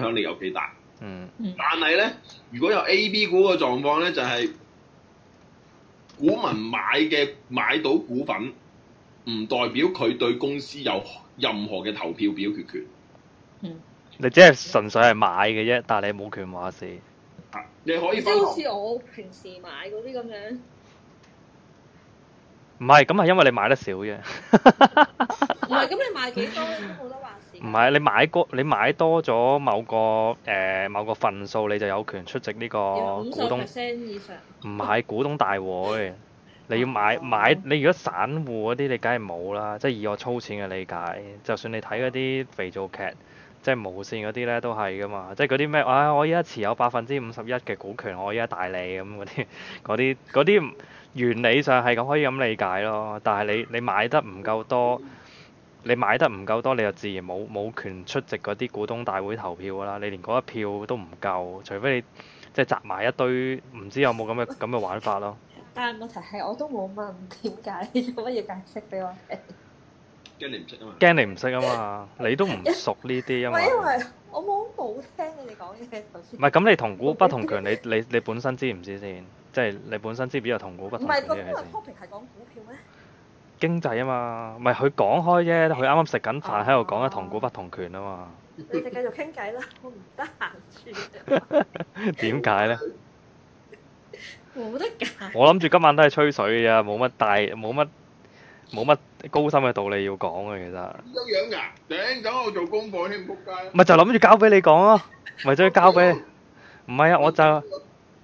影響力有幾大？嗯，但係咧，如果有 A、B 股嘅狀況咧，就係、是、股民買嘅買到股份，唔代表佢對公司有任何嘅投票表決權。嗯，你只係純粹係買嘅啫，但係你冇權話事、啊。你可以即係好似我平時買嗰啲咁樣。唔係，咁係因為你買得少啫。唔係，咁你買幾多都冇得話事。 唔係你買多，你買多咗某個誒、呃、某個份數，你就有權出席呢個股東。唔係 股東大會，你要買買你如果散戶嗰啲，你梗係冇啦。即係以我粗淺嘅理解，就算你睇嗰啲肥皂劇，即係無線嗰啲呢，都係噶嘛。即係嗰啲咩？唉、哎，我依家持有百分之五十一嘅股權，我依家大你咁嗰啲啲啲原理上係咁可以咁理解咯。但係你你買得唔夠多。你買得唔夠多，你就自然冇冇權出席嗰啲股東大會投票㗎啦。你連嗰一票都唔夠，除非你即係集埋一堆，唔知有冇咁嘅咁嘅玩法咯。但係、啊、問題係，我都冇問點解，做乜嘢解釋俾我？驚你唔識啊嘛！驚你唔識啊嘛！你都唔熟呢啲，因為我冇冇聽你講嘢就唔係咁，你同股不同權， 你你你本身知唔知先？ 即係你本身知邊有同股不同權，唔係嗰啲話 o p p i n g 係講股票咩？經濟啊嘛，唔係佢講開啫，佢啱啱食緊飯喺度講緊同股不同權啊嘛。你繼續傾偈啦，我唔得閒住。點解咧？冇得解。我諗住今晚都係吹水嘅，冇乜大，冇乜，冇乜高深嘅道理要講啊，其實。呢種樣㗎，頂等我做功課添，仆街。咪就諗住交俾你講咯，咪將交俾，唔係啊，我就。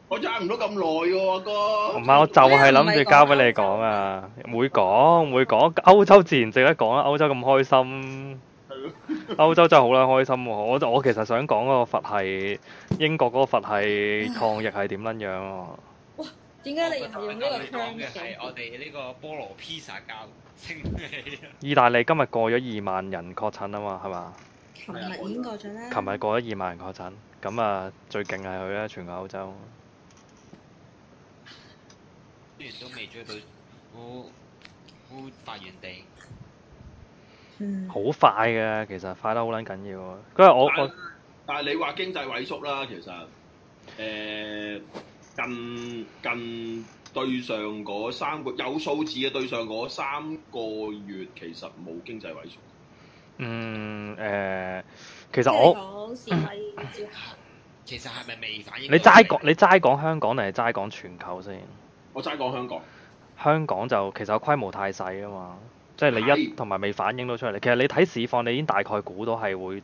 我揸唔到咁耐喎，阿哥。唔係，我就係諗住交俾你講啊！會講，會講歐洲自然值得講啦。歐洲咁開心，歐洲真係好啦，開心。我就，我其實想講個佛係英國嗰個佛係抗疫係點撚樣。哇！點解你要用呢個香水？講嘅係我哋呢個菠蘿披薩膠。意大利今日過咗二萬人確診啊嘛，係嘛？琴日已經過咗呢。琴日過咗二萬人確診，咁啊最勁係佢啦，全個歐洲。都未追到，好好發源地，嗯，好快嘅，其實快得好捻緊要。嗰日我，但係你話經濟萎縮啦，其實，誒，近近對上嗰三個月有數字嘅對上嗰三個月，其實冇經濟萎縮。嗯，誒，其實我講是睇先行，其實係咪未反映？你齋講你齋講香港定係齋講全球先？我齋講香港，香港就其實個規模太細啊嘛，即係你一同埋未反映到出嚟。其實你睇市況，你已經大概估到係會，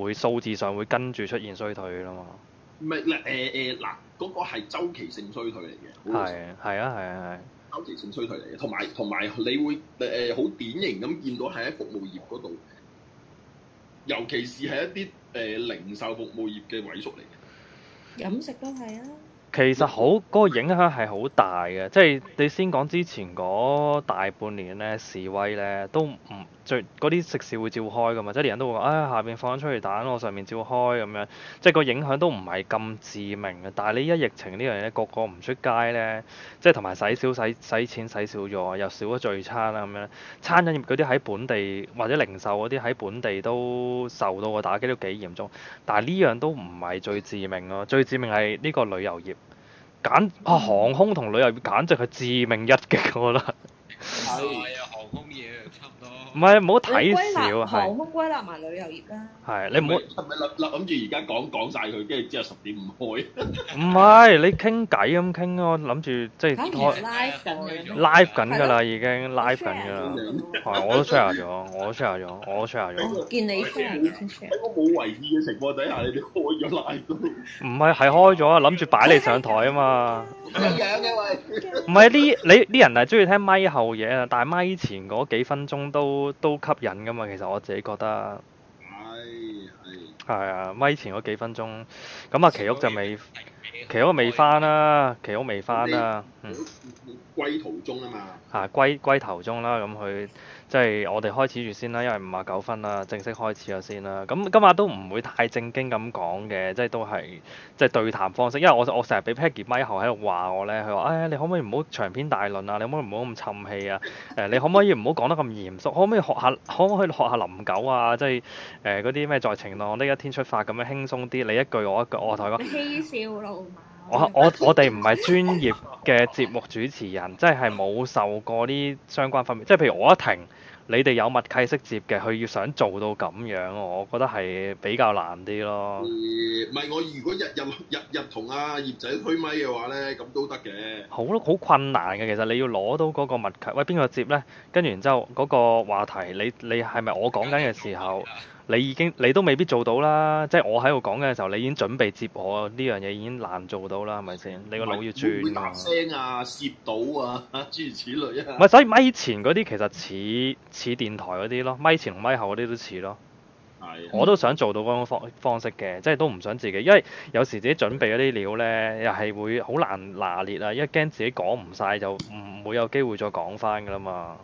會數字上會跟住出現衰退㗎啦嘛。唔係嗱誒誒嗱，嗰、呃呃嗰個係週期性衰退嚟嘅。係係啊係啊係。周、啊啊、期性衰退嚟嘅，同埋同埋你會誒誒好典型咁見到係喺服務業嗰度，尤其是係一啲誒、呃、零售服務業嘅萎縮嚟嘅。飲食都係啊。其實好嗰個影響係好大嘅，即係你先講之前嗰大半年咧示威咧都唔。嗰啲食肆會照開㗎嘛，即係人人都會話，啊、哎，下邊放咗催淚彈，我上面照開咁樣，即係個影響都唔係咁致命嘅。但係你一疫情呢樣嘢，個個唔出街呢，即係同埋使少使使錢使少咗，又少咗聚餐啦咁樣。餐飲業嗰啲喺本地或者零售嗰啲喺本地都受到個打擊都幾嚴重。但係呢樣都唔係最致命咯，最致命係呢個旅遊業，簡航空同旅遊業簡直係致命一擊，我覺得。 唔係，唔好睇少啊！係，冇乜歸納埋旅遊業啦、啊。係，你唔好係咪諗住而家講講晒佢，跟住之後十點唔開？唔 係，你傾偈咁傾咯，諗住即係我 Live 緊嘅，Live 緊㗎啦，Live 的已經 Live 緊㗎啦。係的，我都衰下咗，我都衰下咗，我都衰下咗。 見你衰，我冇為意嘅情況底下，你哋開咗 l 唔係係開咗啊！諗住擺你上台啊嘛。養嘅喂，唔係啲你啲人係中意聽咪後嘢啊，但係咪前嗰幾分鐘都。都，都吸引㗎嘛，其實我自己覺得，係係係啊，咪、哎哎、前嗰幾分鐘，咁啊，奇屋就未，奇屋未返啦，奇屋未返啦，嗯，歸途中啊嘛，嚇，歸歸途中啦，咁佢。即係我哋開始住先啦，因為五啊九分啦，正式開始咗先啦。咁今日都唔會太正經咁講嘅，即係都係即係對談方式。因為我我成日俾 Peggy 咪喉喺度話我咧，佢話：唉、哎，你可唔可以唔好長篇大論啊？你可唔可以唔好咁沉氣啊？誒，你可唔可以唔好講得咁嚴肅？可唔可以學下？可唔可以學下林狗啊？即係誒嗰啲咩在晴朗呢一天出發咁樣輕鬆啲？你一句我一句，我同佢嬉笑怒罵。我我我哋唔係專業嘅節目主持人，即係係冇受過啲相關訓練。即係譬如我一停。你哋有默契識接嘅，佢要想做到咁樣，我覺得係比較難啲咯。唔係，我如果日日日日同阿葉仔推咪嘅話咧，咁都得嘅。好好困難嘅，其實你要攞到嗰個默契，喂邊個接咧？跟住然之後嗰個話題，你你係咪我講緊嘅時候？你已經你都未必做到啦，即係我喺度講嘅時候，你已經準備接我呢樣嘢已經難做到啦，係咪先？你個腦要轉啊！會會聲啊、蝕到啊諸如此類啊。唔係，所以麥前嗰啲其實似似電台嗰啲咯，麥前同麥後嗰啲都似咯。係、啊。我都想做到嗰種方方式嘅，即係都唔想自己，因為有時自己準備嗰啲料咧，又係會好難拿捏啊，因為驚自己講唔晒，就唔會有機會再講翻噶啦嘛。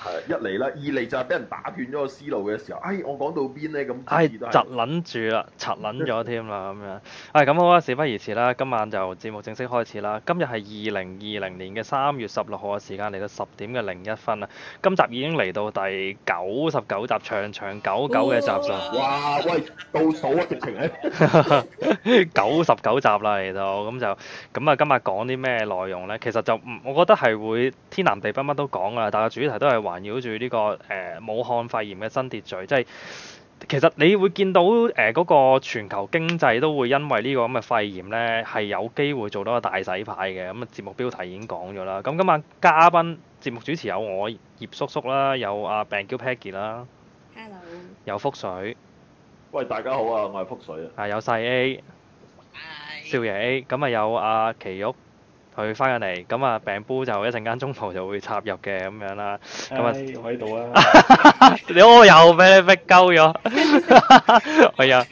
係一嚟啦，二嚟就係俾人打斷咗個思路嘅時候，哎，我講到邊呢？咁？係窒撚住啦，窒撚咗添啦咁樣。唉、哎，咁好啦，事不宜遲啦，今晚就節目正式開始啦。今日係二零二零年嘅三月十六號嘅時間，嚟到十點嘅零一分啊。今集已經嚟到第九十九集，長長久久嘅集數。哇，哇！喂，倒數啊，直情係九十九集啦，嚟到，咁就咁啊！今日講啲咩內容呢？其實就唔，我覺得係會天南地北乜都講啊，但係主題，都係環繞住呢個誒武漢肺炎嘅新秩序，即係其實你會見到誒嗰個全球經濟都會因為呢個咁嘅肺炎呢，係有機會做到個大洗牌嘅。咁節目標題已經講咗啦。咁今日嘉賓節目主持有我葉叔叔啦，有阿病叫 Peggy 啦，Hello，有福水。喂大家好啊，我係福水啊。有細 A，Hi。少爺 A，咁啊有阿奇玉，佢翻緊嚟，咁啊病夫就一陣間中途就會插入嘅咁樣啦。咁啊喺度啊！你就我又俾你逼鳩咗。係啊。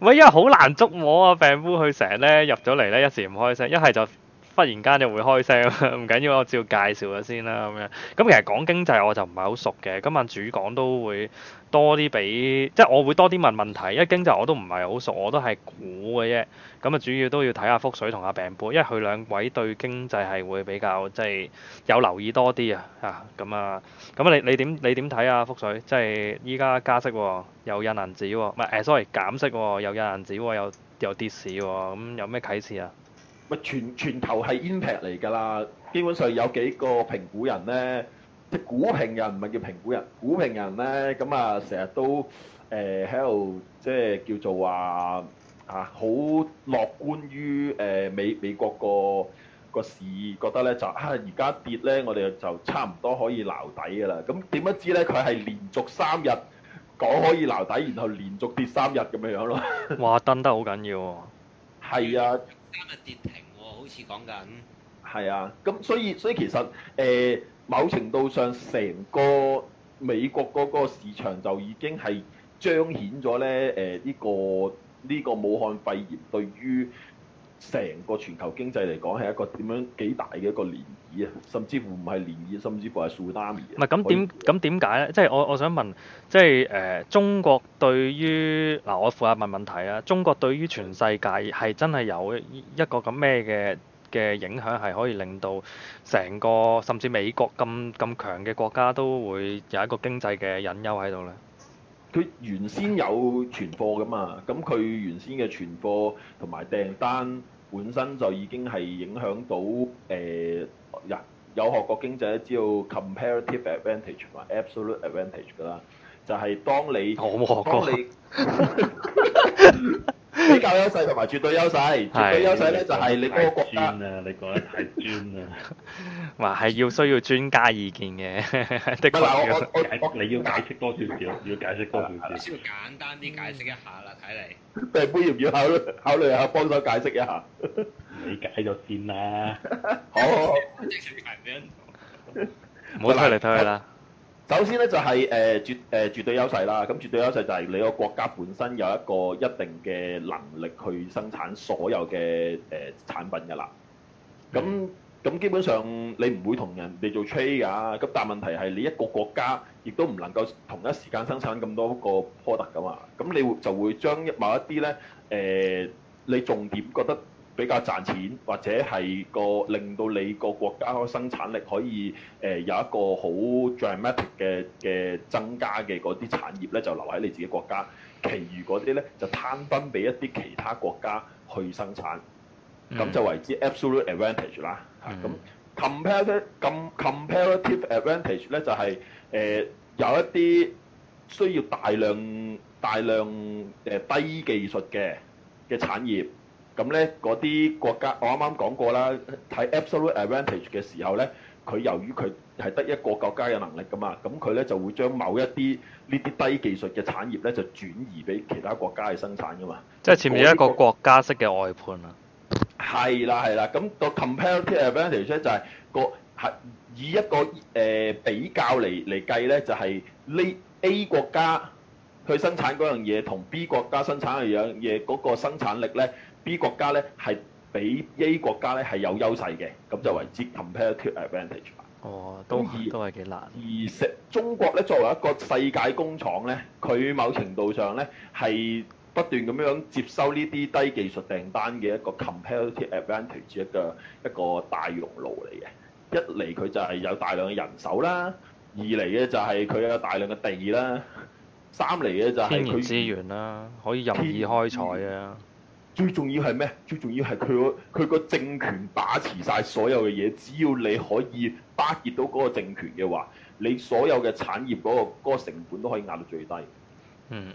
喂，因為好難捉摸啊，病夫佢成日咧入咗嚟咧，一時唔開聲，一係就。忽然間就會開聲，唔 緊要，我照介紹下先啦咁樣。咁其實講經濟我就唔係好熟嘅，今晚主講都會多啲俾，即係我會多啲問問題，因為經濟我都唔係好熟，我都係估嘅啫。咁啊，主要都要睇下覆水同阿病婆，因為佢兩位對經濟係會比較即係、就是、有留意多啲啊。嚇咁啊，咁你你點你點睇啊？覆水即係依家加息喎，又印銀紙喎，唔係誒，sorry，減息喎，又印銀紙喎，又又跌市喎，咁有咩啟示啊？全全球係 impact 嚟㗎啦，基本上有幾個評估人咧，即係股評人唔係叫評估人，股評人咧咁啊，成日都誒喺度即係叫做話啊，好、啊、樂觀於誒、呃、美美國個個市，覺得咧就啊而家跌咧，我哋就差唔多可以撈底㗎啦。咁點樣知咧？佢係連續三日講可以撈底，然後連續跌三日咁樣樣咯。哇！登得好緊要喎。係 啊。今日跌停喎，好似講緊。係啊，咁所以所以其實誒、呃，某程度上成個美國嗰個市場就已經係彰顯咗咧誒呢個呢、呢個武漢肺炎對於成個全球經濟嚟講係一個點樣幾大嘅一個連。甚至乎唔係年，甚至乎係數單嘅。唔係咁點咁點解咧？即係我我想問，即係誒中國對於嗱，我副下問問題啊，中國對於全世界係真係有一個咁咩嘅嘅影響，係可以令到成個甚至美國咁咁強嘅國家都會有一個經濟嘅隱憂喺度咧。佢原先有存貨噶嘛？咁佢原先嘅存貨同埋訂單本身就已經係影響到誒。有學過經濟咧，知道 comparative advantage 同埋 absolute advantage 㗎喇，就係、係、當你我冇學過，比較優勢同埋絕對優勢，絕對優勢咧就係你嗰專啊！你覺得太專啦，話係要需要專家意見嘅。唔 係我，我，我你要解釋多少少？ 要解釋多少少？先 要簡單啲解釋一下啦，睇嚟。誒，杯要唔要考慮考慮下幫手解釋一下？ 理解咗先啦。好，唔好睇嚟睇去啦。首先咧就係誒絕誒絕對優勢啦。咁絕對優勢就係你個國家本身有一個一定嘅能力去生產所有嘅誒產品㗎啦。咁咁基本上你唔會同人哋做 trade 㗎。咁但問題係你一個國家亦都唔能夠同一時間生產咁多個 product 噶嘛。咁你會就會將某一啲咧誒你重點覺得。比較賺錢，或者係個令到你個國家個生產力可以誒、呃、有一個好 dramatic 嘅嘅增加嘅嗰啲產業咧，就留喺你自己國家，其餘嗰啲咧就攤分俾一啲其他國家去生產，咁、mm hmm. 就為之 absolute advantage 啦。咁、mm hmm. comparative 咁 comparative advantage 咧就係、是、誒、呃、有一啲需要大量大量誒低技術嘅嘅產業。咁咧嗰啲國家，我啱啱講過啦。睇 Absolute Advantage 嘅時候咧，佢由於佢係得一個國家嘅能力噶嘛，咁佢咧就會將某一啲呢啲低技術嘅產業咧，就轉移俾其他國家去生產噶嘛。即係前面一個國家式嘅外判啊。係啦係啦，咁個 Comparative Advantage 咧就係個係以一個誒比較嚟嚟計咧，就係呢 A 國家去生產嗰樣嘢同 B 國家生產嗰樣嘢嗰個生產力咧，B 國家咧係比 A 國家咧係有優勢嘅，咁就為之 comparative advantage。哦，都而都係幾難。而食中國咧作為一個世界工廠咧，佢某程度上咧係不斷咁樣接收呢啲低技術訂單嘅一個 comparative advantage 嘅一,一個大熔爐嚟嘅。一嚟佢就係有大量嘅人手啦，二嚟嘅就係佢有大量嘅地啦，三嚟嘅就係天然資源啦，啊，可以任意開採啊。最重要係咩？最重要係佢個佢個政權把持晒所有嘅嘢，只要你可以巴結到嗰個政權嘅話，你所有嘅產業嗰個嗰個成本都可以壓到最低。嗯，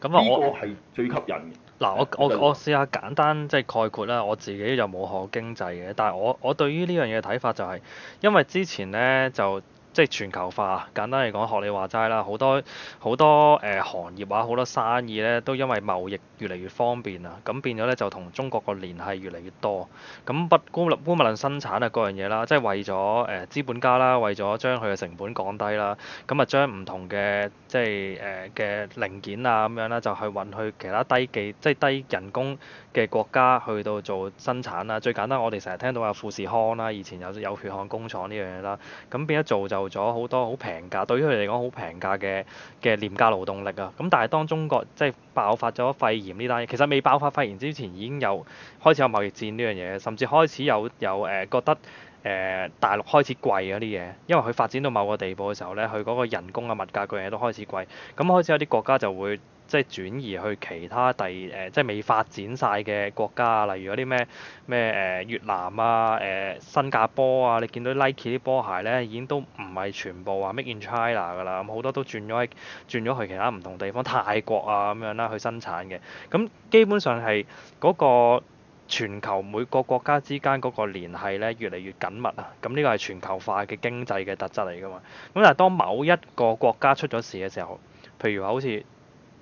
咁啊，呢個係最吸引嘅。嗱，嗯，我我我試下簡單即係概括啦。我自己就冇學經濟嘅，但係我我對於呢樣嘢嘅睇法就係，因為之前呢，就即係全球化，簡單嚟講，學你話齋啦，好多好多誒行業啊，好多生意呢都因為貿易。越嚟越方便啦，咁變咗咧就同中國個聯繫越嚟越多，咁不孤立孤物論生產啊各樣嘢啦，即係為咗誒資本家啦，為咗將佢嘅成本降低啦，咁啊將唔同嘅即係誒嘅零件啊咁樣啦，就去運去其他低技即係低人工嘅國家去到做生產啦。最簡單，我哋成日聽到話富士康啦，以前有有血汗工廠呢樣嘢啦，咁變咗造就咗好多好平價，對於佢嚟講好平價嘅嘅廉價勞動力啊。咁但係當中國即係。爆發咗肺炎呢單嘢，其實未爆發肺炎之前已經有開始有貿易戰呢樣嘢，甚至開始有有誒、呃、覺得誒、呃、大陸開始貴嗰啲嘢，因為佢發展到某個地步嘅時候咧，佢嗰個人工啊物價各樣嘢都開始貴，咁開始有啲國家就會，即係轉移去其他第誒，即係未發展晒嘅國家啊，例如有啲咩咩誒越南啊、誒、啊、新加坡啊，你見到 Nike 啲波鞋咧，已經都唔係全部啊 Made in China 㗎啦，咁好多都轉咗喺轉咗去其他唔同地方，泰國啊咁樣啦去生產嘅。咁基本上係嗰個全球每個國家之間嗰個聯繫咧，越嚟越緊密啊。咁呢個係全球化嘅經濟嘅特質嚟㗎嘛。咁但係當某一個國家出咗事嘅時候，譬如話好似。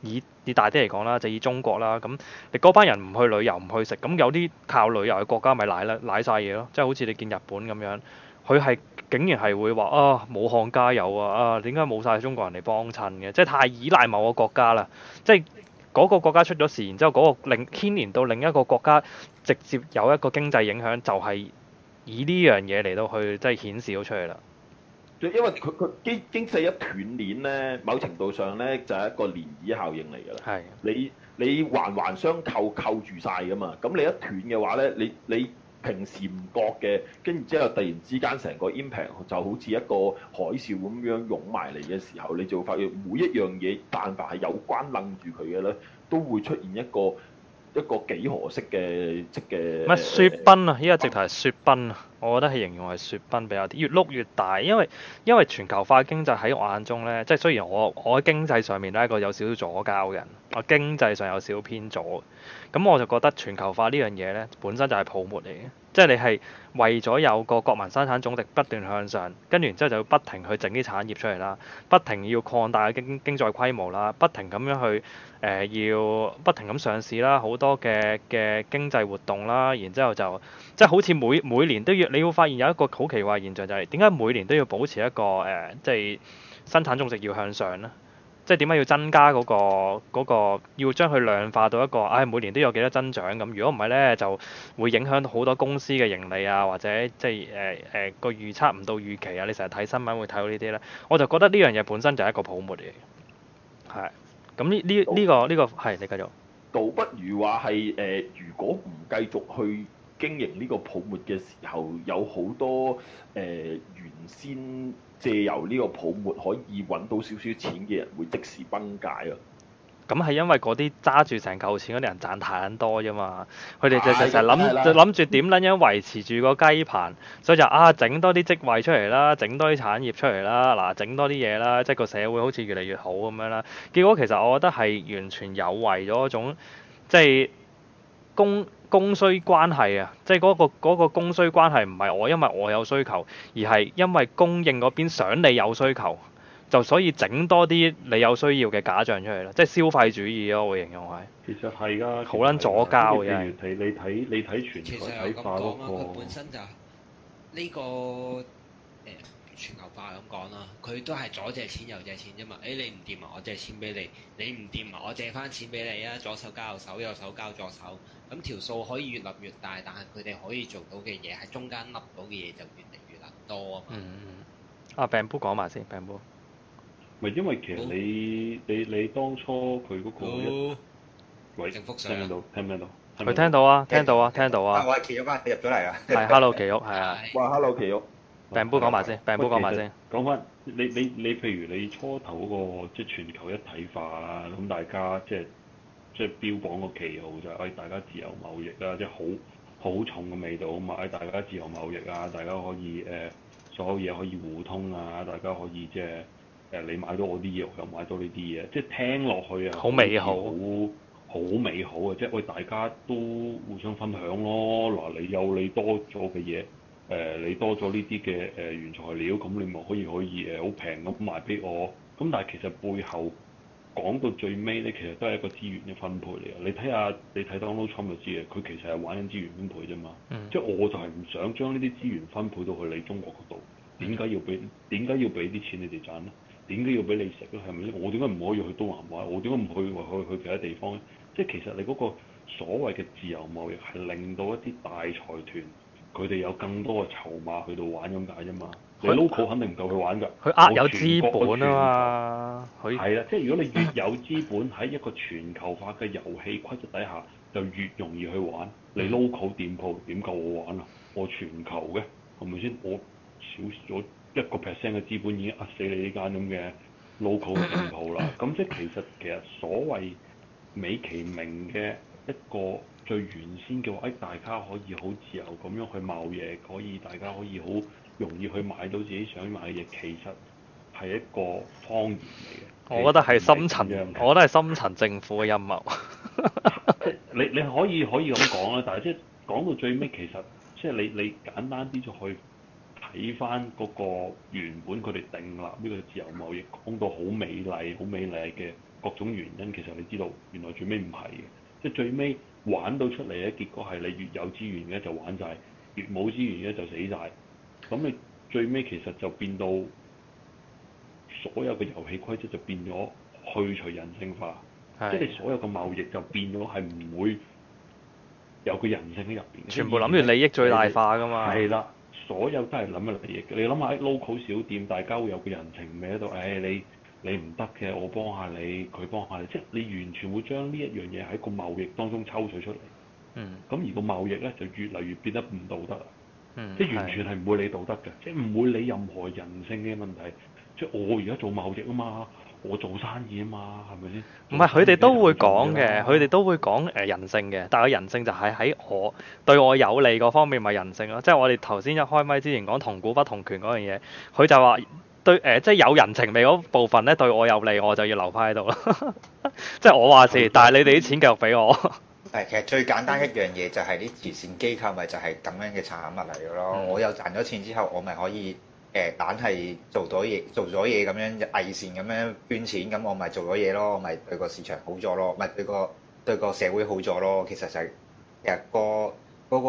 以以大啲嚟講啦，就以中國啦，咁你嗰班人唔去旅遊唔去食，咁有啲靠旅遊嘅國家咪賴啦賴晒嘢咯，即係好似你見日本咁樣，佢係竟然係會話啊武漢加油啊啊，點解冇晒中國人嚟幫襯嘅？即係太依賴某個國家啦，即係嗰個國家出咗事，然之後嗰個令牽連到另一個國家，直接有一個經濟影響，就係以呢樣嘢嚟到去即係顯示咗出嚟啦。因為佢佢經經濟一斷鏈咧，某程度上咧就係、是、一個漣漪效應嚟㗎啦。係的，你你環環相扣扣住晒㗎嘛。咁你一斷嘅話咧，你你平時唔覺嘅，跟住之後突然之間成個 impact 就好似一個海嘯咁樣湧埋嚟嘅時候，你就會發現每一樣嘢，但凡係有關楞住佢嘅咧，都會出現一個。一個幾何式嘅積嘅，唔係雪崩啊！依家直頭係雪崩啊！我覺得係形容係雪崩比較啲，越碌越大，因為因為全球化經濟喺我眼中咧，即係雖然我我喺經濟上面都係一個有少少左膠嘅人，我經濟上有少少偏左。咁我就覺得全球化呢樣嘢呢，本身就係泡沫嚟嘅，即係你係為咗有個國民生產總值不斷向上，跟住然之後就不停去整啲產業出嚟啦，不停要擴大經經濟規模啦，不停咁樣去誒、呃、要不停咁上市啦，好多嘅嘅經濟活動啦，然之後就即係好似每每年都要，你會發現有一個好奇怪現象就係點解每年都要保持一個誒、呃，即係生產總值要向上呢？即係點解要增加嗰個嗰個，要將佢量化到一個，唉，每年都有幾多增長咁？如果唔係咧，就會影響到好多公司嘅盈利啊，或者即係誒誒個預測唔到預期啊。你成日睇新聞會睇到呢啲咧，我就覺得呢樣嘢本身就係一個泡沫嚟嘅。係。咁呢呢呢個呢個係你繼續。倒不如話係誒，如果唔繼續去經營呢個泡沫嘅時候，有好多誒原先。借由呢個泡沫可以揾到少少錢嘅人，會即時崩解啊！咁係因為嗰啲揸住成嚿錢嗰啲人賺太多啫嘛，佢哋就就就成日諗住點撚樣維持住個雞棚，所以就啊整多啲職位出嚟啦，整多啲產業出嚟啦，嗱整多啲嘢啦，即係個社會好似越嚟越好咁樣啦。結果其實我覺得係完全有為咗一種即係公。供需關係啊，即係嗰個嗰個供需關係唔係我因為我有需求，而係因為供應嗰邊想你有需求，就所以整多啲你有需要嘅假象出嚟咯，即係消費主義咯，我會形容係。其實係噶，好撚左膠嘅真係。其實你睇全球化囉，佢本身就呢、是這個誒、欸、全球化咁講啦，佢都係左借錢右借錢啫嘛。誒、欸、你唔掂啊，我借錢俾你；你唔掂啊，我借翻錢俾你啊。左手交右手，右手交左手。咁條數可以越立越大，但係佢哋可以做到嘅嘢，喺中間笠到嘅嘢就越嚟越笠多啊嘛。嗯嗯啊，病煲講埋先，病煲。咪因為其實你你你當初佢嗰個。喂，聽唔聽到？聽唔聽到？佢聽到啊！聽到啊！聽到啊！我係奇玉翻入咗嚟啊。係，hello 奇屋，係啊。哇，hello 奇屋，病煲講埋先，病煲講埋先。講翻，你你你，譬如你初頭嗰個即係全球一體化啊，咁大家即係。即係標榜個旗號就係，喂，大家自由貿易啊！即係好好重嘅味道啊嘛，喂，大家自由貿易啊，大家可以誒、呃、所有嘢可以互通啊，大家可以即係誒你買到我啲嘢，我又買到呢啲嘢，即係聽落去啊，好美好，好美好啊！即係喂，大家都互相分享咯，嗱你有你多咗嘅嘢，誒、呃、你多咗呢啲嘅誒原材料，咁你咪可以可以誒好平咁賣俾我，咁但係其實背後。講到最尾咧，其實都係一個資源嘅分配嚟嘅。你睇下，你睇 Donald Trump 就知嘅，佢其實係玩緊資源分配啫嘛。Mm hmm. 即係我就係唔想將呢啲資源分配到去你中國嗰度。點解要俾？點解要俾啲錢你哋賺咧？點解要俾你食咧？係咪先？我點解唔可以去東南亞？我點解唔去去去其他地方咧？即係其實你嗰個所謂嘅自由貿易係令到一啲大財團佢哋有更多嘅籌碼去到玩咁解啫嘛。你 local 肯定唔夠佢玩㗎，佢呃有資本啊嘛，係啊他，即係如果你越有資本喺一個全球化嘅遊戲規則底下，就越容易去玩。你 local 店鋪點夠我玩啊？我全球嘅，係咪先？我少咗一個 percent 嘅資本已經呃死你呢間咁嘅 local 嘅店鋪啦。咁 即係其實其實所謂美其名嘅一個最原先嘅話，大家可以好自由咁樣去貿嘢，可以大家可以好容易去買到自己想買嘅嘢，其實係一個謊言嚟嘅。我覺得係深層，我覺得係深層政府嘅陰謀。 你你可以可以咁講啦，但係即係講到最尾，其實即係你你簡單啲就去睇翻嗰個原本佢哋訂立呢個自由貿易，講到好美麗、好美麗嘅各種原因，其實你知道原來最尾唔係嘅，即係最尾玩到出嚟咧，結果係你越有資源嘅就玩晒，越冇資源嘅就死晒。咁你最尾其實就變到所有嘅遊戲規則就變咗去除人性化的，即係所有嘅貿易就變咗係唔會有個人性喺入邊。全部諗完利益最大化㗎嘛。係啦的，的所有都係諗緊利益。你諗下喺 local 小店，大家會有個人情味喺度？誒、哎，你你唔得嘅，我幫下你，佢幫下你，即係你完全會將呢一樣嘢喺個貿易當中抽取出嚟。嗯。咁而個貿易咧就越嚟越變得唔道德啦。嗯、即完全係唔會理道德嘅，的即係唔會理任何人性嘅問題。即係我而家做貿易啊嘛，我做生意啊嘛，係咪先？唔係佢哋都會講嘅，佢哋都會講誒人性嘅。但係人性就係喺我對我有利嗰方面，咪人性咯。即係我哋頭先一開咪之前講同股不同權嗰樣嘢，佢就話對誒、呃，即係有人情味嗰部分咧，對我有利，我就要留翻喺度咯。 即係我話事，但係你哋啲錢繼續俾我。係，其實最簡單一樣嘢就係啲慈善機構，咪就係咁樣嘅產物嚟嘅咯。嗯、我有賺咗錢之後，我咪可以誒，但、呃、係做咗嘢，做咗嘢咁樣偽善咁樣捐錢，咁我咪做咗嘢咯，我咪對個市場好咗咯，咪對個對個社會好咗咯。其實就係日哥。嗰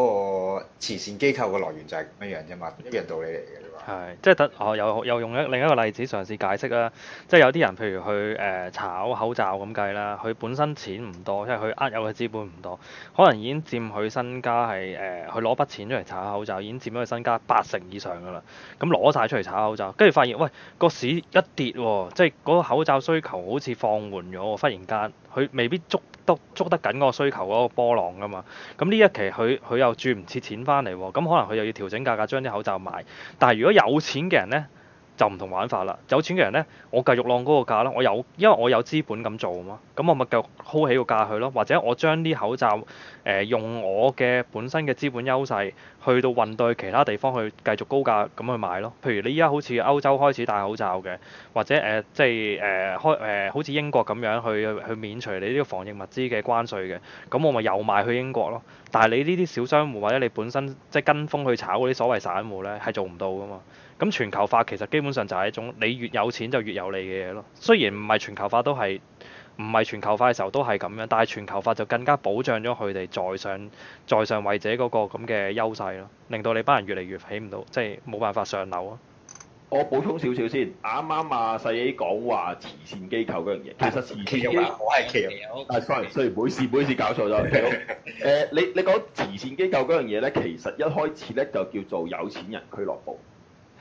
個慈善機構嘅來源就係乜樣啫嘛，啊，一樣道理嚟嘅你話。係，即係特哦，又又用一另一個例子嘗試解釋啦。即係有啲人，譬如去誒，呃、炒口罩咁計啦，佢本身錢唔多，因為佢呃有嘅資本唔多，可能已經佔佢身家係誒，佢，呃、攞筆錢出嚟炒口罩已經佔咗佢身家八成以上㗎啦。咁攞晒出嚟炒口罩，跟住發現，喂，個市一跌喎，即係嗰個口罩需求好似放緩咗喎，忽然間佢未必足。捉得緊嗰個需求嗰個波浪㗎嘛，咁呢一期佢佢又轉唔切錢翻嚟喎，咁可能佢又要調整價格將啲口罩賣，但係如果有錢嘅人咧？就唔同玩法啦。有錢嘅人呢，我繼續浪嗰個價啦。我有，因為我有資本咁做啊嘛。咁我咪繼續 hold 起個價去咯。或者我將啲口罩誒、呃、用我嘅本身嘅資本優勢，去到運到去其他地方去繼續高價咁去買咯。譬如你依家好似歐洲開始戴口罩嘅，或者誒即係誒開誒、呃、好似英國咁樣去去免除你呢個防疫物資嘅關稅嘅，咁我咪又賣去英國咯。但係你呢啲小商戶或者你本身即係跟風去炒嗰啲所謂散戶呢，係做唔到噶嘛。咁全球化其實基本上就係一種你越有錢就越有利嘅嘢咯。雖然唔係全球化都係唔係全球化嘅時候都係咁樣，但係全球化就更加保障咗佢哋在上在上位者己嗰個咁嘅優勢咯，令到你班人越嚟越起唔到，即係冇辦法上樓咯、啊。我補充少少先，啱啱啊世熙講話慈善機構嗰樣嘢，其實慈善機構係企業，但係 sorry，雖然每次每次搞錯咗，誒你你講慈善機構嗰樣嘢咧，其實一開始咧就叫做有錢人俱樂部。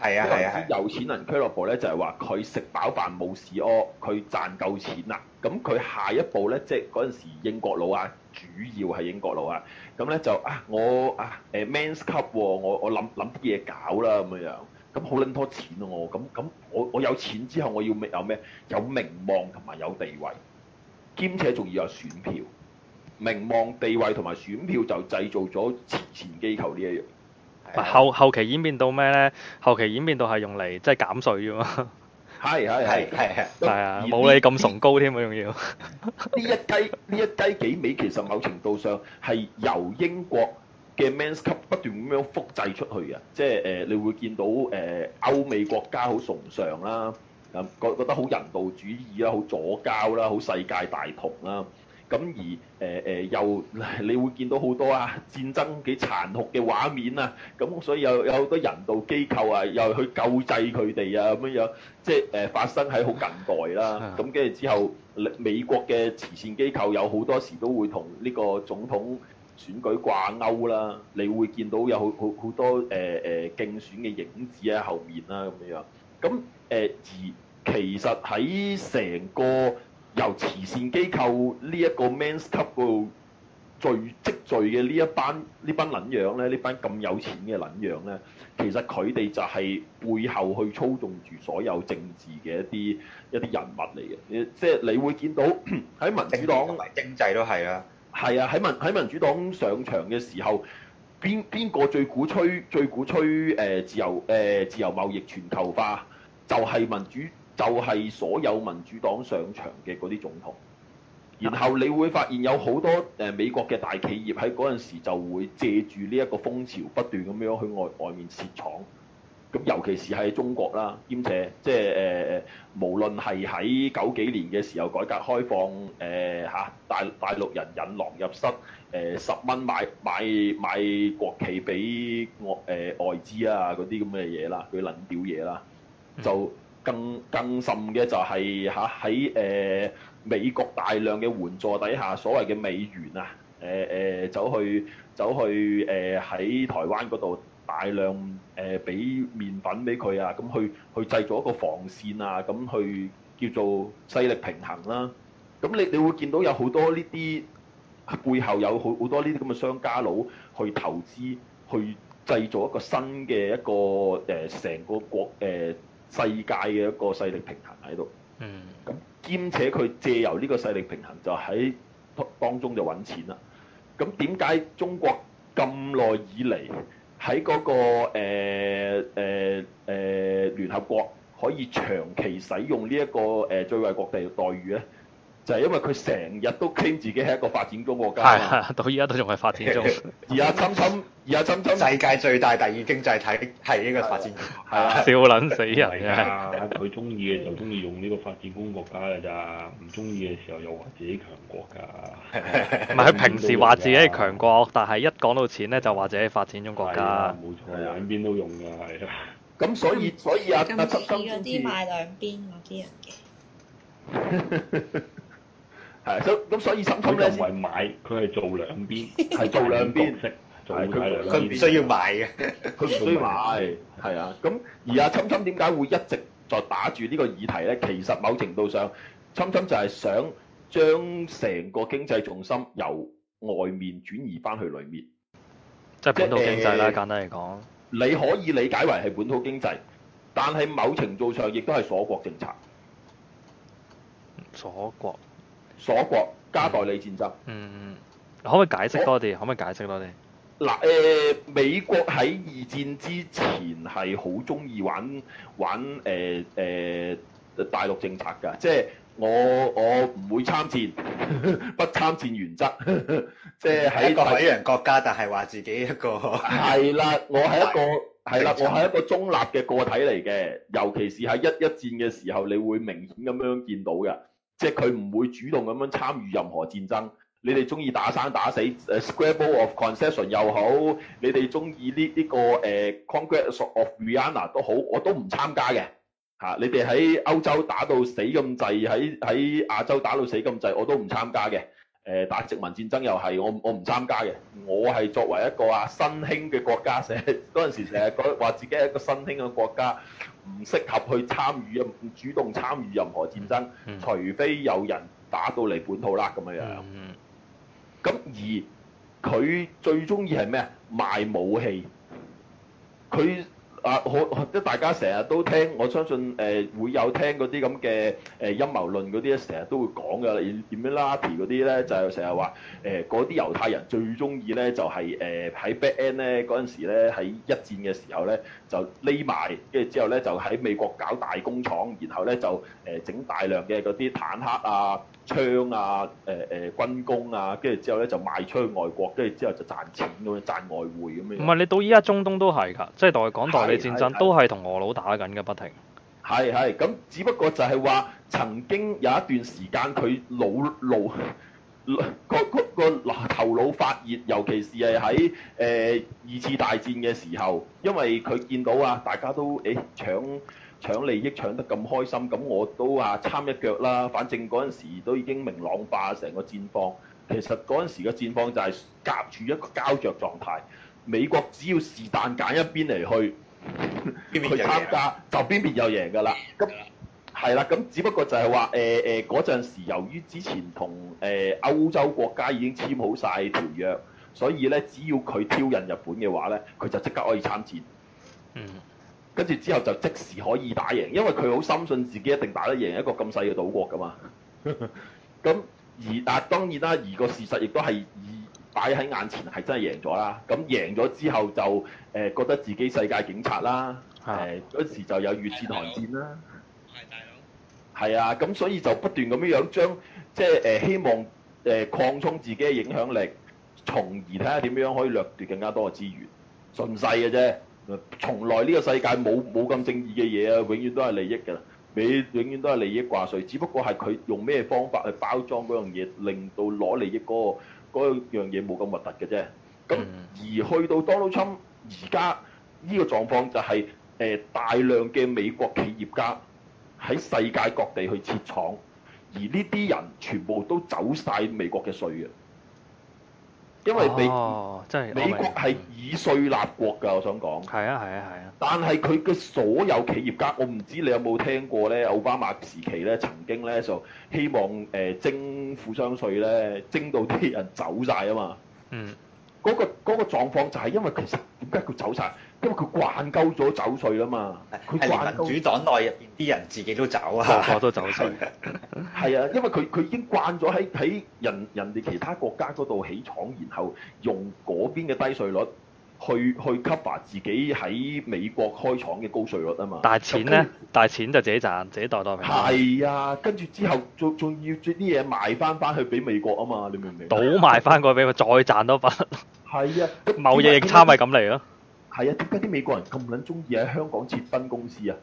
係啊係啊，有錢人俱樂部咧就係話佢食飽飯冇事屙，佢賺夠錢啦，咁佢下一步咧即係嗰陣時英國佬啊，主要係英國佬啊，咁咧就啊我啊誒 mans 級喎、啊，我我諗諗啲嘢搞啦咁樣樣，咁好撚多錢啊。咁咁我我有錢之後我要有咩有名望同埋有地位，兼且仲要有選票，名望地位同埋選票就製造咗慈善機構呢一樣。後後期演變到咩咧？後期演變到係用嚟即係減稅啫嘛。係係係係係係啊！冇你咁崇高添，仲要呢一雞呢一雞幾美？其實某程度上係由英國嘅 manscap 不斷咁樣複製出去嘅。即係誒，你會見到誒歐美國家好崇尚啦，覺覺得好人道主義啦，好左膠啦，好世界大同啦。咁而誒誒又你會見到好多啊戰爭幾殘酷嘅畫面啊，咁所以有有好多人道機構啊，又去救濟佢哋啊咁樣，即係誒、呃、發生喺好近代啦，咁跟住之後美國嘅慈善機構有好多時都會同呢個總統選舉掛鈎啦，你會見到有好好好多誒誒、呃、競選嘅影子喺後面啦、啊、咁樣、樣，咁、呃、誒而其實喺成個由慈善機構呢一個 men's club 嗰度聚積聚嘅呢一班，一班呢一班撚樣咧，呢班咁有錢嘅撚樣咧，其實佢哋就係背後去操縱住所有政治嘅一啲一啲人物嚟嘅，即係你會見到喺民主黨經濟都係啊，係啊，喺民喺民主黨上場嘅時候，邊邊個最鼓吹最鼓吹誒、呃、自由誒、呃、自由貿易全球化，就係、是、民主。就係所有民主黨上場嘅嗰啲總統，然後你會發現有好多誒美國嘅大企業喺嗰陣時就會借住呢一個風潮，不斷咁樣去外外面設廠。咁尤其是喺中國啦，兼且即係誒，無論係喺九幾年嘅時候改革開放，誒嚇大大陸人引狼入室，誒十蚊買買買國企俾外誒外資啊嗰啲咁嘅嘢啦，佢撚屌嘢啦，就。更更甚嘅就係嚇喺誒美國大量嘅援助底下，所謂嘅美元啊，誒、啊、誒走去、啊、走去誒喺、啊、台灣嗰度大量誒俾、啊、麵粉俾佢啊，咁去去製造一個防線啊，咁、啊、去叫做勢力平衡啦。咁、啊、你你會見到有好多呢啲背後有好好多呢啲咁嘅商家佬去投資，去製造一個新嘅一個誒成、呃、個國誒。呃世界嘅一個勢力平衡喺度，咁、嗯、兼且佢借由呢個勢力平衡就喺當中就揾錢啦。咁點解中國咁耐以嚟喺嗰個誒誒誒聯合國可以長期使用呢、這、一個誒、呃、最惠國地待遇咧？就係因為佢成日都傾自己係一個發展中國家，係 到依家都仲係發展中。而阿森森，而阿森森， 世界最大第二經濟體係呢個發展中，笑撚死人啊！佢中意嘅就中意用呢個發展中國家嘅咋，唔中意嘅時候又話 自己強國㗎。唔係佢平時話自己係強國， 但係一講到錢咧就話自己發展中國家。冇、 哎、錯，兩、啊、邊都用㗎，係、啊。咁 所以所以阿阿森森中意賣兩邊嗰啲人嘅。 係，咁咁所以侵侵咧唔係買，佢係做兩邊，係做兩邊食，係佢佢唔需要買嘅，佢唔需要買，係啊。咁而阿侵侵點解會一直在打住呢個議題咧？其實某程度上，侵侵就係想將成個經濟重心由外面轉移翻去裡面，即係本土經濟啦。簡單嚟講，你可以理解為係本土經濟，但係某程度上亦都係鎖國政策。鎖國。鎖國加代理戰爭，嗯，可唔可以解釋多啲？我可唔可以解釋多啲？嗱、啊，誒、呃，美國喺二戰之前係好中意玩玩誒誒、呃呃、大陸政策㗎，即、就、係、是、我我唔會參戰， 不參戰原則，即係喺個海洋國家，但係話自己一個係 啦，我係一個係啦，我係一個中立嘅個體嚟嘅，尤其是喺一一戰嘅時候，你會明顯咁樣見到嘅。即係佢唔會主動咁樣參與任何戰爭，你哋中意打生打死，誒 Scramble of Concession 又好，你哋中意呢呢個誒 Congress of Vienna 都好，我都唔參加嘅嚇。你哋喺歐洲打到死咁滯，喺喺亞洲打到死咁滯，我都唔參加嘅。誒打殖民戰爭又係，我我唔參加嘅。我係作為一個啊新興嘅國家，成嗰陣時成日講話自己係一個新興嘅國家。唔適合去參與啊！主動參與任何戰爭，mm hmm. 除非有人打到嚟本土啦咁嘅樣。咁、mm hmm. 而佢最鍾意係咩啊？賣武器，佢、mm。Hmm. 啊！好即大家成日都聽，我相信誒、呃、會有聽嗰啲咁嘅誒陰謀論嗰啲，成日都會講㗎。點點樣拉嗰啲咧，就係成日話誒嗰啲猶太人最鍾意咧，就係誒喺 back end 咧嗰陣時咧，喺一戰嘅時候咧，就匿埋，跟住之後咧就喺美國搞大工廠，然後咧就誒整、呃、大量嘅嗰啲坦克啊。槍啊，誒、呃、誒軍工啊，跟住之後咧就賣出去外國，跟住之後就賺錢咁樣賺外匯咁樣。唔係你到依家中東都係㗎，即係講代理戰爭都係同俄佬打緊嘅，不停，對對對。係係，咁只不過就係話曾經有一段時間佢腦腦個個個頭腦發熱，尤其是係喺誒二次大戰嘅時候，因為佢見到啊大家都誒搶。搶利益搶得咁開心，咁我都啊參一腳啦。反正嗰陣時都已經明朗化成個戰況。其實嗰陣時嘅戰況就係夾住一個膠着狀態。美國只要是但揀一邊嚟去，佢 參加就邊邊有贏㗎啦。咁係啦，咁只不過就係話誒誒嗰陣時，由於之前同誒、呃、歐洲國家已經簽好晒條約，所以呢，只要佢挑釁日本嘅話呢，佢就即刻可以參戰。嗯。跟住之後就即時可以打贏，因為佢好深信自己一定打得贏一個咁細嘅島國噶嘛。咁、 嗯、而啊當然啦，而個事實亦都係以擺喺眼前係真係贏咗啦。咁、嗯、贏咗之後就誒、呃、覺得自己世界警察啦，誒、呃、嗰、啊、時就有越戰的韓戰啦。係大啊，咁的、嗯嗯、所以就不斷咁樣樣將即係希望誒、呃、擴充自己嘅影響力，從而睇下點樣可以掠奪更加多嘅資源，順勢嘅啫。從來呢個世界冇冇咁正義嘅嘢啊，永遠都係利益㗎，你永遠都係利益掛帥，只不過係佢用咩方法去包裝嗰樣嘢，令到攞利益嗰、嗰個樣嘢冇咁核突嘅啫。咁而去到 Donald Trump 而家呢個狀況就係、係、誒、呃、大量嘅美國企業家喺世界各地去設廠，而呢啲人全部都走晒美國嘅稅啊！因為美、哦、美國係以稅立國㗎，我想講。係啊係啊係啊！啊啊啊但係佢嘅所有企業家，我唔知你有冇聽過咧。奧巴馬時期咧，曾經咧就希望誒徵富商稅咧，徵、呃、到啲人走晒啊嘛。嗯。嗰個嗰個狀況就係因為其實點解佢走晒？因為佢慣夠咗走稅啦嘛，佢慣。民主黨內入邊啲人自己都走啊，個個都走稅。係啊 的， 因為佢佢已經慣咗喺喺人人哋其他國家嗰度起廠，然後用嗰邊嘅低稅率。去去 cover 自己喺美國開廠嘅高稅率啊嘛！大錢咧，大錢就自己賺，自己袋袋俾佢。係啊，跟住之後仲仲要將啲嘢賣翻翻去俾美國啊嘛！你明唔明？倒賣翻過去俾佢，再賺多筆。係啊，貿易逆差咪咁嚟咯。係啊，點解啲美國人咁撚中意喺香港設分公司啊？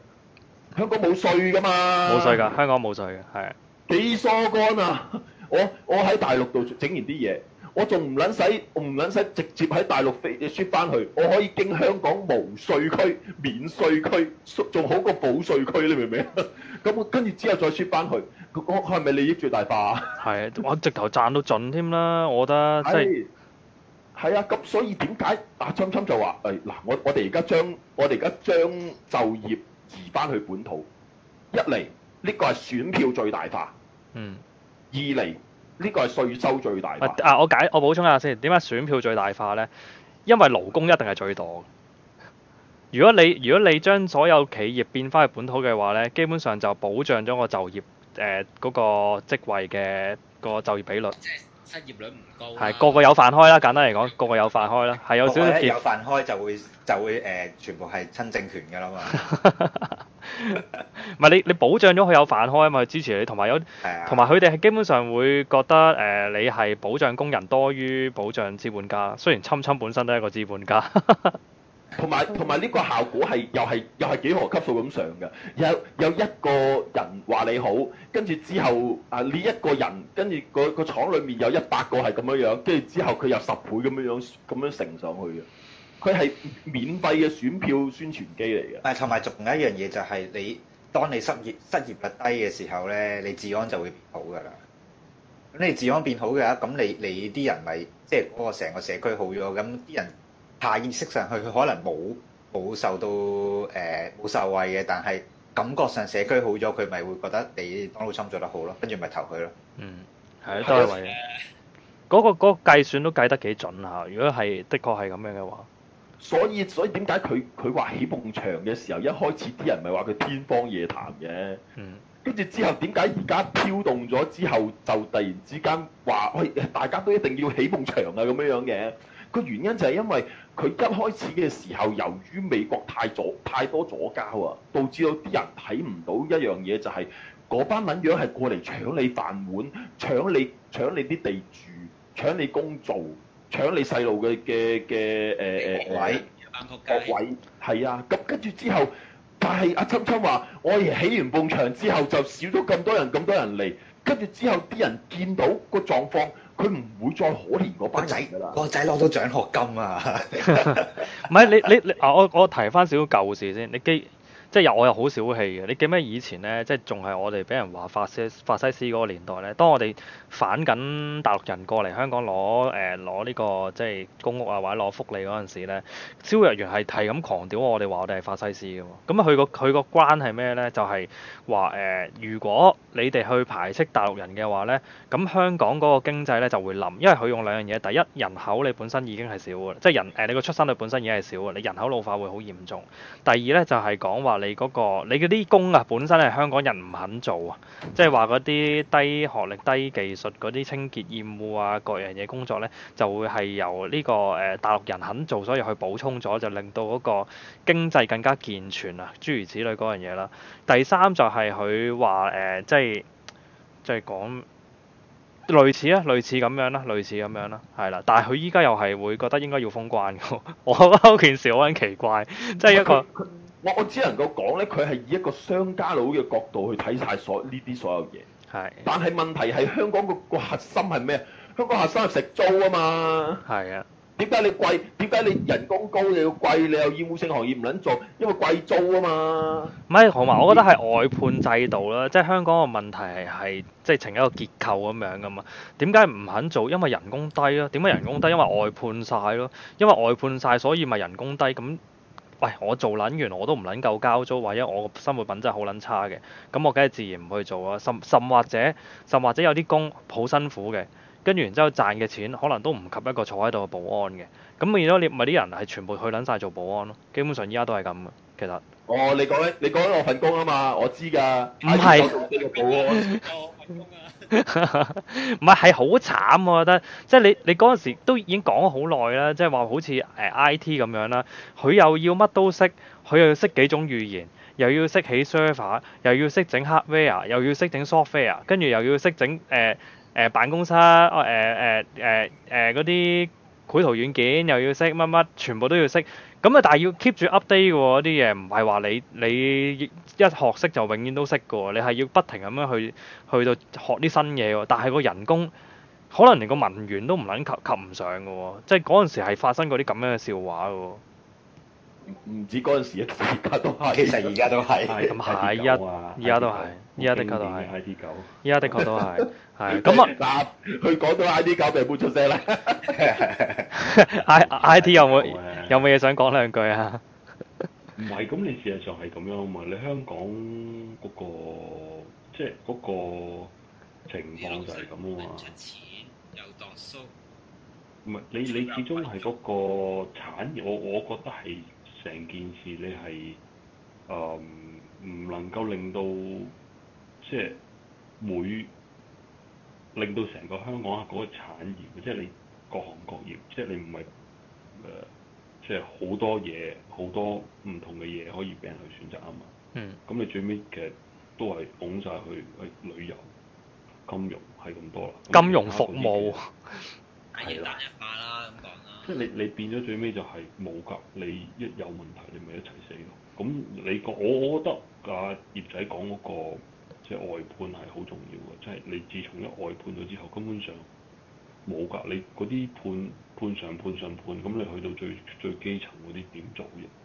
香港冇稅噶嘛？冇稅㗎，香港冇稅嘅。係啊，幾疏乾啊！我我喺大陸度整完啲嘢。我仲唔撚使我唔撚使直接喺大陸飛，你輸翻去，我可以經香港無稅區、免稅區，仲好過保稅區，你明唔明啊？咁 跟住之後再輸翻去，嗰個係咪利益最大化啊？係，我直頭賺到盡添、啊啊哎、啦，我覺得。係。係啊，咁所以點解阿張生就話誒嗱，我我哋而家將我哋而家將就業移翻去本土，一嚟呢、呢個係選票最大化，嗯，二嚟。呢個係稅收最大化。啊，我解我補充下先，點解選票最大化呢？因為勞工一定係最多。如果你如果你將所有企業變翻去本土嘅話呢，基本上就保障咗個就業誒，嗰個，呃，嗰個職位嘅個就業比率。失業率唔高，啊，係個個有飯開啦。簡單嚟講，個個有飯開啦，係有少少有飯開就會就會誒、呃，全部係親政權嘅啦嘛 唔係你你保障咗佢有飯開啊嘛，支持你，同埋有，有，同埋佢哋係基本上會覺得誒、呃，你係保障工人多於保障資本家。雖然侵侵本身都係一個資本家。 同埋同埋呢個效果係又係又係幾何級數咁上嘅，有有一個人話你好，跟住之後啊呢一個人，跟住個個廠裏面有一百個係咁樣樣，跟住之後佢又十倍咁樣樣咁樣乘上去嘅，佢係免費嘅選票宣傳機嚟嘅。但係誒，同埋仲有一樣嘢就係你，當你失業失業率低嘅時候咧，你治安就會變好噶啦。咁你治安變好嘅，咁你你啲人咪即係嗰個成個社區好咗，咁啲人。下意識上去，佢可能冇冇受到誒冇、呃、受惠嘅，但係感覺上社區好咗，佢咪會覺得你當勞侵做得好咯，跟住咪投佢咯。嗯，係啊，都係為嗰個計算都計得幾準下。如果係的確係咁樣嘅話所，所以所以點解佢佢話起墳牆嘅時候，一開始啲人咪話佢天方夜譚嘅。嗯，跟住之後點解而家飄動咗之後，就突然之間話喂，大家都一定要起墳牆啊咁樣樣嘅？個原因就係因為佢一開始嘅時候，由於美國太左太多左膠啊，導致到啲人睇唔到一樣嘢，就是，就係嗰班撚樣係過嚟搶你飯碗、搶你搶你啲地住、搶你工做、搶你細路嘅嘅嘅誒誒位。國鬼係啊！咁跟住之後，但係阿秋秋話：我哋起完埲牆之後，就少咗咁多人咁多人嚟。跟住之後，啲人見到個狀況。佢唔會再可憐嗰班仔㗎啦，嗰個仔攞到獎學金啊 唔係你你你啊，我我提翻少少舊事先。你記，即係又我又好小氣嘅。你記唔記得以前咧，即係仲係我哋俾人話法西法西斯嗰個年代咧，當我哋。反緊大陸人過嚟香港攞誒攞呢個即係公屋啊或者攞福利嗰陣時咧，蕭若元係係咁狂屌我哋，話我哋係法西斯嘅喎。咁啊佢個佢個關係咩咧？就係話誒，如果你哋去排斥大陸人嘅話咧，咁香港嗰個經濟咧就會冧，因為佢用兩樣嘢。第一，人口你本身已經係少嘅，即係人誒你個出生率本身已經係少嘅，你人口老化會好嚴重。第二咧，就係講話你嗰個你嗰啲工啊本身係香港人唔肯做啊，即係話嗰啲低學歷低技術。嗰啲清潔業務啊，各樣嘢工作呢，就會係由呢、呢個誒、呃、大陸人肯做，所以佢補充咗，就令到嗰個經濟更加健全啊，諸如此類嗰樣嘢啦。第三就係佢話誒，即係即係講類似啊，類似咁樣啦，類似咁樣啦，係啦、啊啊。但係佢依家又係會覺得應該要封關。我覺得件事好撚奇怪，即係一個我我只能夠講呢，佢係以一個商家佬嘅角度去睇晒所呢啲所有嘢。係，但係問題係香港個個核心係咩？香港核心係食租啊嘛。係啊。點解你貴？點解你人工高？你要貴？你又厭惡性行業唔撚做？因為貴租啊嘛。唔係同埋，我覺得係外判制度啦。即係香港個問題係係即係呈一個結構咁樣噶嘛。點解唔肯做？因為人工低咯。點解人工低？因為外判晒咯。因為外判晒，所以咪人工低咁。喂，我做撚完我都唔撚夠交租，或者我個生活品質好撚差嘅，咁我梗係自然唔去做啊。甚甚或者甚或者有啲工好辛苦嘅，跟住然之後賺嘅錢可能都唔及一個坐喺度嘅保安嘅，咁變咗你咪啲人係全部去撚晒做保安咯。基本上依家都係咁嘅。其實，哦，你講咧，你講我份工啊嘛，我知㗎。唔係，唔係係好慘，我覺得，即係你你嗰陣時都已經講咗好耐啦，即係話好似誒 IT 咁樣啦，佢又要乜都識，佢又要識幾種語言，又要識起 server，又要識整 hardware，又要識整 software，跟住又要識整誒誒辦公室，誒誒誒誒嗰啲繪圖軟件，又要識乜乜，全部都要識。咁啊！但係要 keep 住 update 㗎喎，啲嘢唔係話你你一學識就永遠都識㗎喎，你係要不停咁樣去去到學啲新嘢喎。但係個人工可能連個文員都唔能及及唔上㗎喎，即係嗰陣時係發生過啲咁樣嘅笑話㗎喎。唔止嗰陣時 啊，而家都係，其實而家都係。咁係啊，而家都係，而家的確都係 ID 九，而家 的確都係。係咁 啊，嗱，去講到 ID 九，咪冇出聲啦。ID 有冇有冇嘢、啊、想講兩句啊？唔 係，咁你事實上係咁樣啊嘛。你香港嗰、嗰個即係嗰個情況就係咁啊嘛。唔係，你你，你始終係嗰個產業，我我覺得係。成件事你係誒唔能夠令到，即係每令到成個香港嗰個產業，即係你各行各業，即係你唔係誒，即係好多嘢，好多唔同嘅嘢可以俾人去選擇啊嘛。嗯。咁你最尾其實都係捧晒去去，旅遊、金融係咁多啦。金融服務。 係一化啦，咁講啦。即係你，你變咗最尾就係冇㗎。你一有問題你，你咪一齊死咯。咁你個我，我覺得啊，葉仔講嗰個即係外判係好重要嘅。即係你自從一外判咗之後，根本上冇㗎。你嗰啲判判上判上判，咁你去到最最基層嗰啲點做嘢？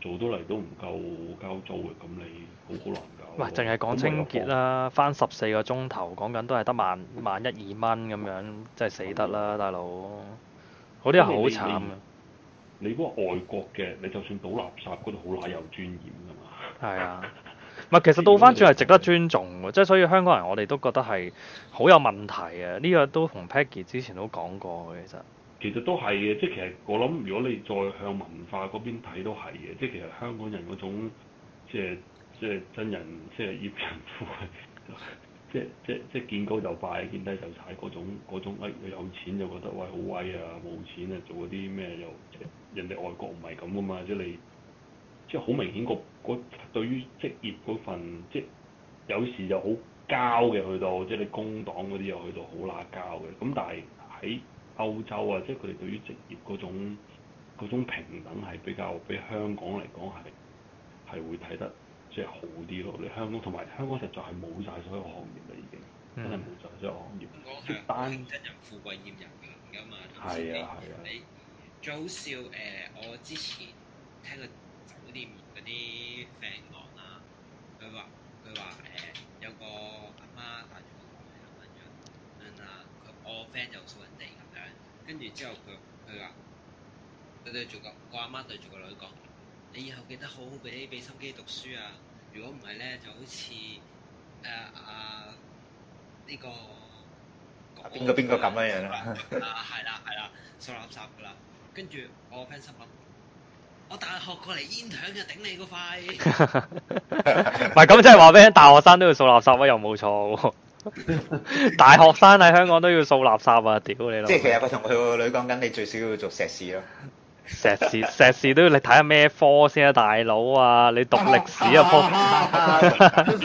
做到嚟都唔夠交租嘅，咁你好好難。喂，淨係講清潔啦，返十四個鐘頭，講緊都係得萬萬一二蚊咁樣，真係死得啦，大佬！嗰啲好慘啊！你嗰個外國嘅，你就算倒垃圾，都好撚有尊嚴㗎嘛？係啊，唔係其實倒翻轉係值得尊重㗎，即係所以香港人我哋都覺得係好有問題嘅。呢個都同 Peggy 之前都講過嘅，其實其實都係嘅，即係其實我諗如果你再向文化嗰邊睇都係嘅，即係其實香港人嗰種即係。即係真人，即係醜人夫即係即係即係見高就拜，見低就踩嗰種嗰種、哎、有錢就覺得喂好、哎、威啊！冇錢啊，做嗰啲咩又？人哋外國唔係咁噶嘛？即係你即係好明顯個嗰對於職業嗰份即係有時就好交嘅去到，即係你工黨嗰啲又去到好乸交嘅。咁但係喺歐洲啊，即係佢哋對於職業嗰種嗰種平等係比較比香港嚟講係係會睇得。即係好啲咯！你香港同埋香港實在係冇晒所有行業啦，已經真係冇晒所有行業。即係、嗯、以單人富貴厭人窮㗎嘛？係啊係啊！啊你最好笑誒、呃，我之前聽個酒店嗰啲 friend 講啦，佢話佢話誒有個阿媽,媽帶住個女咁樣咁啊，佢我 friend 就數人哋咁樣，跟住、哦、之後佢佢話對住個個阿媽對住個女講：你以後記得好好俾俾心機讀,讀書啊！如果唔係咧，就好似誒阿呢個邊個邊個咁樣樣啦。啊，係啦係啦，掃垃圾噶啦。跟住我個 friend 心諗，我大學過嚟煙響就頂你個肺。唔係咁，即係話咩？大學生都要掃垃圾，又冇錯喎。大學生喺香港都要掃垃圾啊！屌你老母。即係其實佢同佢個女講緊，你最少要做碩士咯。碩士，碩士都要你睇下咩科先啊，大佬啊！你讀歷史啊，學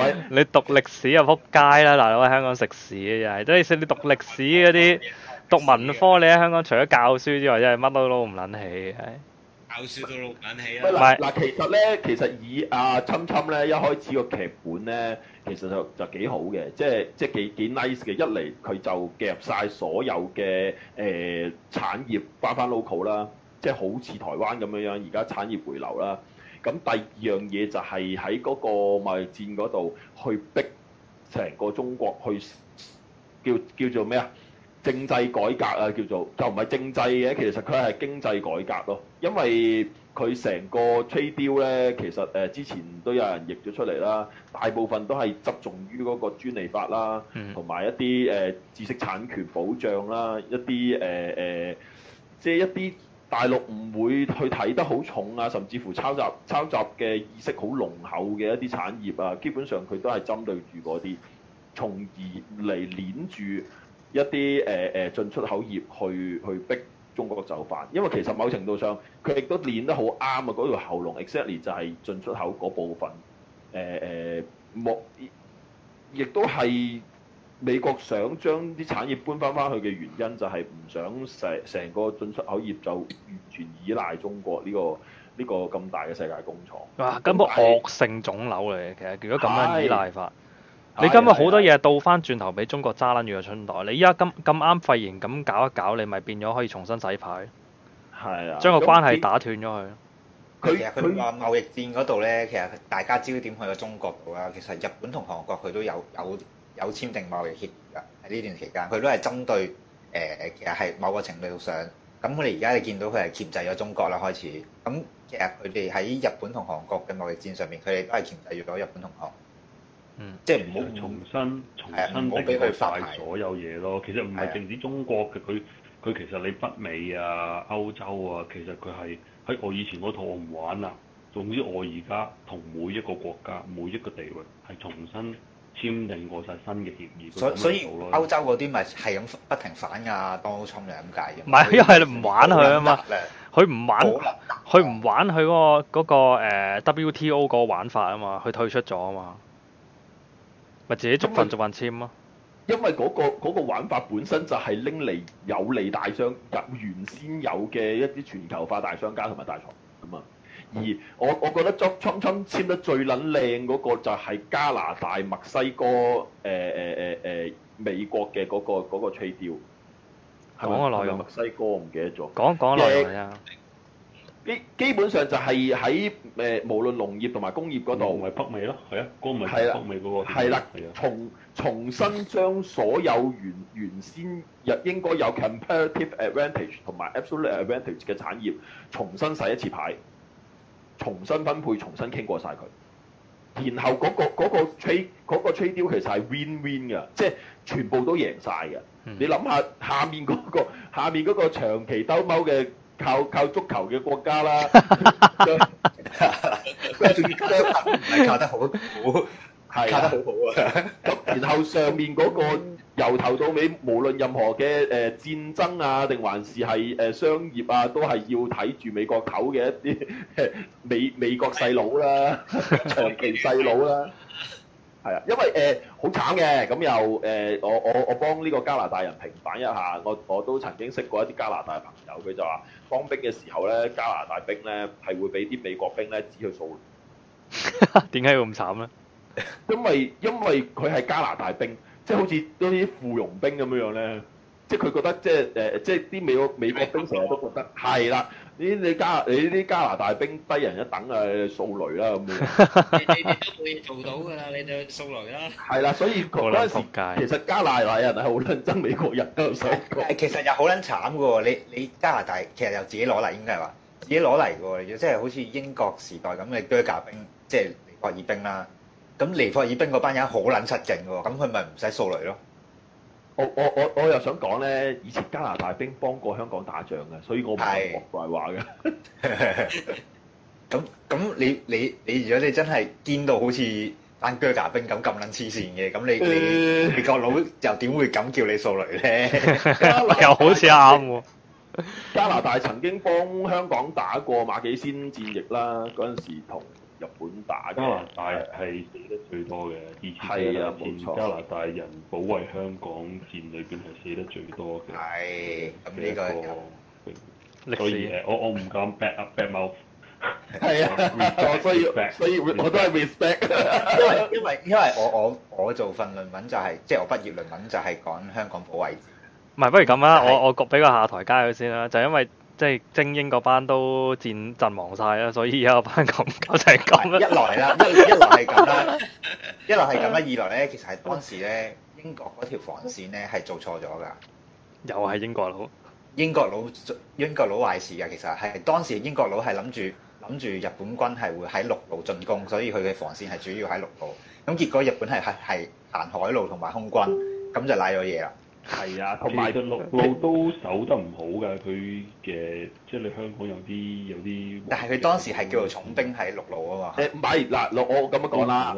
位 你讀歷史啊，撲街啦！大佬喺香港食屎啊，真係！即係你讀歷史嗰啲讀文科，你喺香港除咗教書之外，真係乜都撈唔撚起啊！教書都撈唔撚起啦！嗱嗱是，其實咧，其實以啊，侵侵咧一開始個劇本咧。其實就就幾好嘅，即係即係幾幾 nice 嘅。一嚟佢就夾晒所有嘅誒產業翻返 local 啦，即係好似台灣咁樣樣，而家產業回流啦。咁第二樣嘢就係喺嗰個貿易戰嗰度去逼成個中國去叫叫做咩啊？政制改革啊，叫做又唔係政制嘅，其實佢係經濟改革咯，因為。佢成個 trade deal 咧，其實誒之前都有人譯咗出嚟啦，大部分都係着重於嗰個專利法啦，同埋一啲誒、呃、知識產權保障啦，一啲誒誒，即係一啲大陸唔會去睇得好重啊，甚至乎抄襲抄襲嘅意識好濃厚嘅一啲產業啊，基本上佢都係針對住嗰啲，從而嚟攆住一啲誒誒進出口業去去逼中國嘅就範，因為其實某程度上佢亦都練得好啱啊！嗰條喉嚨 exactly 就係進出口嗰部分，誒、呃、誒，莫亦都係美國想將啲產業搬翻翻去嘅原因，就係唔想成成個進出口業就完全依賴中國呢個呢個咁大嘅世界工廠。哇，根本惡性腫瘤嚟嘅，其實如果咁樣依賴法。你今日好多嘢倒翻轉頭俾中國揸撚住個春袋，你依家咁咁啱肺炎咁搞一搞，你咪變咗可以重新洗牌，係啊，將個關係打斷咗佢。其實佢話貿易戰嗰度咧，其實大家焦點去到中國度啦。其實日本同韓國佢都有有有簽訂貿易協議㗎喺呢段期間，佢都係針對誒、呃、其實係某個程度上，咁我哋而家見到佢係鉗制咗中國啦開始。咁其實佢哋喺日本同韓國嘅貿易戰上面，佢哋都係鉗制咗日本同韓。嗯，即係唔好重新重新俾佢晒所有嘢咯。其實唔係淨止中國嘅佢佢其實你北美啊歐洲啊，其實佢係喺我以前嗰套我唔玩啦。總之我而家同每一個國家每一個地域係重新簽定過晒新嘅協議。所以所以歐洲嗰啲咪係咁不停反噶、啊，當沖涼咁解嘅。唔係，因為你唔玩佢啊嘛，佢唔玩佢唔玩佢嗰個、嗰個、嗰個呃、W T O 嗰個玩法啊嘛，佢退出咗啊嘛。自己逐份逐份簽咯。因為嗰個嗰個玩法本身就係拎嚟有利大商入原先有嘅一啲全球化大商家同埋大廠咁啊。而我我覺得 Trump Trump 簽得最撚靚嗰個就係加拿大、墨西哥、誒誒誒誒美國嘅嗰個嗰個 trade deal 講個內容。係係墨西哥唔記得咗。講、講內容係啊。基本上就係喺誒，無論農業同埋工業嗰度，咪北美咯，係啊，嗰咪北美嗰個，係啦係啊，係啊重重新將所有原原先日應該有 comparative advantage 同埋 absolute advantage 嘅產業，重新洗一次牌，重新分配，重新傾過晒佢，然後嗰個嗰個 tr 嗰個 trade deal 其實係 win-win 嘅，即係全部都贏晒嘅。嗯、你諗下下面嗰個、下面嗰個長期兜踎嘅。靠靠足球嘅國家啦，仲要唔係靠得好，係、 啊、靠得好好啊！ 啊然後上面嗰、那個、嗯、由頭到尾，無論任何嘅誒、呃、戰爭啊，定還是係誒、呃、商業啊，都係要睇住美國頭嘅一啲、呃、美美國細佬啦， 長期細佬啦，係 啊！因為誒好慘嘅，咁、呃、又誒、呃呃、我我我，我幫呢個加拿大人平反一下，我我，我都曾經識過一啲加拿大朋友，佢就話，當兵嘅時候咧，加拿大兵咧係會俾啲美國兵咧指佢數。點解會咁慘咧 ？因為因為佢係加拿大兵，即係好似嗰啲附庸兵咁樣樣咧，即係佢覺得即係誒，即係啲、呃、美國美國兵成日都覺得係啦。 呢你加你啲加拿大兵低人一等啊，掃雷啦咁。你你你都冇嘢做到噶啦，你就掃雷啦。係啦，所以嗰陣時界其實加拿大人係好撚憎美國人嘅。其實又好撚慘嘅喎，你你加拿大其實又自己攞嚟應該係話自己攞嚟嘅喎，即係好似英國時代咁嘅啹喀兵，即係尼泊爾兵啦。咁尼泊爾兵嗰班人好撚出勁嘅喎，咁佢咪唔使掃雷咯。我我我我又想講咧，以前加拿大兵幫過香港打仗嘅，所以我唔講壞話嘅。咁咁是 你你你，如果你真係見到好似班鋸牙兵咁咁撚黐線嘅，咁你、呃、你國老 又點會咁叫你掃雷咧？又 好似啱喎。加拿大曾經幫香港打過馬幾仙戰役啦，嗰陣時同。日本打加拿大係死得最多嘅，以前嘅戰，加拿大人保衞香港戰裏邊係死得最多嘅。係，咁應該。呢個嘢我我唔敢 back up back mouth。係啊，我所以所以我都係 respect，因為因為因為我我我做份論文就係即係我畢業論文就係講香港保衞。唔係，不如咁啦，我我畀個下台階佢先啦，就因為。即係精英嗰班都戰陣亡晒啦，所以而家班咁搞就係咁一來啦，一一來係咁啦，一來係咁啦，二來咧其實係當時咧英國嗰條防線咧係做錯咗噶。又係英國佬，英國佬英國佬壞事嘅，其實係當時英國佬係諗住諗住日本軍係會喺陸路進攻，所以佢嘅防線係主要喺陸路。咁結果日本係係係行海路同埋空軍，咁 就賴咗嘢啦。係啊，同埋佢陸路都守得唔好㗎，佢嘅即係你香港有啲有啲，但係佢當時係叫做重兵喺陸路啊嘛。誒、欸，唔係嗱，陸我咁樣講啦。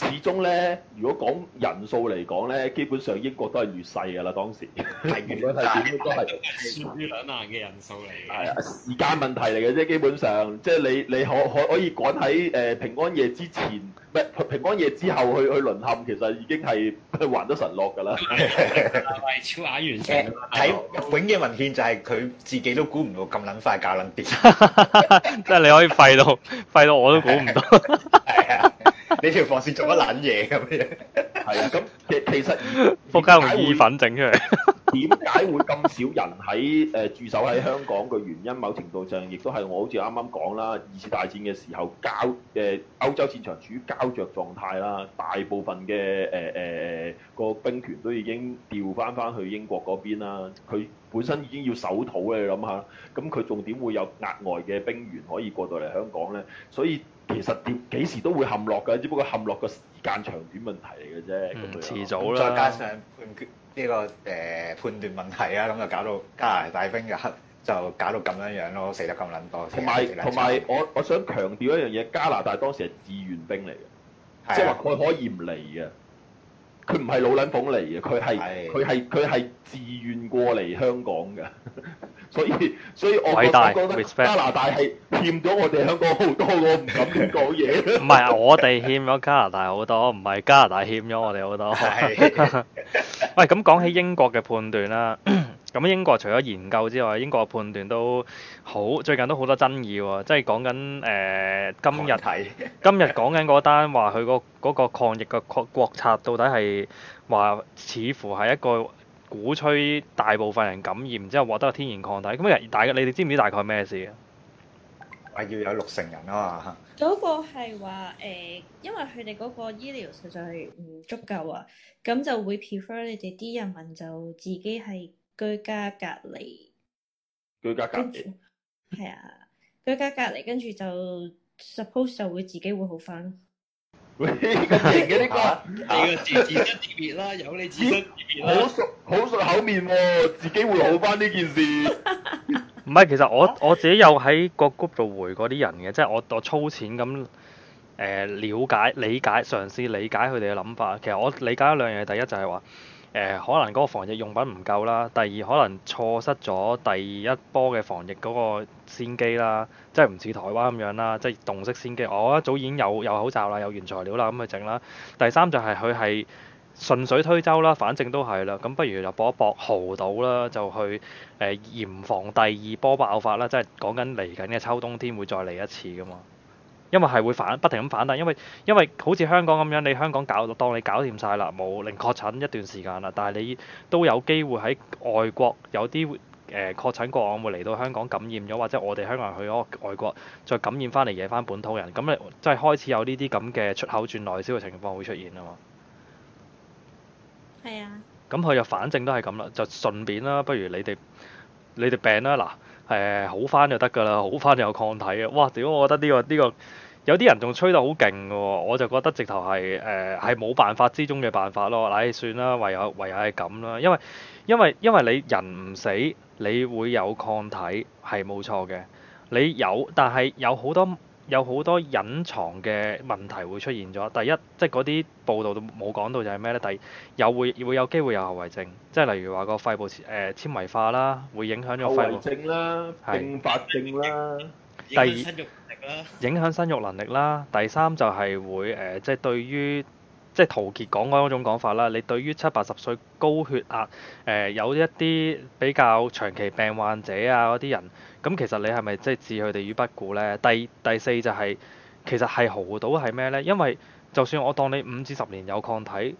始終咧，如果講人數嚟講咧，基本上英國都係劣勢噶啦。當時係原來係點都係輸兩行嘅人數嚟。係啊，時間問題嚟嘅啫。基本上，即係你你可可可以趕喺誒平安夜之前，唔係平安夜之後去去淪陷，其實已經係還咗神落噶啦。係超雅完情喺永嘅文獻，就係佢自己都估唔到咁撚快搞撚掂。即係你可以廢到廢到，我都估唔到。你條防線做乜撚嘢咁嘅？係 啊，咁其 其實，撲家用意粉整出嚟。點 解會咁少人喺誒駐守喺香港嘅原因，某程度上亦都係我好似啱啱講啦。二次大戰嘅時候，交誒、呃、歐洲戰場處於膠着狀態啦，大部分嘅誒誒誒個兵權都已經調翻翻去英國嗰邊啦。佢本身已經要守土咧，你諗下，咁佢仲點會有額外嘅兵源可以過到嚟香港咧？所以其實跌幾時都會陷落㗎，只不過陷落個時間長短問題嚟嘅啫。咁、嗯、遲早啦。再加上判決呢、呢個誒、呃、判斷問題啊，咁就搞到加拿大兵就就搞到咁樣樣咯，死得咁撚多。同埋同埋，我我想強調一樣嘢，加拿大當時係志願兵嚟嘅，即係話佢可以唔嚟嘅，佢唔係老撚僕嚟嘅，佢係佢係佢係志願過嚟香港㗎。 所以，所以我覺得加拿大係欠咗我哋香港好多，我唔敢講嘢。唔係啊，我哋欠咗加拿大好多，唔係加拿大欠咗我哋好多。係。喂，咁講起英國嘅判斷啦，咁英國除咗研究之外，英國嘅判斷都好，最近都好多爭議喎，即係講緊誒今日，今日講緊嗰單話，佢個嗰個抗疫嘅國國策到底係話，似乎係一個鼓吹大部分人感染之後獲得天然抗體，咁啊大嘅你哋知唔知大概咩事啊？係要有六成人啊嘛嚇！嗰個係話，呃、因為佢哋嗰個醫療實在係唔足夠啊，咁就會 prefer 你哋啲人民就自己係居家隔離。居家隔離。係啊，居家隔離，跟住就 suppose 就會自己會好返。喂，咁型嘅啲歌，你個自尊自別啦，有你自尊自 好熟好熟口面喎、哦，自己會好翻呢件事。唔係， 其實我我自己有喺個 group 度回過啲人嘅，即係我我粗淺咁誒、呃、了解理解嘗試理解佢哋嘅諗法。其實我理解一兩樣嘢，第一就係、是、話。誒、呃、可能嗰個防疫用品唔夠啦，第二可能錯失咗第一波嘅防疫嗰個先機啦，即係唔似台灣咁樣啦，即係動式先機。我、哦、一早已經有有口罩啦，有原材料啦，咁去整啦。第三就係佢係順水推舟啦，反正都係啦，咁不如就搏一搏豪賭啦，就去誒、呃、嚴防第二波爆發啦，即係講緊嚟緊嘅秋冬天會再嚟一次㗎嘛。因為係會反，不停咁反彈，因為因為好似香港咁樣，你香港搞，當你搞掂晒啦，冇零確診一段時間啦，但係你都有機會喺外國有啲誒、呃、確診個案會嚟到香港感染咗，或者我哋香港人去咗外國再感染翻嚟惹翻本土人，咁你即係開始有呢啲咁嘅出口轉內銷嘅情況會出現啊嘛。係啊。咁佢就反正都係咁啦，就順便啦，不如你哋你哋病啦，嗱誒、嗯、好翻就得㗎啦，好翻就有抗體嘅。哇！屌我覺得呢個呢個～、這個這個有啲人仲吹得好勁㗎喎，我就覺得直頭係誒係冇辦法之中嘅辦法咯，唉、哎、算啦，唯有唯有係咁啦，因為因為因為你人唔死，你會有抗體係冇錯嘅，你有，但係有好多有好多隱藏嘅問題會出現咗。第一，即係嗰啲報道都冇講到就係咩咧？第二，又會會有機會有後遺症，即係例如話個肺部誒、呃、纖維化啦，會影響咗肺部。後遺症啦，併發症啦。第二是。影響生育能力啦，第三就係會誒、呃，即係對於即係陶傑講嗰種講法啦，你對於七八十歲高血壓誒、呃，有一啲比較長期病患者啊嗰啲人，咁、嗯、其實你係咪即係置佢哋於不顧呢？第第四就係，是，其實係毫到係咩呢？因為就算我當你五至十年有抗體，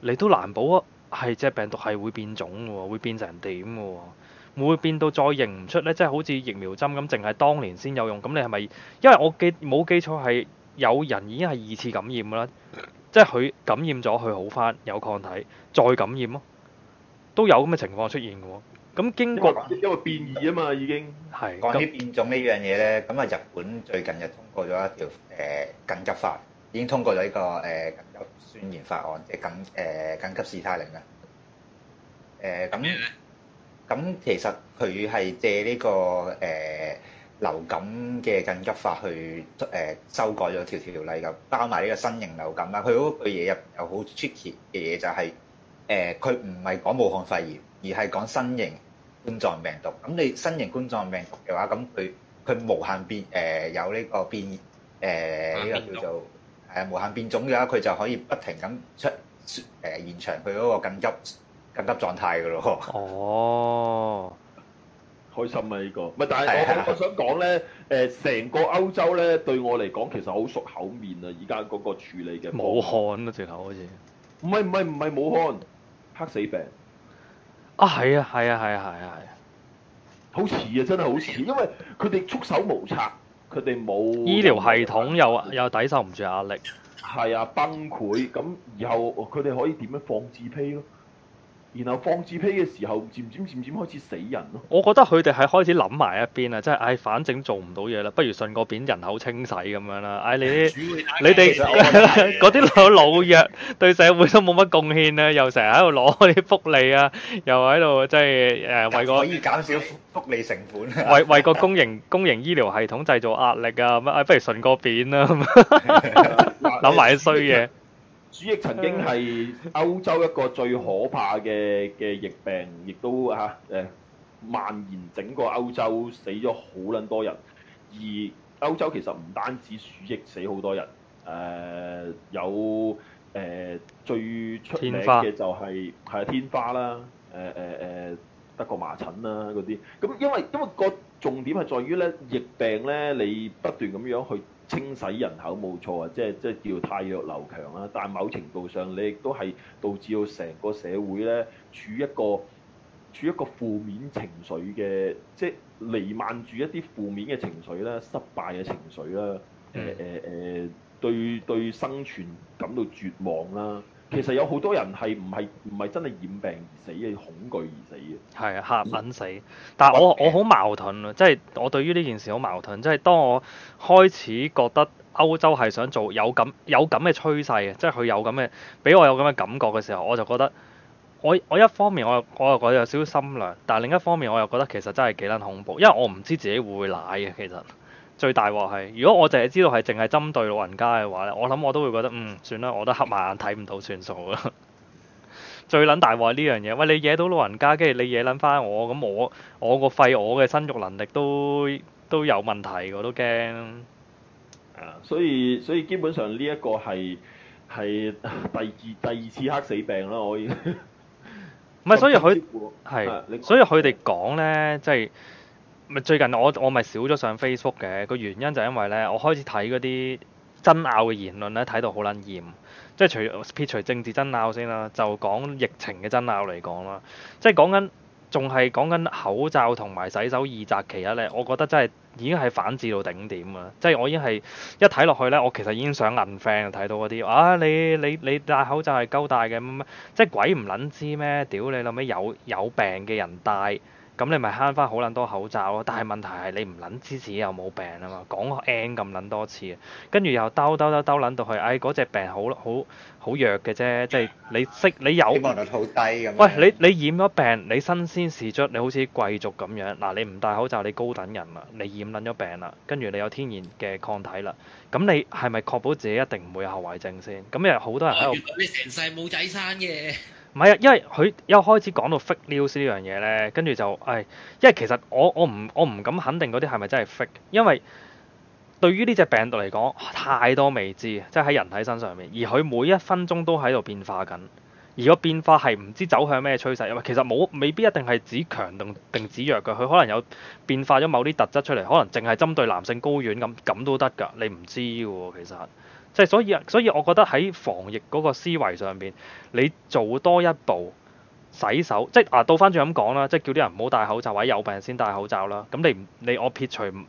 你都難保係隻病毒係會變種嘅，會變成點嘅。會變到再認唔出咧，即係好似疫苗針咁，淨係當年先有用。咁你係咪？因為我記冇記錯係有人已經係二次感染啦，即係佢感染咗，佢好翻有抗體，再感染咯，都有咁嘅情況出現嘅喎。咁經過因為變異啊嘛，已經講啲變種呢樣嘢咧。咁啊，日本最近就通過咗一條誒緊急法，已經通過咗呢個誒緊急宣言法案嘅緊誒緊急事態令啦。誒咁。咁其實佢係借呢、這個誒、呃、流感嘅緊急法去誒、呃、修改咗條條例咁，包埋呢個新型流感啦。佢嗰句嘢入又好 tricky 嘅嘢就係、是、誒，佢唔係講武漢肺炎，而係講新型冠狀病毒。咁你新型冠狀病毒嘅話，咁佢佢無限變誒、呃、有呢個變誒呢、呃這個叫做係、呃、無限變種嘅話，佢就可以不停咁出誒延長佢嗰個緊急。緊急狀態嘅咯，哦，oh. 開心啊！呢、這個咪但係我想講咧，誒成 個歐洲咧對我嚟講其實好熟口面啊！而家嗰個處理嘅，武漢啊直頭好似，唔係唔係唔係武漢，黑死病啊係啊係啊係啊係啊，啊啊啊啊啊好似啊真係好似、啊，因為佢哋束手無策，佢哋冇醫療系統又又抵受唔住壓力，係啊崩潰咁然後佢哋可以點樣放自批咯？然後放紙皮嘅時候，漸漸漸漸漸開始死人咯。我覺得佢哋係開始諗埋一邊啊，即係唉，反正做唔到嘢啦，不如順個便人口清洗咁樣啦。唉、哎，你啲，你哋嗰啲老老弱對社會都冇乜貢獻啊，又成日喺度攞啲福利啊，又喺度即係誒為個可以減少福利成本， 為為個公營公營醫療系統製造壓力啊，乜唉，不如順個便啦，諗埋啲衰嘢。 鼠疫曾經係歐洲一個最可怕嘅嘅疫病，亦都嚇誒、啊呃、蔓延整個歐洲，死咗好撚多人。而歐洲其實唔單止鼠疫死好多人，誒、呃、有誒、呃、最出名嘅就係、係、係天，花天花啦，誒誒誒德國麻疹啦嗰啲。咁因為因為個重點係在於咧，疫病咧你不斷咁樣去。清洗人口冇錯啊，即係即係叫汰弱留強啦。但某程度上，你亦都係導致到成個社會咧處一個處一個負面情緒嘅，即係瀰漫住一啲負面嘅情緒啦、失敗嘅情緒啦、誒誒誒對對生存感到絕望啦。其實有好多人係唔係唔係真係染病而死嘅，恐懼而死嘅。係啊，嚇撚死！但係我我好矛盾咯，即係我對於呢件事好矛盾。即係當我開始覺得歐洲係想做有咁有咁嘅趨勢嘅，即係佢有咁嘅俾我有咁嘅感覺嘅時候，我就覺得我我一方面我又我又覺得有少少心涼，但係另一方面我又覺得其實真係幾撚恐怖，因為我唔知自己會唔會奶嘅其實。最大鑊係，如果我淨係知道係淨係針對老人家嘅話咧，我諗我都會覺得嗯，算啦，我都黑埋眼睇唔到算數啦。 最撚大鑊係呢樣嘢，喂，你惹到老人家，跟住你惹撚翻我，咁我我個肺我嘅生育能力都都有問題，我都驚。所以所以基本上呢一個係係第二第二次黑死病啦，我已經。唔 係，所以佢係，所以佢哋講呢，即係。最近我我咪少咗上 Facebook 嘅，個原因就係因為咧，我開始睇嗰啲爭拗嘅言論咧，睇到好撚厭。即係除撇除政治爭拗先啦，就講疫情嘅爭拗嚟講啦，即係講緊仲係講緊口罩同埋洗手二擲其一二擇其一咧，我覺得真係已經係反智到頂點啊！即係我已經係一睇落去咧，我其實已經想 un friend 睇到啲啊，你你你戴口罩係鳩戴嘅，乜即係鬼唔撚知咩？屌你諗咩有有病嘅人戴？咁你咪慳翻好撚多口罩咯，但係問題係你唔撚知自己有冇病啊嘛，講 n 咁撚多次，跟住又兜兜兜兜撚到去，哎嗰隻、那個、病好好好弱嘅啫，即係你識你有，好低咁。喂，你你染咗病，你新鮮事啫，你好似貴族咁樣，嗱，你唔戴口罩你高等人啦，你染撚咗病啦，跟住你有天然嘅抗體啦，咁你係咪確保自己一定唔會有後遺症先？咁又好多人喺度。原來你成世冇仔生嘅。唔係啊，因為佢一開始講到 fake news 呢樣嘢呢，跟住就唉，因為其實我我唔我唔敢肯定嗰啲係咪真係 fake，因為對於呢隻病毒嚟講，太多未知，即係喺人體身上面，而佢每一分鐘都喺度變化緊，而個變化係唔知走向咩趨勢，因為其實冇未必一定係指強定定指弱嘅，佢可能有變化咗某啲特質出嚟，可能淨係針對男性高院咁咁都得㗎，你唔知喎、哦、其實。即所以所以我覺得喺防疫嗰個思維上邊，你做多一步洗手，即啊，倒翻轉咁講啦，即係叫啲人唔好戴口罩，或者有病先戴口罩啦。咁你唔你我撇除誒、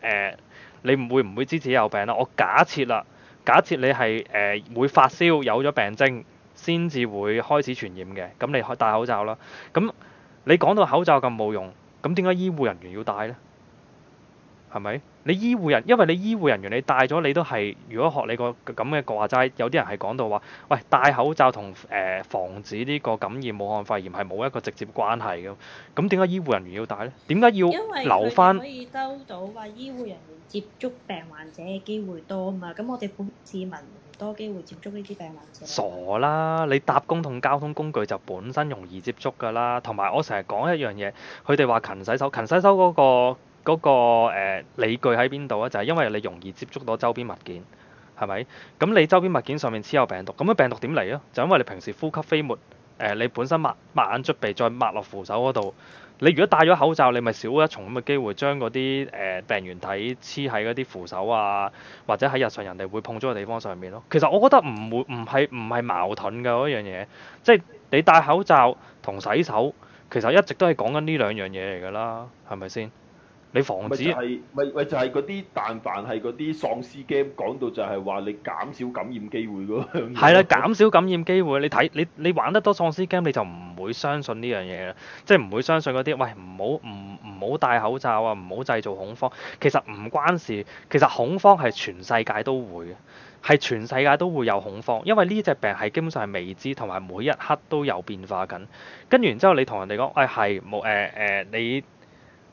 呃，你唔會唔會知自己有病啦。我假設啦，假設你係誒、呃、會發燒有咗病徵先至會開始傳染嘅，咁你戴口罩啦。咁你講到口罩咁冇用，咁點解醫護人員要戴呢？係咪？你醫護人，因為你醫護人員，你戴咗你都係。如果學你、個咁嘅話齋，有啲人係講到話，喂，戴口罩同誒、呃、防止呢個感染武漢肺炎係冇一個直接關係嘅。咁點解醫護人員要戴咧？點解要留翻？因為可以兜到話醫護人員接觸病患者嘅機會多嘛。咁我哋本市民唔多機會接觸呢啲病患者。傻啦！你搭公同交通工具就本身容易接觸㗎啦。同埋我成日講一樣嘢，佢哋話勤洗手，勤洗手嗰、嗰個。嗰個誒理據喺邊度啊？就係因為你容易接觸到周邊物件，係咪？咁你周邊物件上面黐有病毒，咁啊個病毒點嚟咯？就因為你平時呼吸飛沫誒，你本身抹抹眼、捽鼻，再抹落扶手嗰度。你如果戴咗口罩，你咪少一重咁嘅機會將嗰啲誒病原體黐喺嗰啲扶手啊，或者喺日常人哋會碰咗嘅地方上面咯。其實我覺得唔會唔係唔係矛盾㗎，嗰樣嘢即係你戴口罩同洗手，其實一直都係講緊呢兩樣嘢嚟㗎啦，係咪先？你防止咪就係咪喂就係嗰啲？但凡係嗰啲喪屍 game 講到就係話你減少感染機會嗰樣嘢。係啦，減少感染機會。你睇你你玩得多喪屍 game 你就唔會相信呢樣嘢啦。即係唔會相信嗰啲喂唔好唔唔好戴口罩啊，唔好製造恐慌。其實唔關事。其實恐慌係全世界都會嘅，係全世界都會有恐慌。因為呢隻病係基本上係未知，同埋每一刻都有變化緊。跟住然之後你同人哋講誒係冇誒誒你。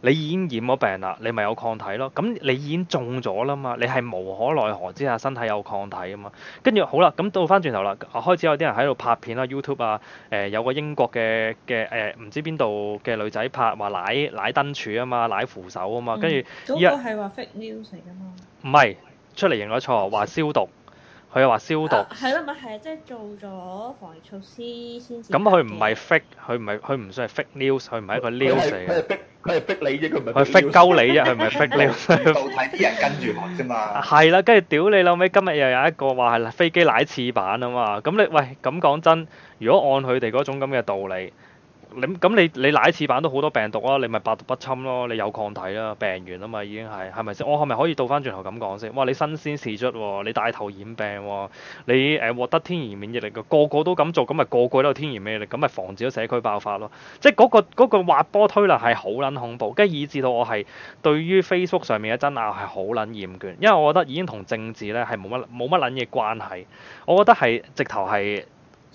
你已經染咗病啦，你咪有抗體咯。咁你已經中咗啦嘛，你係無可奈何之下身體有抗體啊嘛。跟住好啦，咁到翻轉頭啦，開始有啲人喺度拍片啦，YouTube 啊，誒、呃、有個英國嘅嘅誒唔知邊度嘅女仔拍話奶奶燈柱啊嘛，奶扶手啊嘛，跟住嗰個係話 fake news 嚟㗎嘛，唔係出嚟認咗錯話消毒。佢又話消毒，係咯，咪係即係做咗防疫措施先至。咁佢唔係 fake，佢唔係佢唔算係 fake news，佢唔係一個 news 嚟嘅。佢係佢係逼你啫，佢唔係。佢 fake 鳩你啫，佢唔係 fake news。就睇啲人跟住學啫嘛。係啦，跟住屌你老尾，今日又有一個話係飛機奶紙板啊嘛。咁你喂咁講真，如果按佢哋嗰種咁嘅道理。你咁你你奶翅板都好多病毒啊，你咪百毒不侵咯，你有抗體啦，病完啊嘛，已經係，係咪先？我係咪可以倒返轉頭咁講先？哇，你新鮮事著喎、啊，你帶頭染病喎、啊，你誒、呃、獲得天然免疫力嘅、啊，個個都咁做，咁咪個個都有天然免疫力，咁咪防止咗社區爆發咯、啊。即係、那、嗰、個那個滑坡推論係好撚恐怖，跟住以至到我係對於 Facebook 上面嘅爭拗係好撚厭倦，因為我覺得已經同政治咧係冇乜冇乜撚嘢關係。我覺得係直頭係。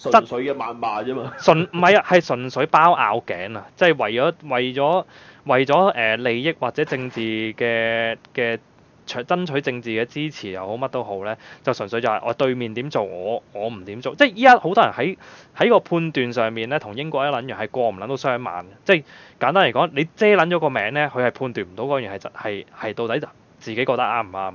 純粹嘅謾罵啫嘛，純唔係啊，係純粹包拗頸啊，即係為咗為咗為咗誒、呃、利益或者政治嘅嘅搶爭取政治嘅支持又好乜都好咧，就純粹就係我對面點做我我唔點做，即係依家好多人喺喺個判斷上面咧，同英國一撚樣係過唔撚到雙盲，即係簡單嚟講，你遮撚咗個名咧，佢係判斷唔到嗰樣係就係到底自己覺得啱唔啱啊！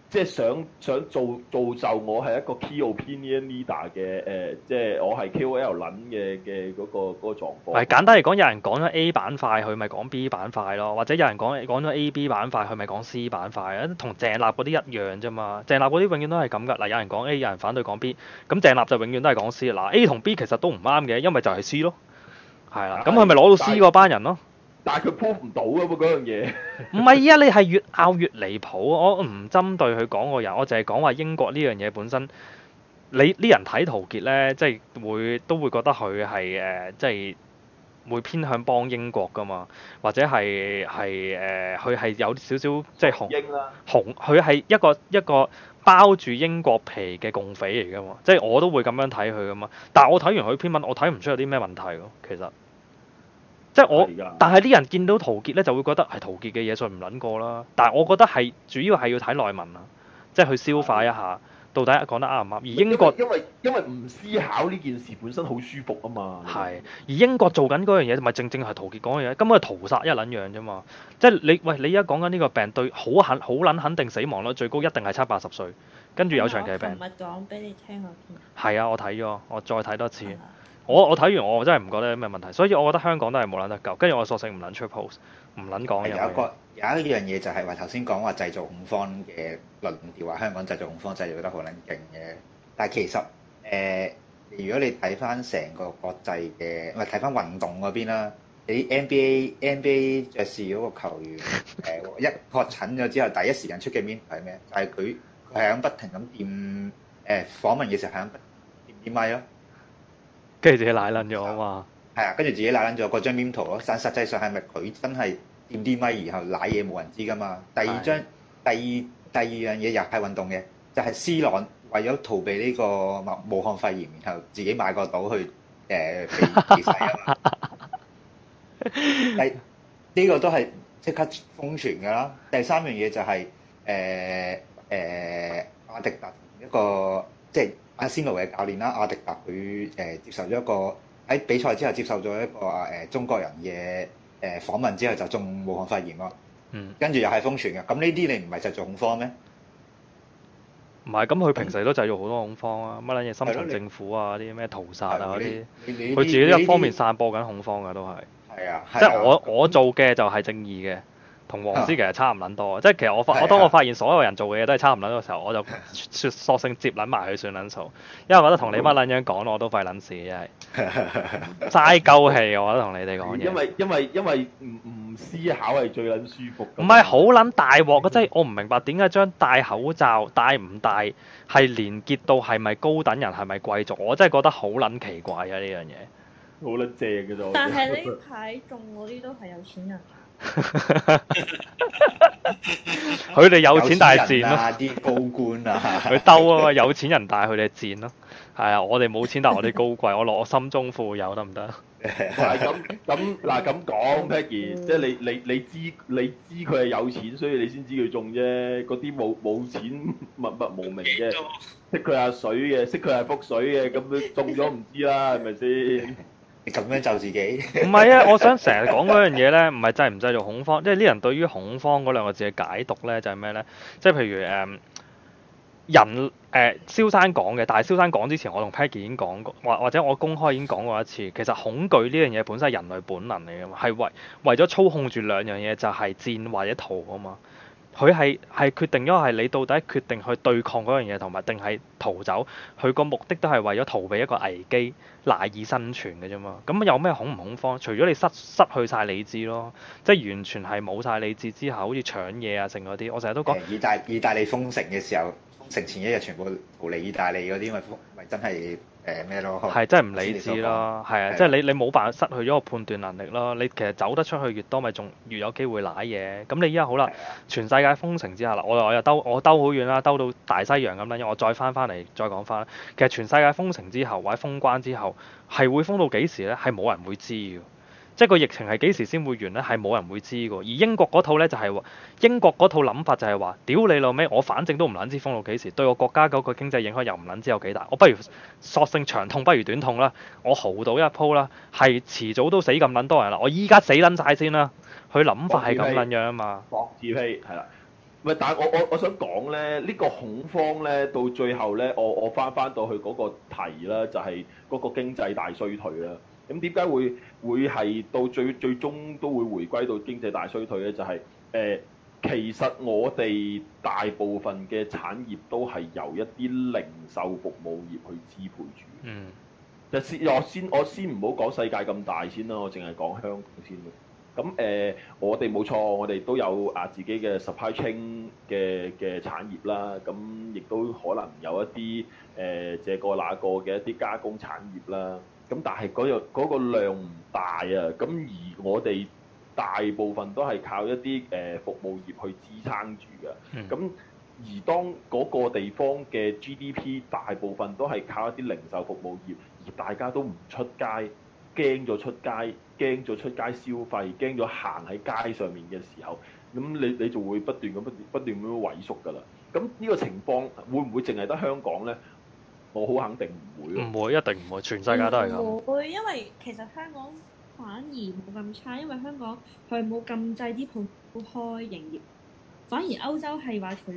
即係想想造造就我係一個 key opinion leader 嘅誒、呃，即係我係 KOL 諗嘅嘅嗰個嗰、嗰個嗰個狀況。係簡單嚟講，有人講咗 A 版塊，佢咪講 B 版塊咯，或者有人講講咗 A、B 版塊，佢咪講 C 版塊，同鄭立嗰啲一樣啫嘛。鄭立嗰啲永遠都係咁㗎。嗱，有人講 A，有人反對講 B，咁鄭立就永遠都係講 C。嗱，A 同 B 其實都唔啱嘅，因為就係 C 咯。係啦，咁佢咪攞到 C 嗰班人咯。但係佢 p 唔到啊喎，嗰樣嘢。唔係啊，你係越拗越離譜。我唔針對佢講個人，我淨係講話英國呢樣嘢本身。你啲人睇陶傑咧，即係會都會覺得佢係誒，即係會偏向幫英國㗎嘛，或者係係誒，佢係、呃、有少少即係紅英啦、啊。紅佢係一個一個包住英國皮嘅共匪嚟㗎嘛，即係我都會咁樣睇佢㗎嘛。但係我睇完佢篇文，我睇唔出有啲咩問題咯，其實。即係我，的但係啲人見到陶傑咧就會覺得係陶傑嘅嘢信唔撚過啦。但係我覺得係主要係要睇內文啊，即係去消化一下的到底講得啱唔啱。而英國因為因為唔思考呢件事本身好舒服啊嘛。係。而英國做緊嗰樣嘢咪正正係陶傑講嘅嘢，根本係屠殺一撚樣啫嘛。即係你喂，你而家講緊呢個病對好肯好撚肯定死亡率最高一定係七八十歲，跟住有長期病。哎、我講俾你聽嗰篇。係啊，我睇咗，我再睇多次。我我睇完我真係唔覺得有咩問題，所以我覺得香港都係冇撚得救。跟住我索性唔撚出 pose，唔撚講嘢。有一個有一樣嘢就係話頭先講話製造恐慌嘅論調，話香港製造恐慌，製造得好撚勁嘅。但係其實誒，如果你睇翻成個國際嘅，唔係睇翻運動嗰邊啦。你 NBA NBA 爵士嗰個球員誒，一確診咗之後，第一時間出嘅面係咩？就係佢佢係咁不停咁掂誒訪問嘅時候，係咁掂啲咪咯。跟住自己賴撚咗啊嘛，係啊，跟住自己賴撚咗嗰張面圖咯。但實際上係咪佢真係掂啲咪？然後賴嘢冇人知噶嘛？第二張的，第二第二樣嘢又係運動嘅，就係、是、C 朗為咗逃避呢個武武漢肺炎，然後自己買島、呃、個島去誒避世啊嘛。第呢、 這個都係即刻封存噶啦。第三樣嘢就係誒誒阿迪達一個即係。阿仙奴嘅教練啦，阿迪達佢誒接受咗一個喺比賽之後接受咗一個啊誒、呃、中國人嘅誒訪問之後就中武漢肺炎啊，嗯，跟住又係封存嘅，咁呢啲你唔係就做恐慌咩？唔係，咁佢平時都製造好多恐慌啊，乜撚嘢，深圳政府啊，啲咩屠殺啊嗰啲，佢、啊嗯、些自己呢一方面散播緊恐慌噶都係，係啊，即係是我我做嘅就係正義嘅。同黃絲其實差唔撚多，啊、即係其實我發、啊、我當我發現所有人做嘅嘢都係差唔撚多嘅時候，我就索，索性接撚埋佢算撚數，因為我覺得同你乜撚樣講我都費撚事，真係齋鳩氣，我覺得同你哋講嘢。因為因為因為唔唔思考係最撚舒服。唔係好撚大鑊嘅，即係我唔明白點解將戴口罩戴唔戴係連結到係咪高等人係咪貴族？我真係覺得好撚奇怪啊呢樣嘢。好撚正嘅啫。但係呢排中嗰啲都係有錢人。佢哋 有錢但係賤咯，啲高官啊，佢 兜啊嘛，有錢人但係佢哋賤咯，係 啊，我哋冇錢但係我哋高貴， 我我心中富有得唔得？咁咁嗱咁講，Peggy 即係你你你知你知佢係有錢，所以你先知佢中啫。嗰啲冇冇錢默默無名啫。識佢係水嘅，識佢係覆水嘅，咁樣中咗唔知啦，係咪先？你咁樣就自己？唔 係啊！我想成日講嗰樣嘢呢，唔係製唔製造恐慌，即係啲人對於恐慌嗰兩個字嘅解讀呢，就係、是、咩呢？即係譬如誒人誒、呃、蕭生講嘅，但係蕭生講之前，我同 Peggy 已經講過，或或者我公開已經講過一次，其實恐懼呢樣嘢本身係人類本能嚟嘅嘛，係為為咗操控住兩樣嘢，就係、是、戰或者逃啊嘛。佢係係決定咗係你到底決定去對抗嗰樣嘢，同埋定係逃走。佢個目的都係為咗逃避一個危機，賴以生存嘅啫嘛。咁有咩恐唔恐慌？除咗你失失去晒理智咯，即係完全係冇晒理智之下，好似搶嘢啊，剩嗰啲。我成日都講，意大意大利封城嘅時候，封城前一日全部嚟意大利嗰啲咪封咪真係。誒咩咯？係真係唔理智咯，係啊！啊啊即係你你冇辦法失去咗個判斷能力咯。你其實走得出去越多，咪仲越有機會揦嘢。咁你依家好啦，啊、全世界封城之後啦，我我又兜我兜好遠啦，兜到大西洋咁啦，因為我再翻翻嚟再講翻。其實全世界封城之後或者封關之後係會封到幾時咧？係冇人會知。即係個疫情係幾時先會完呢？係冇人會知㗎。而英國嗰套呢、就係話，就係英國嗰套諗法就係話：屌你老味，我反正都唔撚知封路幾時，對我國家嗰個經濟影響又唔撚知有幾大。我不如索性長痛不如短痛啦，我豪到一鋪啦，係遲早都死咁撚多人啦，我依家死撚晒先啦。佢諗法係咁撚樣啊嘛。自欺係啦。但係我我我想講呢，呢、呢個恐慌呢，到最後呢，我我翻翻到去嗰個題啦，就係、係、嗰個經濟大衰退啦。咁點解會？會係到最最終都會回歸到經濟大衰退嘅、就是，就係誒，其實我哋大部分嘅產業都係由一啲零售服務業去支配住。嗯。就先我先我先唔好講世界咁大先啦，我淨係講香港先啦。咁誒、呃，我哋冇錯，我哋都有啊自己嘅 supply chain 嘅嘅產業啦。咁亦都可能有一啲誒，這、呃、個那個嘅一啲加工產業啦。咁但係嗰個量唔大啊！咁而我哋大部分都係靠一啲誒服務業去支撐住嘅。咁、嗯、而當嗰個地方嘅 GDP 大部分都係靠一啲零售服務業，而大家都唔出街，驚咗出街，驚咗出街消費，驚咗行喺街上面嘅時候，咁你你就會不斷咁不斷不斷咁萎縮㗎啦。咁呢個情況會唔會淨係得香港呢？我好肯定唔會，會，唔會一定唔會，全世界都係咁。唔會，因為其實香港反而冇咁差，因為香港佢冇禁制啲鋪開營業，反而歐洲係話除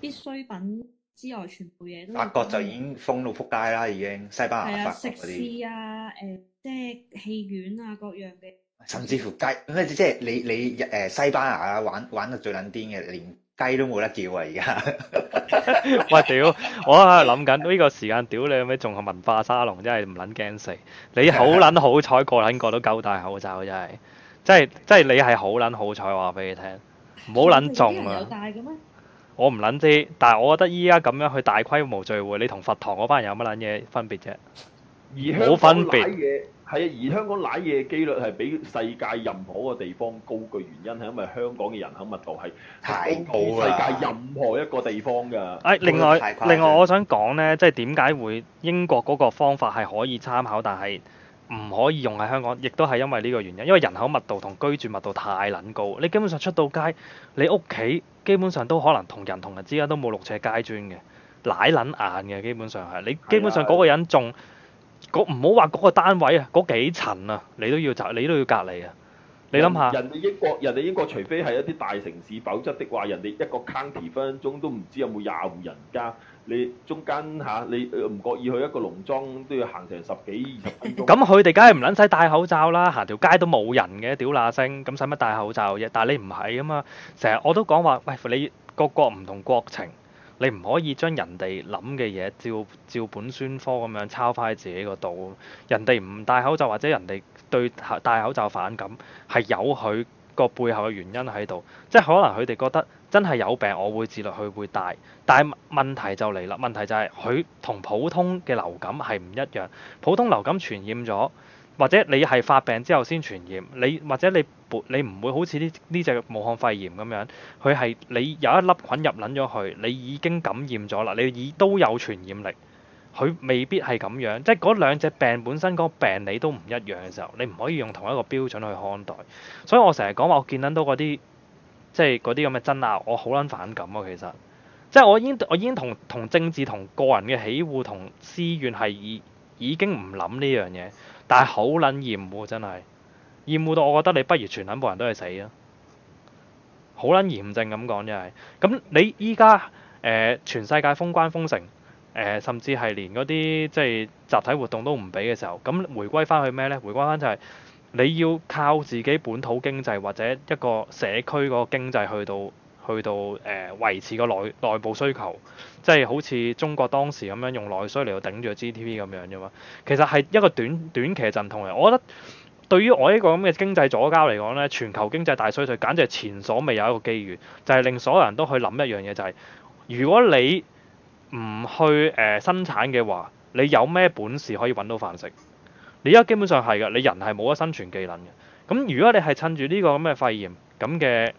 必需品之外，全部嘢。都，法國就已經封到撲街啦，已經西班牙、法國嗰啲。食肆啊，誒、啊呃，即係戲院啊，各樣嘅。甚至乎雞咩即係你你誒、呃、西班牙玩玩到最撚癲嘅連。雞都冇得叫啊！而家， 我屌，我喺度諗緊呢個時間屌你，有咩仲係文化沙龍？真係唔捻驚死！你好捻好彩，個捻個都夠戴口罩，真係，真係真係你係好捻好彩，話俾你聽，唔好捻中啊！我唔捻知，但係我覺得依家咁樣去大規模聚會，你同佛堂嗰班人有乜捻嘢分別啫？冇香分別。乃乃乃乃係啊，而香港攋嘢嘅機率係比世界任何一個地方高嘅原因係因為香港嘅人口密度係太高，世界任何一個地方㗎。誒，另外另外，我想講呢，即係點解會英國嗰個方法係可以參考，但係唔可以用喺香港，亦都係因為呢個原因，因為人口密度同居住密度太撚高，你基本上出到街，你屋企基本上都可能同人同人之間都冇六尺街磚嘅，攋撚眼嘅，基本上係你基本上嗰個人仲。唔好話嗰個單位啊，嗰幾層啊，你都要你都要隔離啊！你諗下？人哋英國人哋英國，英國除非係一啲大城市，否則的話，人哋一個 county 分分鐘都唔知有冇廿戶人家。你中間嚇、啊、你唔覺意去一個農莊，都要行成十幾二十分鐘。咁佢哋梗係唔撚使戴口罩啦，行條街都冇人嘅，屌那星，咁使乜戴口罩啫？但係你唔係啊嘛，成日我都講話，喂，你各國唔同國情。你唔可以將人哋諗嘅嘢照照本宣科咁樣抄返喺自己個度。人哋唔戴口罩或者人哋對戴口罩反感，係有佢個背後嘅原因喺度。即係可能佢哋覺得真係有病，我會自律去會戴。但係問題就嚟啦，問題就係佢同普通嘅流感係唔一樣。普通流感傳染咗。或者你係發病之後先傳染，你或者你你唔會好似呢呢隻武漢肺炎咁樣，佢係你有一粒菌入撚咗佢，你已經感染咗啦，你已都有傳染力。佢未必係咁樣，即係嗰兩隻病本身個病理都唔一樣嘅時候，你唔可以用同一個標準去看待。所以我成日講話，我見撚到嗰啲即係嗰啲咁嘅爭拗，我好撚反感啊。其實即係我已經我已經同同政治同個人嘅喜惡同私怨係已已經唔諗呢樣嘢。但係好撚厭喎，真係厭惡到我覺得你不如全撚部人都去死咯，好撚嚴正咁講真係。咁你依家誒全世界封關封城，誒、呃、甚至係連嗰啲即係集體活動都唔俾嘅時候，咁回歸翻去咩呢？回歸翻就係你要靠自己本土經濟或者一個社區嗰個經濟去到。去到誒、呃、維持個內內部需求，即係好似中國當時咁樣用內需嚟到頂住 GDP 咁樣啫嘛。其實係一個短短期嘅陣痛嚟。我覺得對於我呢個咁嘅經濟左膠嚟講呢，全球經濟大衰退簡直係前所未有一個機遇，就係、是、令所有人都去諗一樣嘢，就係、是、如果你唔去誒、呃、生產嘅話，你有咩本事可以揾到飯食？你而家基本上係嘅，你人係冇咗生存技能嘅。咁如果你係趁住呢個咁嘅肺炎咁嘅，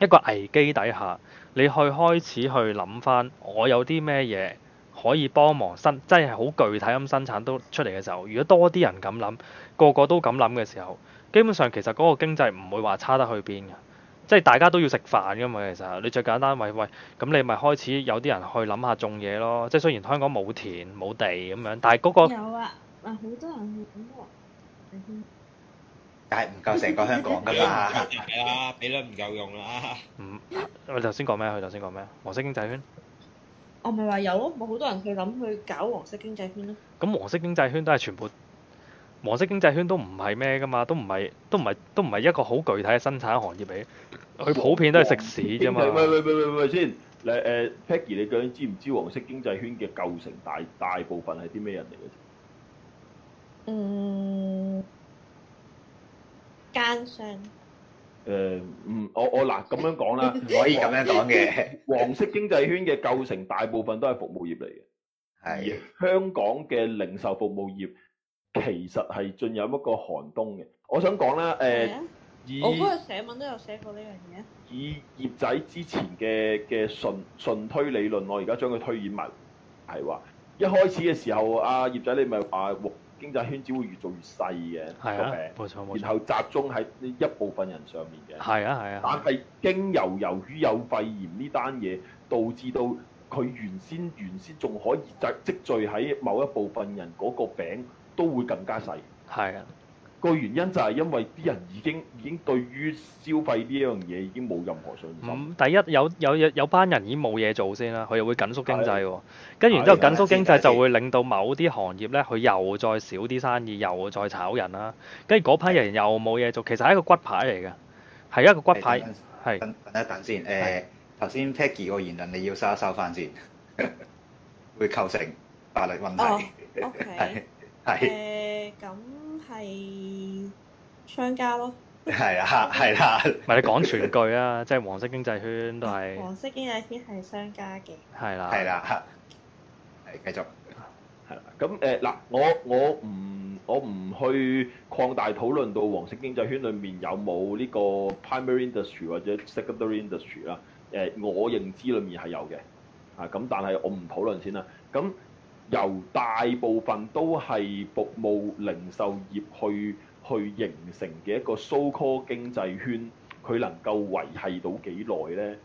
一個危機底下，你去開始去諗翻，我有啲咩嘢可以幫忙生，真係好具體咁生產都出嚟嘅時候，如果多啲人咁諗，個個都咁諗嘅時候，基本上其實嗰個經濟唔會話差得去邊嘅，即係大家都要食飯噶嘛。其實你最簡單，喂喂，咁你咪開始有啲人去諗下種嘢咯。即係雖然香港冇田冇地咁樣，但係嗰、嗰個有啊，啊，好多人去 但係唔夠成個香港噶嘛？係啊、 嗯，比率唔夠用啦。唔，佢頭先講咩佢頭先講咩啊？黃色經濟圈？我咪話有咯，冇好多人去諗去搞黃色經濟圈咯。咁黃色經濟圈都係全部，黃色經濟圈都唔係咩噶嘛，都唔係，都唔係，都唔係一個好具體嘅生產行業嚟。佢普遍都係食屎啫嘛。喂喂喂喂喂，喂，喂，先嚟誒，Peggy，你究竟、呃、知唔知黃色經濟圈嘅構成大大部分係啲咩人嚟嘅？嗯。奸商？誒、呃、嗯，我我嗱，咁樣講啦， 可以咁樣講嘅。黃色經濟圈嘅構成大部分都係服務業嚟嘅，係的香港嘅零售服務業其實係進入一個寒冬嘅。我想講啦，誒、呃，的以我嗰個寫文都有寫過呢樣嘢。以葉仔之前嘅嘅純純推理論，我而家將佢推演埋，係話一開始嘅時候，阿、啊、葉仔你咪話。啊呃經濟圈子會越做越細嘅，係啊，個餅，冇錯，然後集中喺一部分人上面嘅，係啊，係啊。但係經由由於有肺炎呢單嘢，導致到佢原先原先仲可以集積聚喺某一部分人嗰個餅，都會更加細，係啊。個原因就係因為啲人已經已經對於消費呢樣嘢已經冇任何信心、嗯。第一有有有班人已經冇嘢做先啦，佢又會緊縮經濟喎。嗯、跟完之後緊縮經濟就會令到某啲行業咧，佢又再少啲生意，又再炒人啦。跟住嗰批人又冇嘢做，其實係一個骨牌嚟嘅，係一個骨牌。係。等一等先，誒頭先 Peggy 個言論你要收一收翻先，會構成法律問題。哦 OK 咁。係商家咯，係 啊，係啦，唔 你講全句啊，即係黃色經濟圈都係黃色經濟圈係商家嘅，係啦的，係啦，嚇，誒繼續，係啦，咁誒嗱，我我唔我唔去擴大討論到黃色經濟圈裏面有冇呢個 primary industry 或者 secondary industry 啦，呃，誒我認知裏面係有嘅，啊咁但係我唔討論先啦，咁。由大部分都係服務零售業去去形成嘅一個 so-called 經濟圈，佢能夠維係到幾耐呢？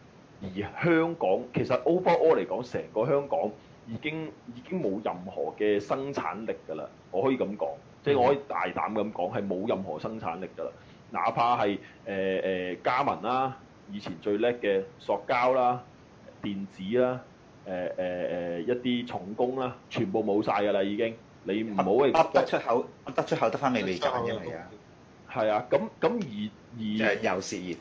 而香港其實 overall 嚟講，成個香港已經已經冇任何嘅生產力㗎啦。我可以咁講，即係我可以大膽咁講，係冇任何生產力㗎啦。哪怕係誒誒嘉文啦，以前最叻嘅塑膠啦、啊、電子啦、啊。誒誒誒一啲重工啦，全部冇晒㗎啦已經，你唔好得，得出口，得出口得翻你嚟賺嘅係啊，係由啊，咁咁而而遊視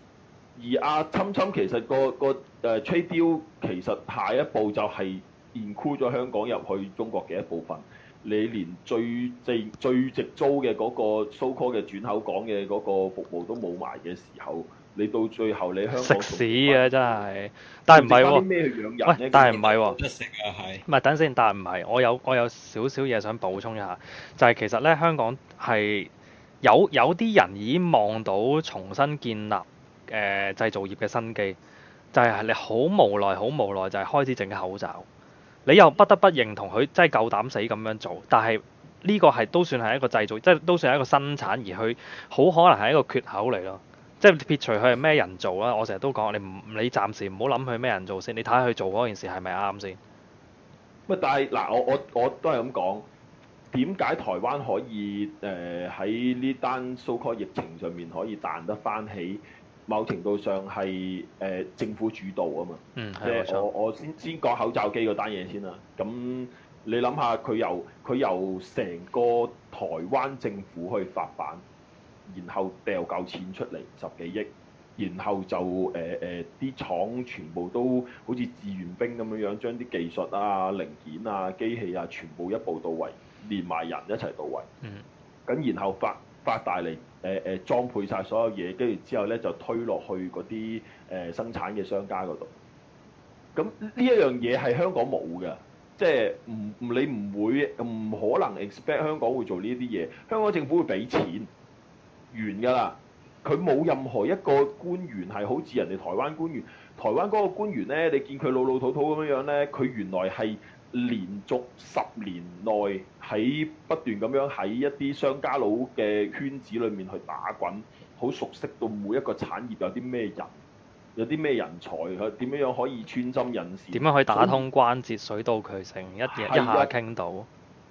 而阿侵侵其實、那個個誒 trade deal 其實下一步就係 include 咗香港入去中國嘅一部分，你連最、即係、最最直租嘅嗰個 so call 嘅轉口港嘅嗰個服務都冇埋嘅時候。你到最後，你香食屎嘅真係，但係唔係喎？喂，但係唔係喎？唔係等先，但係唔係，我有我有少少嘢想補充一下，就係、是、其實咧，香港係有有啲人已經望到重新建立誒、呃、製造業嘅新機，就係、是、你好無奈，好無奈就係開始整口罩，你又不得不認同佢真係夠膽死咁樣做，但係呢個係都算係一個製造，即係都算一個生產而去，好可能係一個缺口嚟咯。即係撇除佢係咩人做啦，我成日都講，你唔你暫時唔好諗佢咩人做先，你睇下佢做嗰件事係咪啱先。唔但係嗱，我我我都係咁講，點解台灣可以誒喺呢單 so-called 疫情上面可以彈得翻起？某程度上係誒、呃、政府主導啊嘛。嗯，係啊，即，沒錯，我我先先講口罩機嗰單嘢先啦。咁你諗下佢由佢由成個台灣政府去發版。然後掉夠錢出嚟十幾億，然後就誒誒啲廠全部都好似志願兵咁樣樣，將啲技術啊、零件啊、機器啊，全部一步到位，連埋人一齊到位。嗯，咁然後發發大嚟誒誒裝配晒所有嘢，跟住之後咧就推落去嗰啲誒生產嘅商家嗰度。咁呢一樣嘢係香港冇嘅，即係唔你唔會唔可能 expect 香港會做呢啲嘢。香港政府會俾錢。完㗎啦！佢冇任何一個官員係好似人哋台灣官員，台灣嗰個官員呢，你見佢老老土土咁樣樣呢，佢原來係連續十年內喺不斷咁樣喺一啲商家佬嘅圈子裡面去打滾，好熟悉到每一個產業有啲咩人，有啲咩人才，點樣樣可以穿針引線，點樣可以打通關節，很水到渠成，一的一下傾到，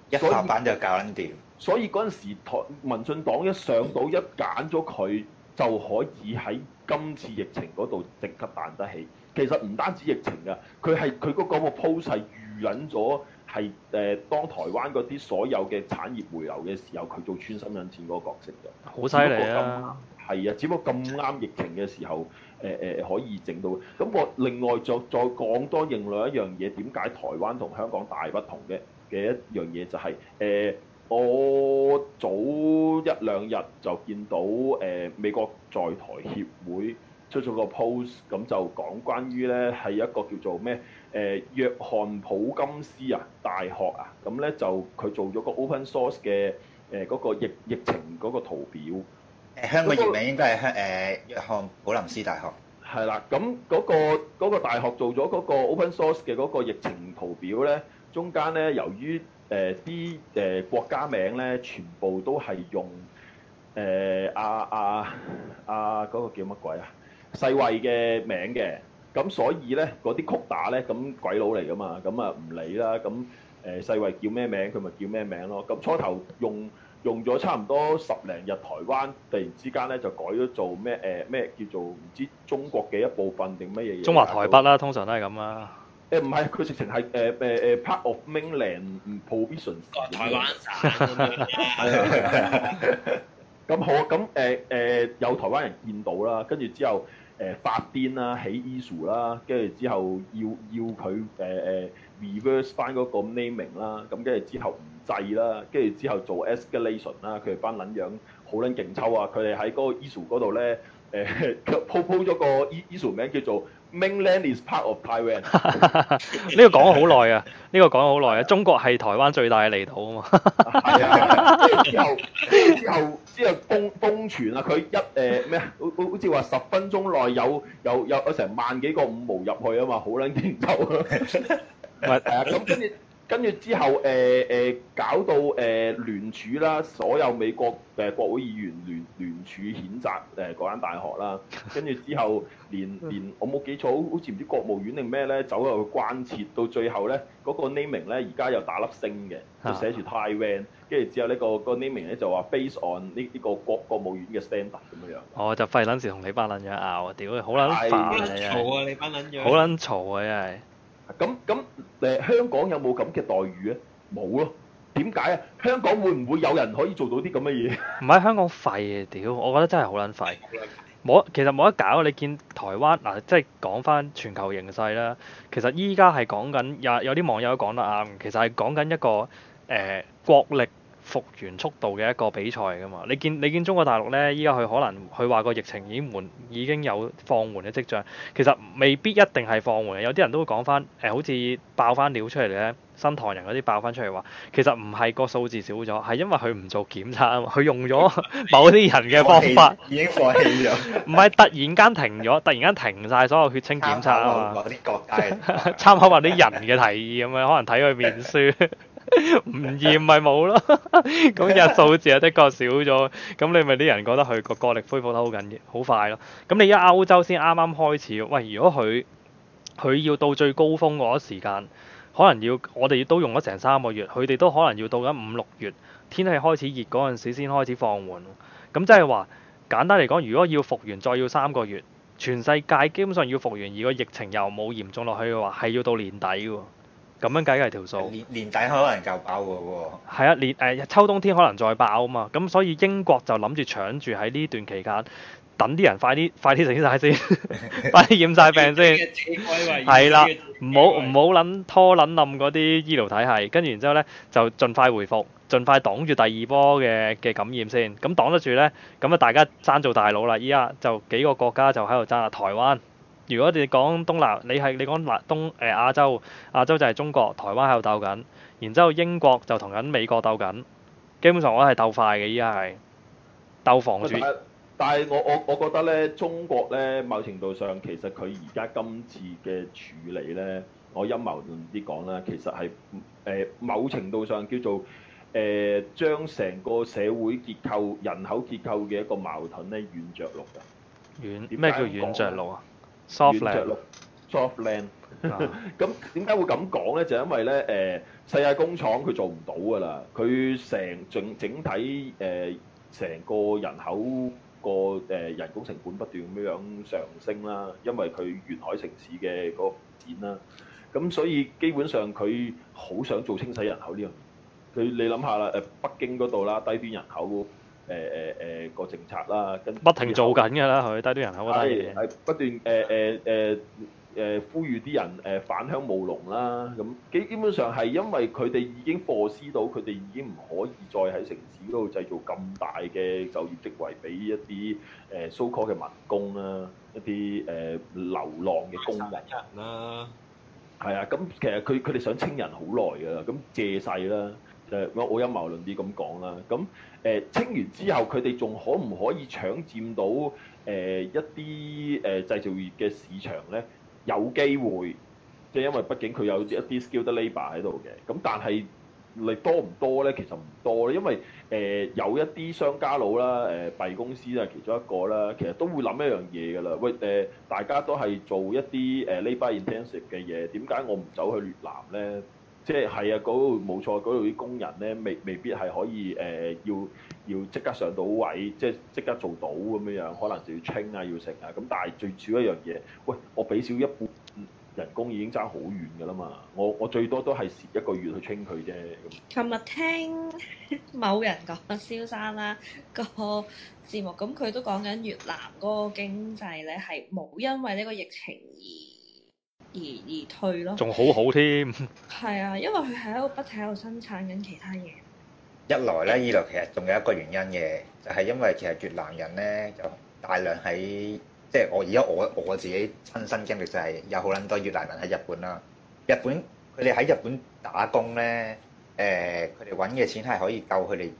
一下班就搞掂。所以嗰陣時，台民進黨一上到一揀咗佢，就可以喺今次疫情嗰度即刻彈得起。其實唔單止疫情啊，佢係佢嗰個鋪勢預諗咗係誒，當台灣嗰啲所有嘅產業回流嘅時候，佢做穿針引線嗰個角色嘅。好犀利啊！係啊，只不過咁啱、啊、疫情嘅時候誒、呃、誒、呃、可以整到。咁我另外再再講多另外一樣嘢，點解台灣同香港大不同嘅嘅一樣嘢就係誒。我早一兩日就見到誒美國在台協會出咗個 post，咁就講關於呢，係一個叫做咩誒約翰普金斯啊大學啊，咁呢就佢做咗個 open source 嘅誒嗰個疫疫情嗰個圖表。香港譯名應該係香誒約翰普林斯大學。係啦，咁嗰個嗰個大學做咗嗰個 open source 嘅嗰個疫情圖表呢，中間呢由於。誒啲誒國家名咧，全部都係用誒阿阿阿嗰個叫乜鬼啊？世衛嘅名嘅，咁所以咧嗰啲曲打咧，咁鬼佬嚟㗎嘛，咁啊唔理啦。咁誒、呃、世衛叫咩名，佢咪叫咩名咯？咁初頭用用咗差唔多十零日，台灣突然之間咧就改咗做咩誒咩叫做唔知中國嘅一部分定乜嘢？啊、中華台北啦、啊，通常都係咁啦。誒唔係，佢直情係誒誒誒 part of mainland provisions 台灣咁 好，咁誒誒有台灣人見到啦，跟住之後誒、呃、發癲啦，起 issue 啦，跟住之後要要佢誒誒 reverse 翻嗰個 naming 啦，咁跟住之後唔制啦，跟住之後做 escalation 啦，佢哋班撚樣好撚勁抽啊！佢哋喺嗰個 issue 嗰度咧誒 po po 咗個 issue 名叫做。Mainland is part of Taiwan。呢、這個講咗好耐啊，呢個講咗好耐啊。中國係台灣最大嘅離島啊嘛 之。之後之後之後封瘋傳啊，佢一誒咩啊，好好似話十分鐘內有有有，有，有成萬幾個五毛入去啊嘛，好撚勁鳩。係啊，咁跟住。跟住之後，誒、呃、誒搞到誒、呃、聯署啦，所有美國誒、呃、國會議員聯聯署譴責誒嗰間大學啦。跟住之後，連連我冇記錯，好似唔知國務院定咩咧，走入去關切，到最後咧，嗰、那個 Naming 咧而家又打粒星嘅，就寫住 Taiwan。跟住之後呢個個 Naming 咧就話 base on 呢呢個國國務院嘅 standard 咁樣樣。我就費撚事同你班撚樣啊，我屌佢，好撚煩你啊！好撚嘈啊！真係、啊、～咁咁誒香港有冇咁嘅待遇咧？冇咯。點解啊？香港會唔會有人可以做到啲咁嘅嘢？唔係香港廢啊！屌，我覺得真係好撚廢。冇， 其實冇得搞。你見台灣嗱、啊，即係講翻全球形勢啦。其實依家係講緊有有啲網友都講得啱，其實係講緊一個誒、呃、國力。復原速度嘅一個比賽㗎嘛？你見你見中國大陸呢，依家佢可能佢話個疫情已經緩已經有放緩嘅跡象，其實未必一定係放緩。有啲人都會講翻誒，好似爆翻料出嚟呢，新唐人嗰啲爆翻出嚟話，其實唔係個數字少咗，係因為佢唔做檢測啊嘛，佢用咗某啲人嘅方法已經放棄咗。唔係 突然間停咗，突然間停晒所有血清檢測啊嘛？參考某啲啲 人嘅提議咁樣，可能睇佢面書。 唔驗咪冇咯，咁 日數字啊的確少咗，咁你咪啲人覺得佢個國力恢復得好緊嘅，好快咯。咁你而家歐洲先啱啱開始，喂，如果佢佢要到最高峰嗰時間，可能要我哋都用咗成三個月，佢哋都可能要到緊五六月，天氣開始熱嗰陣時先開始放緩。咁即係話簡單嚟講，如果要復原再要三個月，全世界基本上要復原，而個疫情又冇嚴重落去嘅話，係要到年底嘅。咁樣計計條數，年年底可能夠爆嘅喎。係啊，年誒、呃、秋冬天可能再爆啊嘛，咁所以英國就諗住搶住喺呢段期間等啲人快啲快啲醒晒先， 快啲染晒病先。係 啦，唔好唔好諗拖撚冧嗰啲醫療體系，跟住然之後咧就盡快回復，盡快擋住第二波嘅嘅感染先。咁擋得住咧，咁啊大家爭做大佬啦！依家就幾個國家就喺度爭下台灣。如果你講東南，你係你講東誒、呃、亞洲，亞洲就係中國、台灣喺度鬥緊，然之後英國就同緊美國鬥緊。基本上我係鬥快嘅。依家係鬥防住。但係我我我覺得咧，中國咧某程度上其實佢而家今次嘅處理咧，我陰謀論啲講啦，其實係誒、呃、某程度上叫做誒、呃、將成個社會結構、人口結構嘅一個矛盾咧軟，軟着陸嘅。軟，咩叫軟着陸啊？軟著陸，soft land。咁點解會咁講咧？就是、因為咧，誒、呃，世界工廠佢做唔到噶啦。佢成整整，整，整體誒，成、呃、個人口個誒、呃、人工成本不斷咁樣上升啦。因為佢沿海城市嘅個發展啦，咁所以基本上佢好想做清洗人口呢樣嘢。佢你諗下啦，誒北京嗰度啦，低端人口。誒誒誒個政策啦，跟不停做緊㗎啦，佢低啲人口啦，係係不斷誒誒誒誒呼籲啲人誒返鄉務農啦，咁基基本上係因為佢哋已經佈施到，佢哋已經唔可以再喺城市嗰度製造咁大嘅就業職位俾一啲誒 so called 嘅民工啦，一啲誒流浪嘅工人啦，係啊，咁其實佢佢哋想清人好耐㗎啦，咁借勢啦，就我我陰謀論啲咁講啦，咁。清完之後，佢哋仲可唔可以搶佔到誒一啲誒製造業嘅市場呢？有機會，即係因為畢竟佢有一啲 skilled labour 喺度嘅。咁但係你多唔多呢？其實唔多，因為誒有一啲商家佬啦，誒敝公司啊，其中一個啦，其實都會諗一樣嘢㗎啦。喂，誒大家都係做一啲誒 labour-intensive 嘅嘢，點解我唔走去越南呢？即係係啊，嗰度冇錯，嗰度啲工人咧未未必係可以誒、呃，要要即刻上到位，即係即刻做到咁樣樣，可能就要清啊，要成啊。咁但係最主要一樣嘢，喂，我俾少一半人工已經爭好遠噶啦嘛，我我最多都係蝕一個月去清佢啫。琴日聽某人講蕭生啦個節目，咁佢都講緊越南嗰個經濟咧係冇因為呢個疫情而。而而退咯，仲好好添。係 啊，因為佢喺一個北體度生產緊其他嘢。一來咧，二來其實仲有一個原因嘅，就係、是、因為其實越南人咧就大量喺即係我而家我我自己親身經歷就係有好撚多越南人喺日本啦。日本佢哋喺日本打工咧，誒佢哋揾嘅錢係可以夠佢哋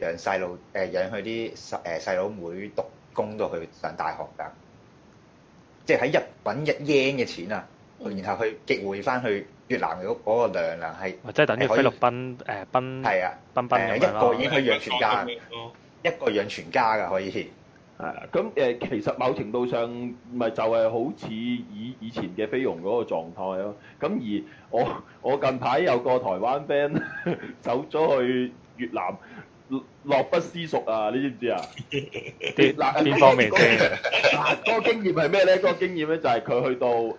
養養細佬，誒、呃、養佢啲細誒細佬妹讀供到去上大學㗎。即係喺日本一 yen 嘅錢啊！然後佢激回翻去越南嗰嗰個娘、呃、啊，係，即係等於菲律賓誒，賓，係啊，賓賓咁一個已經可以養全家，嗯、一個養全家噶可以。係啊、嗯，咁誒、呃、其實某程度上咪就係好似以以前嘅菲傭嗰個狀態咯。咁而我我近排有個台灣 friend 走咗去越南。樂不思蜀啊！你知唔知啊？啲嗱，邊方面先？嗱，嗰個經驗係咩咧？嗰、嗰個經驗咧就係佢去到誒誒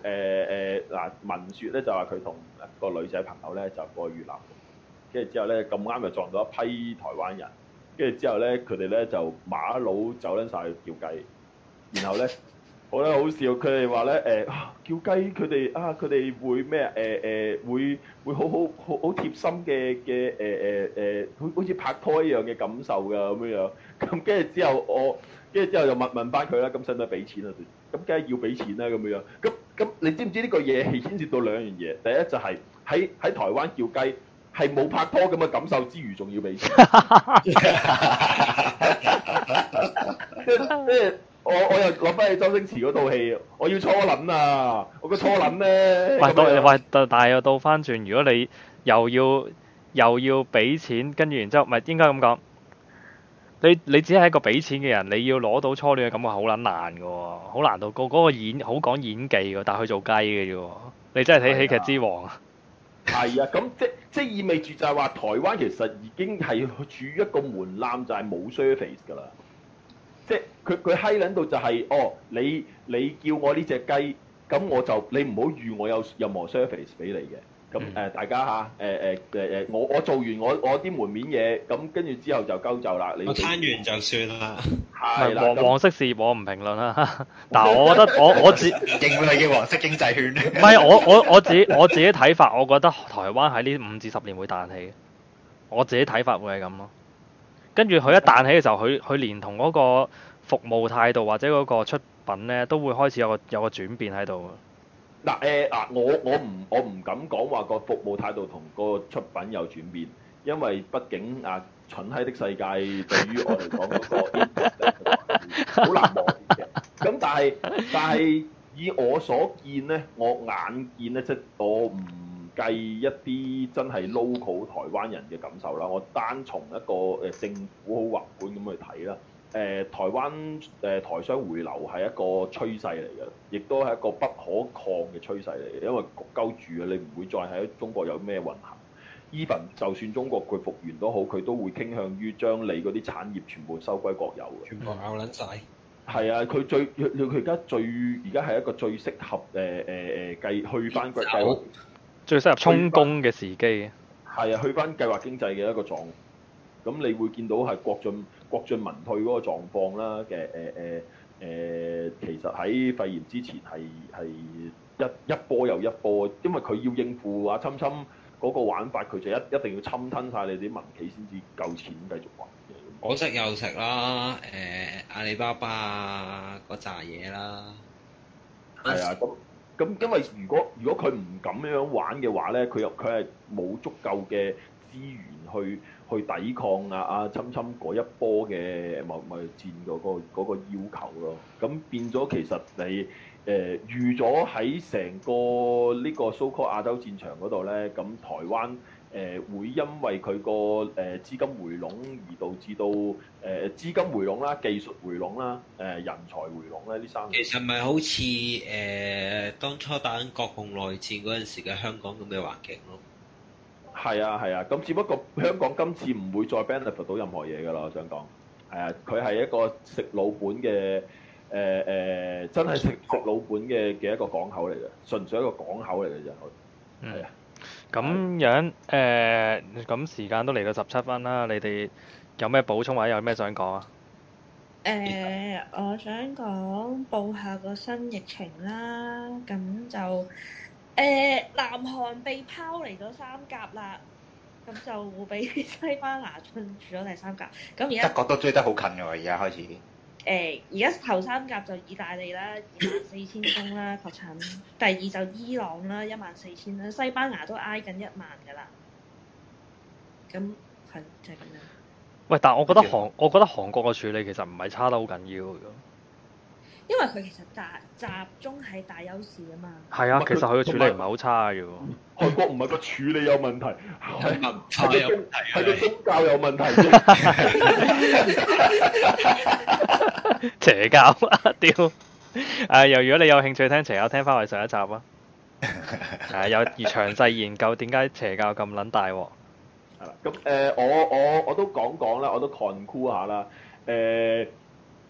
嗱，文説咧就話佢同個女仔朋友咧就過去越南，跟住之後咧咁啱就撞到一批台灣人，跟住之後咧佢哋咧就馬佬走撚晒去叫計，然後咧。 我覺得好笑，佢哋話咧誒叫雞，佢哋啊佢哋會咩啊？誒誒會、哎啊、會、會好好好好貼心嘅嘅誒誒誒，好好似拍拖一樣嘅感受噶咁樣樣。咁跟住之後我，跟住之後我就問問翻佢啦。咁使唔使俾錢啊？咁梗係要俾錢啦咁樣樣。咁咁你知唔知呢個嘢係牽涉到兩樣嘢？第一就係喺喺台灣叫雞係冇拍拖咁嘅感受之餘，仲要俾錢。我我又諗翻起周星馳嗰套戲，我要初戀啊！我個初戀咧，唔係喂但係又倒翻轉。如果你又要又要俾錢，跟住然之後，唔係應該咁講。你你只係一個俾錢嘅人，你要攞到初戀嘅感覺好撚難㗎喎，好難到嗰嗰個演好講演技㗎，但係佢做雞嘅啫喎。你真係睇《喜劇之王》啊！係 啊，咁即即意味住就係話，台灣其實已經係住一個門檻，就係、是、冇 surface 㗎啦。即係佢佢閪撚到就係、是、哦，你你叫我呢隻雞，咁我就你唔好預我有任何 service 俾你嘅。咁誒、呃、大家吓，誒誒誒誒，我我做完我我啲門面嘢，咁跟住之後就鳩就啦。你攤完就算啦。係啦，黃色事業我唔評論啦。 但我覺得我我自應啦，已經黃色經濟圈。唔係我我我自我自己睇法，我覺得台灣喺呢五至十年會彈起。我自己睇法會係咁咯。跟住佢一彈起嘅時候，佢佢連同嗰個服務態度或者嗰個出品呢，都會開始有個有個轉變喺度、呃。嗱誒啊，我我唔我唔敢講話個服務態度同嗰個出品有轉變，因為畢竟啊，蠢喺的世界對於我嚟講嗰個好難忘咁、嗯、但係但係以我所見呢，我眼見呢，即、係、我唔。計一啲真係 local 台灣人嘅感受啦，我單從一個誒政府好宏觀咁去睇啦。誒、呃、台灣誒、呃、台商回流係一個趨勢嚟嘅，亦都係一個不可抗嘅趨勢嚟，因為焗鳩住啊，你唔會再喺中國有咩運行。Even 就算中國佢復原都好，佢都會傾向於將你嗰啲產業全部收歸國有㗎。全部咬撚曬。係啊，佢最佢佢而家最而家係一個最適合誒誒誒計去翻國計。最適合充公嘅時機，係啊，去返計劃經濟嘅一個狀況，咁你會見到係國進國進民退嗰個狀況啦。嘅誒誒誒，其實喺肺炎之前係係一一波又一波，因為佢要應付啊侵侵嗰個玩法，佢就一一定要侵吞曬你啲民企先至夠錢繼續玩。我食又食啦，誒阿里巴巴嗰扎嘢啦，係啊咁。咁因為如果如果佢唔咁樣玩嘅話咧，佢又佢係冇足夠嘅資源去去抵抗啊阿侵侵嗰一波嘅某某戰嗰、嗰個嗰個要求咯。咁變咗其實你誒、呃、預咗喺成個呢個蘇卡亞洲戰場嗰度咧，咁、嗯、台灣。誒會因為佢個誒資金回籠而導致到誒資金回籠啦、技術回籠啦、誒人才回籠咧呢三樣。其實咪好似誒、呃、當初打緊國共內戰嗰陣時嘅香港咁嘅環境咯。係啊，係啊，咁只不過香港今次唔會再 benefit 到任何嘢噶啦，我想講。係啊，佢係一個食老本嘅誒誒，真係食老本嘅嘅一個港口嚟嘅，純粹一個港口嚟嘅啫，係、嗯、啊。咁樣誒，咁、呃、時間都嚟到十七分啦，你哋有咩補充啊？又有咩想講啊？誒，我想講報下個新疫情啦。咁就誒、呃，南韓被拋離咗三甲啦。咁就會俾西班牙進住咗第三甲。咁而德國都追得好近嘅喎，而家開始。誒而家頭三甲就意大利啦，二萬四千宗啦確診，第二就伊朗啦，一萬四千啦，西班牙都挨緊一萬噶啦。咁係就係咁樣。喂，但係我覺得韓，我覺得韓國嘅處理其實唔係差得好緊要。因為佢其實集集中喺大優勢啊嘛，係啊，其實佢嘅處理唔係好差嘅、啊、喎。韓麼國唔係個處理有問題，係文化有問題，係 個宗教有問題。 邪教嗎，屌 啊！係又如果你有興趣聽邪教，聽翻我哋上一集 啊。係又而詳細研究點解邪教咁撚大喎、啊？係啦， 咁、呃、誒，我我我都講講啦，我都，都 condole 下啦，誒、啊。呃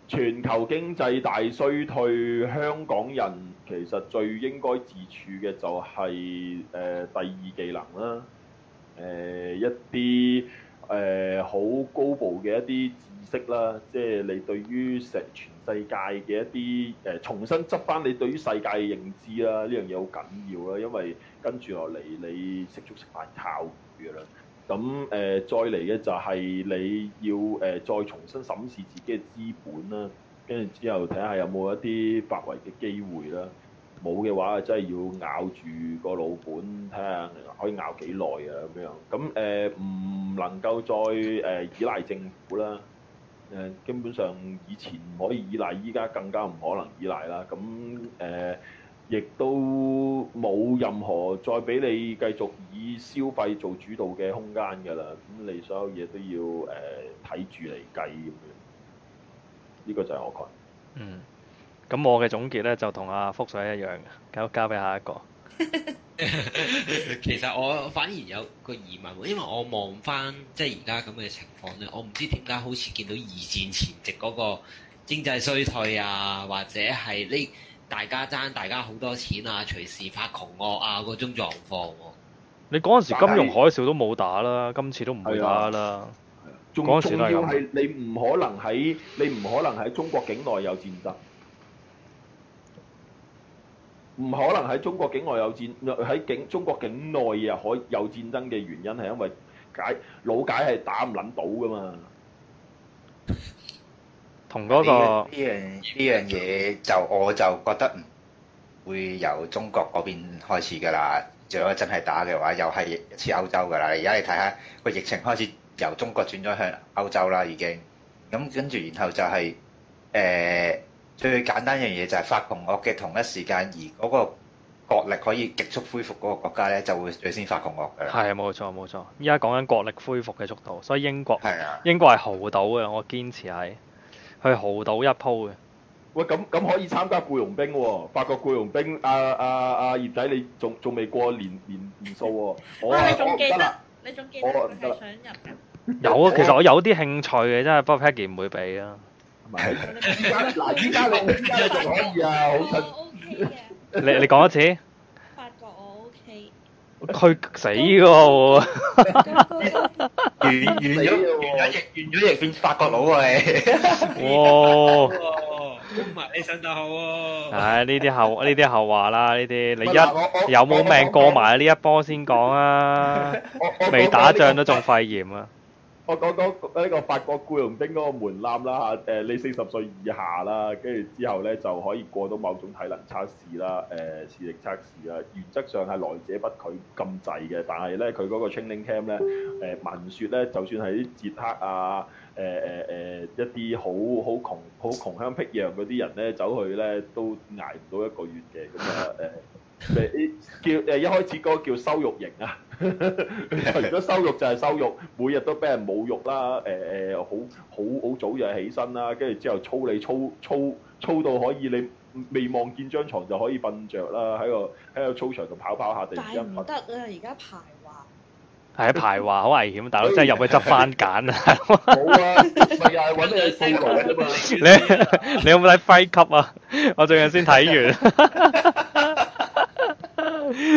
全球經濟大衰退，香港人其實最應該自處嘅就係、是、誒、呃、第二技能啦，誒、呃、一啲誒好高步嘅一啲知識啦，即係你對於成全世界嘅一啲誒、呃、重新執翻你對於世界嘅認知啦，呢樣嘢好緊要啦，因為跟住落嚟你食粥食飯靠住啦。咁誒、呃、再嚟嘅就係你要誒、呃、再重新審視自己嘅資本啦，跟住之後睇下有冇一啲發圍嘅機會啦。冇嘅話，真係要咬住個老本，睇下可以咬幾耐啊咁樣。咁誒唔能夠再誒、呃、依賴政府啦。誒、呃，基本上以前唔可以依賴，依家更加唔可能依賴啦。咁誒、呃亦都冇任何再俾你繼續以消費做主導嘅空間㗎啦，咁你所有嘢都要誒睇住嚟計咁樣。呢、這個就係我嘅。嗯，咁我嘅總結咧就同阿、啊、福仔一樣嘅，繼續交俾下一個。 其實我反而有個疑問，因為我望翻即係而家咁嘅情況咧，我唔知點解好似見到二戰前夕嗰個經濟衰退啊，或者係呢？大家爭，大家好多錢啊！隨時發窮惡啊！嗰種狀況，你嗰陣時金融海嘯都冇打啦，今次都唔會打啦。係啊，仲重要係你唔可能喺你唔可能喺中國境內有戰爭，唔可能喺中國境內有戰喺境中國境內啊，可有戰爭嘅原因係因為解老解係打唔捻到噶嘛。同嗰個呢樣呢樣嘢，樣就我就覺得唔會由中國嗰邊開始噶啦。如果真係打嘅話，又係似歐洲噶啦。而家你睇下個疫情開始由中國轉咗向歐洲啦，已經咁，跟住，然後就係、是、誒、欸、最簡單一樣嘢，就係發窮惡嘅同一時間，而嗰個國力可以急速恢復嗰個國家咧，就會最先發窮惡噶啦。係冇錯冇錯，依家講緊國力恢復嘅速度，所以英國是、啊、英國係豪到嘅，我堅持係。去豪賭一鋪嘅。喂，咁咁可以參加僱傭兵喎？法國僱傭兵，阿阿阿葉仔，你仲仲未過年年年數喎？我係仲記得，你仲記得佢係想入。有啊，其實我有啲興趣嘅，真係，不過 Peggy 唔會俾啊。係咪？嗱，依家你依家仲可以啊，好近。你你講一次。佢死㗎喎，完完咗，完咗亦完咗又變法國佬啊你。哇 哦，你上道好喎。唉，呢啲後呢啲後話啦，呢啲不你一有冇命過埋呢一波先講啊， 未打仗都中肺炎啊！我講講呢個法國僱傭兵嗰個門檻啦嚇，誒、呃、你四十歲以下啦，跟住之後咧就可以過到某種體能測試啦，誒、呃、視力測試啊，原則上係來者不拒禁制嘅，但係咧佢嗰個 training camp 咧，誒聞説咧，就算係啲捷克啊，誒誒誒一啲好好窮好窮鄉僻壤嗰啲人咧，走去咧都捱唔到一個月嘅。咁啊誒。呃你 叫誒一開始嗰個叫收肉型啊！ 如果收肉就係收肉，每日都俾人侮辱啦。誒、呃、誒，好好好早就起身啦，跟住之後操你操操操到可以你未望見張床就可以瞓着啦。喺個喺個操場度跑跑下。擺唔得啊！而家排華。係啊，排華好危險，大佬真係入去執番揀啊！冇 啊，又係揾嘢先來啫嘛。 你你有冇睇 Fight Cup 啊？我最近先睇完。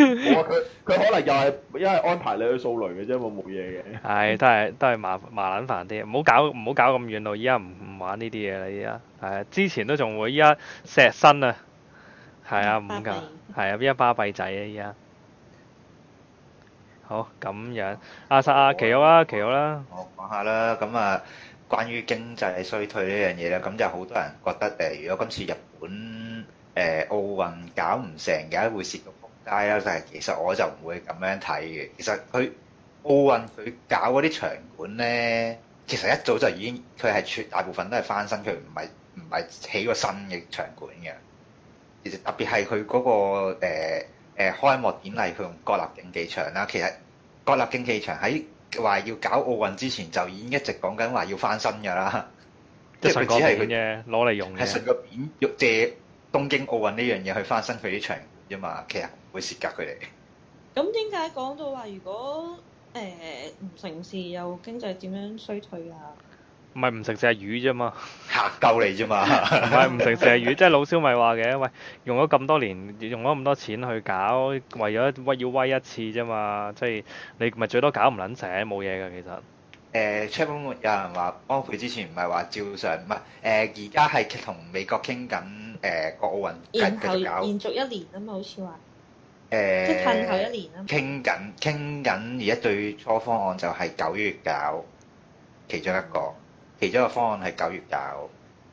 佢佢可能又係因為安排你去掃雷嘅啫，冇冇嘢嘅。係都係都係麻麻捻煩啲，唔好搞唔好搞咁遠路。依家唔唔玩呢啲嘢啦，依家係啊，之前都仲會，依家錫身啊，係啊唔噶，係啊依家巴閉仔啊依家。好，咁樣阿薩阿奇好啦，奇好啦。我講下啦，咁啊，關於經濟衰退呢樣嘢啦，咁就好多人覺得誒，如果今次日本誒奧運搞唔成嘅話，會蝕。係啊，就係其實我就唔會咁樣睇嘅。其實佢奧運佢搞嗰啲場館咧，其實一早就已經佢係絕大部分都係翻新，佢唔係唔係起個新嘅場館嘅。其實特別係佢嗰個誒誒、呃呃、開幕典禮佢用國立競技場啦，其實國立競技場喺話要搞奧運之前就已經一直講緊話要翻新㗎啦。即係佢只係攞嚟用，嘅係順個免用借東京奧運呢樣嘢去翻新佢啲場。啫嘛，其實會蝕夾佢哋。咁點解講到話如果誒唔成事又經濟點樣衰退啊？唔係唔成事係魚啫嘛，嚇夠嚟啫嘛，唔係唔成事係魚，即係老蕭咪話嘅。喂，用咗咁多年，用咗咁多錢去搞，為咗威要威一次啫嘛，即係你咪最多搞唔撚成，冇嘢嘅其實。誒，Trump 有人話安倍之前唔係話照常，唔係誒，而家係同美國傾緊。誒，個、呃、奧運，繼續搞，連續一年啊嘛，好似話，呃、即係褪後一年啊嘛，傾緊傾緊，而家最初方案就係九月搞，其中一個，其中一個方案係九月搞，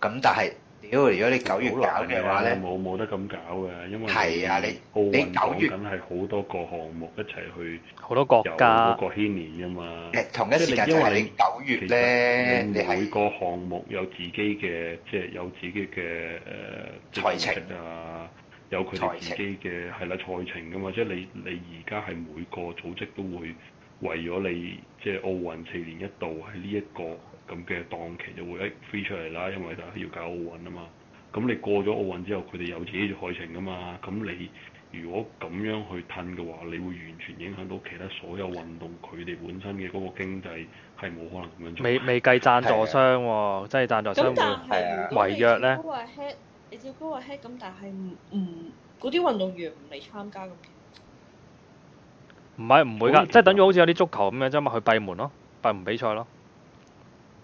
咁但係。屌！如果你九月搞嘅話咧，冇冇得咁搞嘅，因為你你奧運你九月緊係好多個項目一齊去好多國家，個牽連㗎嘛。同一時間即你九月咧，你每個項目有自己嘅，是即係有自己嘅誒賽程啊、呃，有佢哋自己嘅係啦賽程㗎嘛。即係你你而家係每個組織都會為咗你，即係奧運四年一度喺呢一個。咁嘅檔期就會一飛出嚟啦，因為就係要搞奧運啊嘛。咁你過咗奧運之後，佢哋有自己嘅賽程噶嘛。咁你如果咁樣去褪嘅話，你會完全影響到其他所有運動佢哋本身嘅嗰個經濟，係冇可能咁樣做。未未計贊助商喎、哦，的即係贊助商會違約咧。你只不過話 head，你只不過話 head，咁但係唔嗰啲運動員唔嚟參加嘅。唔係唔會㗎，即係等於好似有啲足球咁樣啫嘛，佢閉門咯，閉門比賽咯。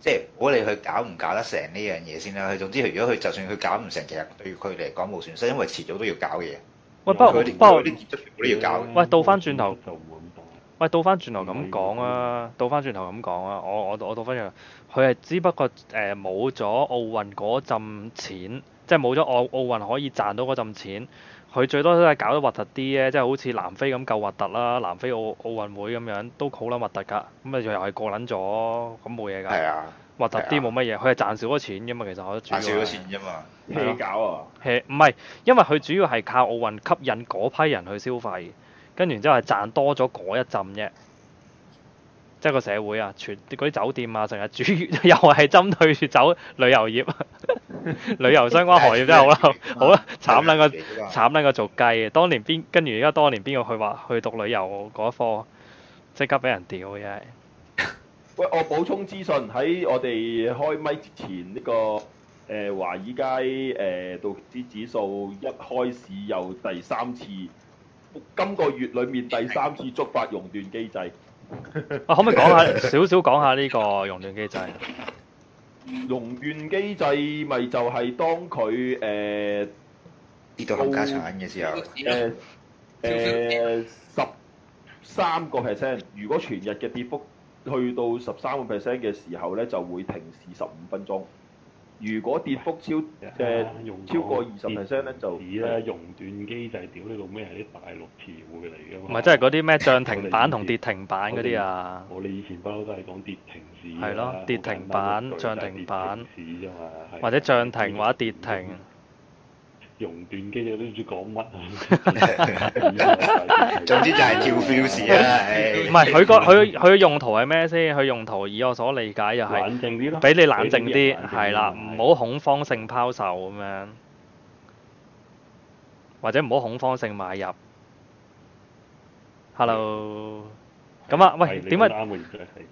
即係我哋去搞唔搞得成呢樣嘢先啦、啊。佢總之，如果佢就算佢搞唔成，其實對佢嚟講無損失，因為遲早都要搞嘅嘢。喂，不過我，不過啲業績都要搞。喂，倒翻轉頭，喂，倒翻轉頭咁講啊！倒翻轉頭咁講啊！我我我倒翻轉頭，佢係只不過誒冇咗奧運嗰陣錢，即係冇咗奧奧運可以賺到嗰陣錢。佢最多都係搞得核突啲啫，即係好似南非咁夠核突啦，南非奧奧運會咁樣都好撚核突㗎，咁咪又係過撚咗，咁冇嘢㗎。係啊，核突啲冇乜嘢，佢係、啊、賺少咗錢㗎嘛，其實我覺得賺少咗錢啫嘛，起、啊、搞啊？誒，唔係，因為佢主要係靠奧運吸引嗰批人去消費，跟住之後係賺多咗嗰一陣啫。即係個社會啊，全啲酒店啊，成日主又係針對走旅遊業、 旅遊相關 行業真係 好啦，好啦，慘撚個慘撚個做雞啊！當年邊跟住而家當年邊個去話去讀旅遊嗰科，即刻俾人屌嘅 喂，我補充資訊喺我哋開咪之前，呢、這個誒、呃、華爾街誒、呃、道指指數一開始又第三次，今個月裡面第三次觸發熔斷機制。 我、 啊、可唔可以講下 少少講下呢個熔斷機制？熔斷機制咪就係當佢誒跌到冚家鏟嘅時候，誒誒十三個 percent。如果全日嘅跌幅去到十三個 percent 嘅時候咧，就會停市十五分鐘。如果跌幅超即、啊、超過二十 percent 咧，呢啊、就市咧熔斷機制，屌你老咩係啲大陸詞彙嚟㗎嘛？唔係不，即係嗰啲咩漲停板同跌停板嗰啲啊？我哋以前不嬲都係講跌停市、啊。係咯，跌停板、漲停板，停啊、或者漲停或者跌停。 熔斷機嘅都唔知講乜啊！總之就係跳票事啦。唔係佢個佢佢嘅用途係咩先？佢用途以我所理解又係，俾你冷靜啲，係啦，唔好恐慌性拋售咁樣，或者唔好恐慌性買入。Hello，咁啊？喂，點解？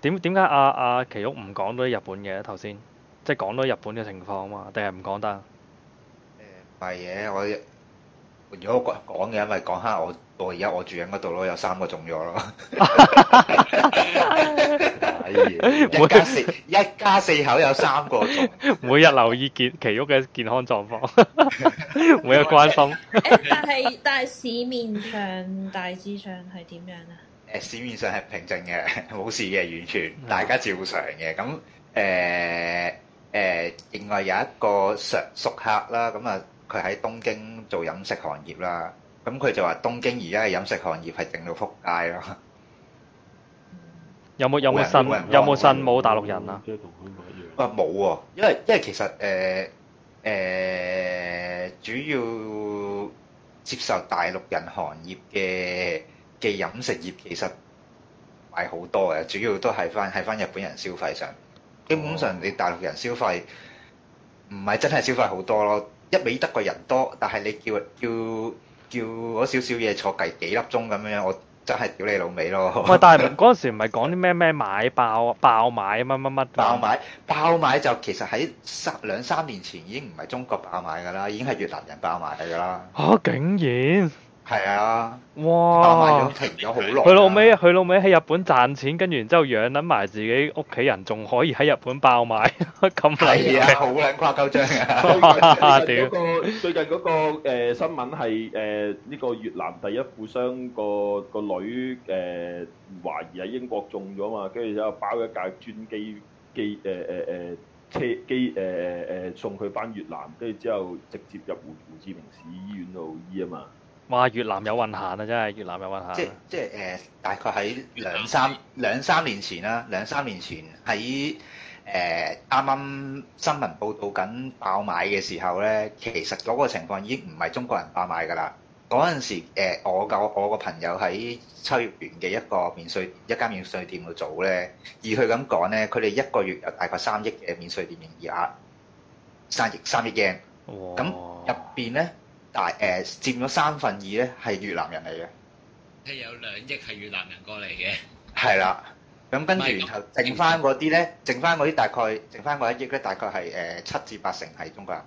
點點解阿阿奇玉唔講多啲日本嘅頭先？即係講多啲日本嘅情況啊嘛？定係唔講得？唔係嘅，我如果講講嘅，因為講下我我而家我住緊嗰度咯，有三個中咗咯。一家四 一家四口有三個中， 每日留意健奇煜嘅健康狀況， 每日關心。 哎、但係但係市面上大致上係點樣啊？誒、哎，市面上係平靜嘅，冇事嘅，完全大家照常嘅。咁誒誒，另外有一個常熟客啦，咁啊。佢喺東京做飲食行業啦，咁、嗯、佢就話東京而家嘅飲食行業係勁到撲街咯。有冇有冇信人有冇信冇大陸人啊？冇喎，因為因為其實誒誒、呃呃、主要接受大陸人行業嘅嘅飲食業其實唔係好多嘅，主要都係翻喺翻日本人消費上。基本上你大陸人消費唔係真係消費好多咯。一味得個人多，但係你叫叫叫嗰少少嘢坐計幾粒鐘咁樣，我真係屌你老味咯！喂，但係嗰陣時唔係講啲咩咩買爆、爆買乜乜乜？爆買、爆買就其實喺十兩三年前已經唔係中國爆買㗎啦，已經係越南人爆買嚟㗎啦。嚇、啊！竟然～係啊！哇，停咗好耐。佢老尾，佢老尾喺日本賺錢，跟住然之後養撚埋自己屋企人，仲可以喺日本爆買，咁得意啊！好靚誇鳩張啊 哇最！最近嗰、那個 最近嗰個新聞係誒呢個越南第一富商個個女誒、呃、懷疑喺英國中咗嘛，跟住之後包一架專機機誒誒誒車機誒誒、呃、送佢翻越南，跟住之後直接入胡，胡志明市醫院度醫啊嘛。哇！越南有運行啊，真係越南有運行。即即係誒，大概喺兩三兩三年前啦，兩三年前喺誒啱啱新聞報道緊爆買嘅時候咧，其實嗰個情況已經唔係中國人爆買㗎啦。嗰陣時、呃、我個我個朋友喺秋葉原嘅一個免稅一間免稅店度做咧，而佢咁講咧，佢哋一個月有大概三億嘅免稅店營業額，三億三億円咁入邊咧？哇大誒、呃、佔咗三分二咧係越南人嚟嘅，係有兩億係越南人過嚟嘅，係啦。咁跟住然後剩翻嗰啲咧，剩翻嗰啲大概，剩翻嗰一億咧，大概係誒、呃、七至八成係中國人。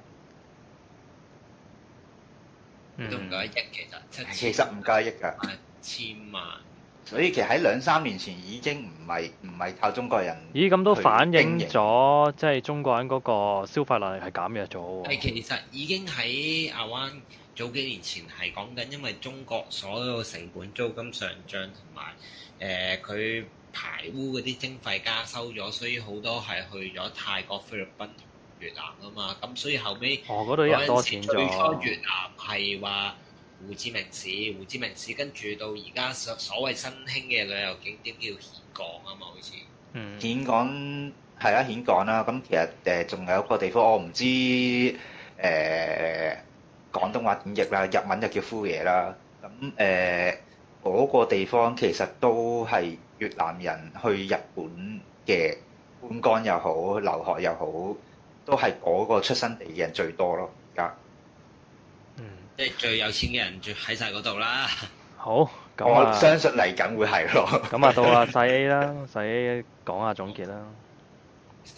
都唔夠一億其實億，七其實唔夠一億㗎，千萬。所以其實喺兩三年前已經唔係唔係靠中國人。咦？咁都反映咗，即係中國人嗰個消費能力係減弱咗喎。係其實已經喺亞灣早幾年前係講緊，因為中國所有成本租金上漲同埋誒佢排污嗰啲徵費加收咗，所以好多係去咗泰國、菲律賓同越南啊嘛。咁所以後尾，哦，嗰度又多錢咗。最初越南係話。胡志明市，胡志明市，跟住到而家所所謂新興嘅旅遊景點叫峴港啊嘛，好似。嗯。峴港係啊，峴港啦。咁其實誒仲有一個地方我，我唔知誒廣東話點譯啦，日文就叫呼野啦。咁誒嗰個地方其實都係越南人去日本嘅觀光又好，留學又好，都係嗰個出生地嘅人最多咯。即係最有錢嘅人，住喺晒嗰度啦。好，咁我相信嚟緊會係咯。咁啊，到阿細啦，細講下總結啦。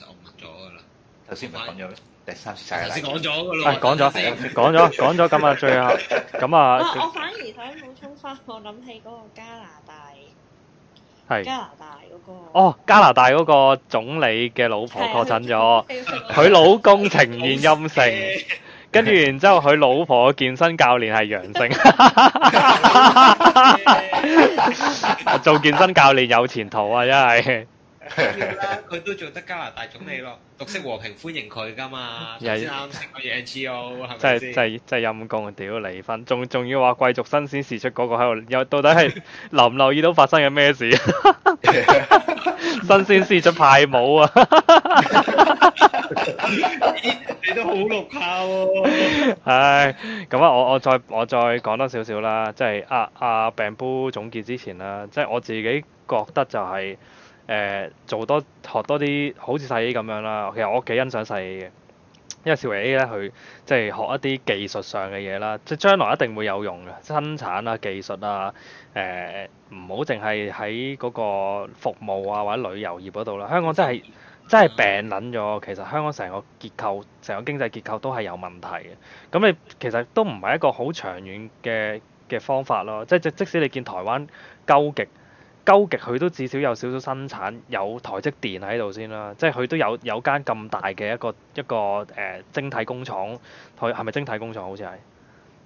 我默咗噶啦，頭先唔係講咗咩？第三次晒嚟，頭先講咗噶啦，講咗，講咗，講咗。咁啊，最後，咁啊。我反而想補充翻，我諗起嗰個加拿大，係加拿大嗰個。哦，加拿大嗰個總理嘅老婆確診咗，佢老公呈現陰性。跟住然之後，佢老婆嘅健身教練係陽性， 做健身教練有前途啊！真係。佢 都做得加拿大總理咯，綠色和平歡迎佢噶嘛，先啱食個嘢 NGO 係咪先？真係真係真係陰公啊！就是就是、屌離婚，仲仲要話貴族新鮮事出嗰個喺度，又到底係留唔留意到發生緊咩事？ 新鮮事出派姆啊！你都好六炮喎！唉，咁、就是、啊，我我再我再講多少少啦，即係阿阿病煲總結之前啦，即、就、係、是、我自己覺得就係、是。誒、呃、做多學多啲好似細 A 咁樣啦，其實我幾欣賞細 A 嘅，因為小維 A 咧，佢即係學一啲技術上嘅嘢啦，即係將來一定會有用嘅生產啊技術啊誒唔好淨係喺嗰個服務啊或者旅遊業嗰度啦，香港真係真係病撚咗。其實香港成個結構成個經濟結構都係有問題嘅，咁你其實都唔係一個好長遠嘅嘅方法咯，即係即即使你見台灣鳩極。究極佢都至少有少少生產有台積電喺度先啦，即係佢都有有間咁大嘅一個一個誒、呃、晶體工廠，台係咪晶體工廠？好似係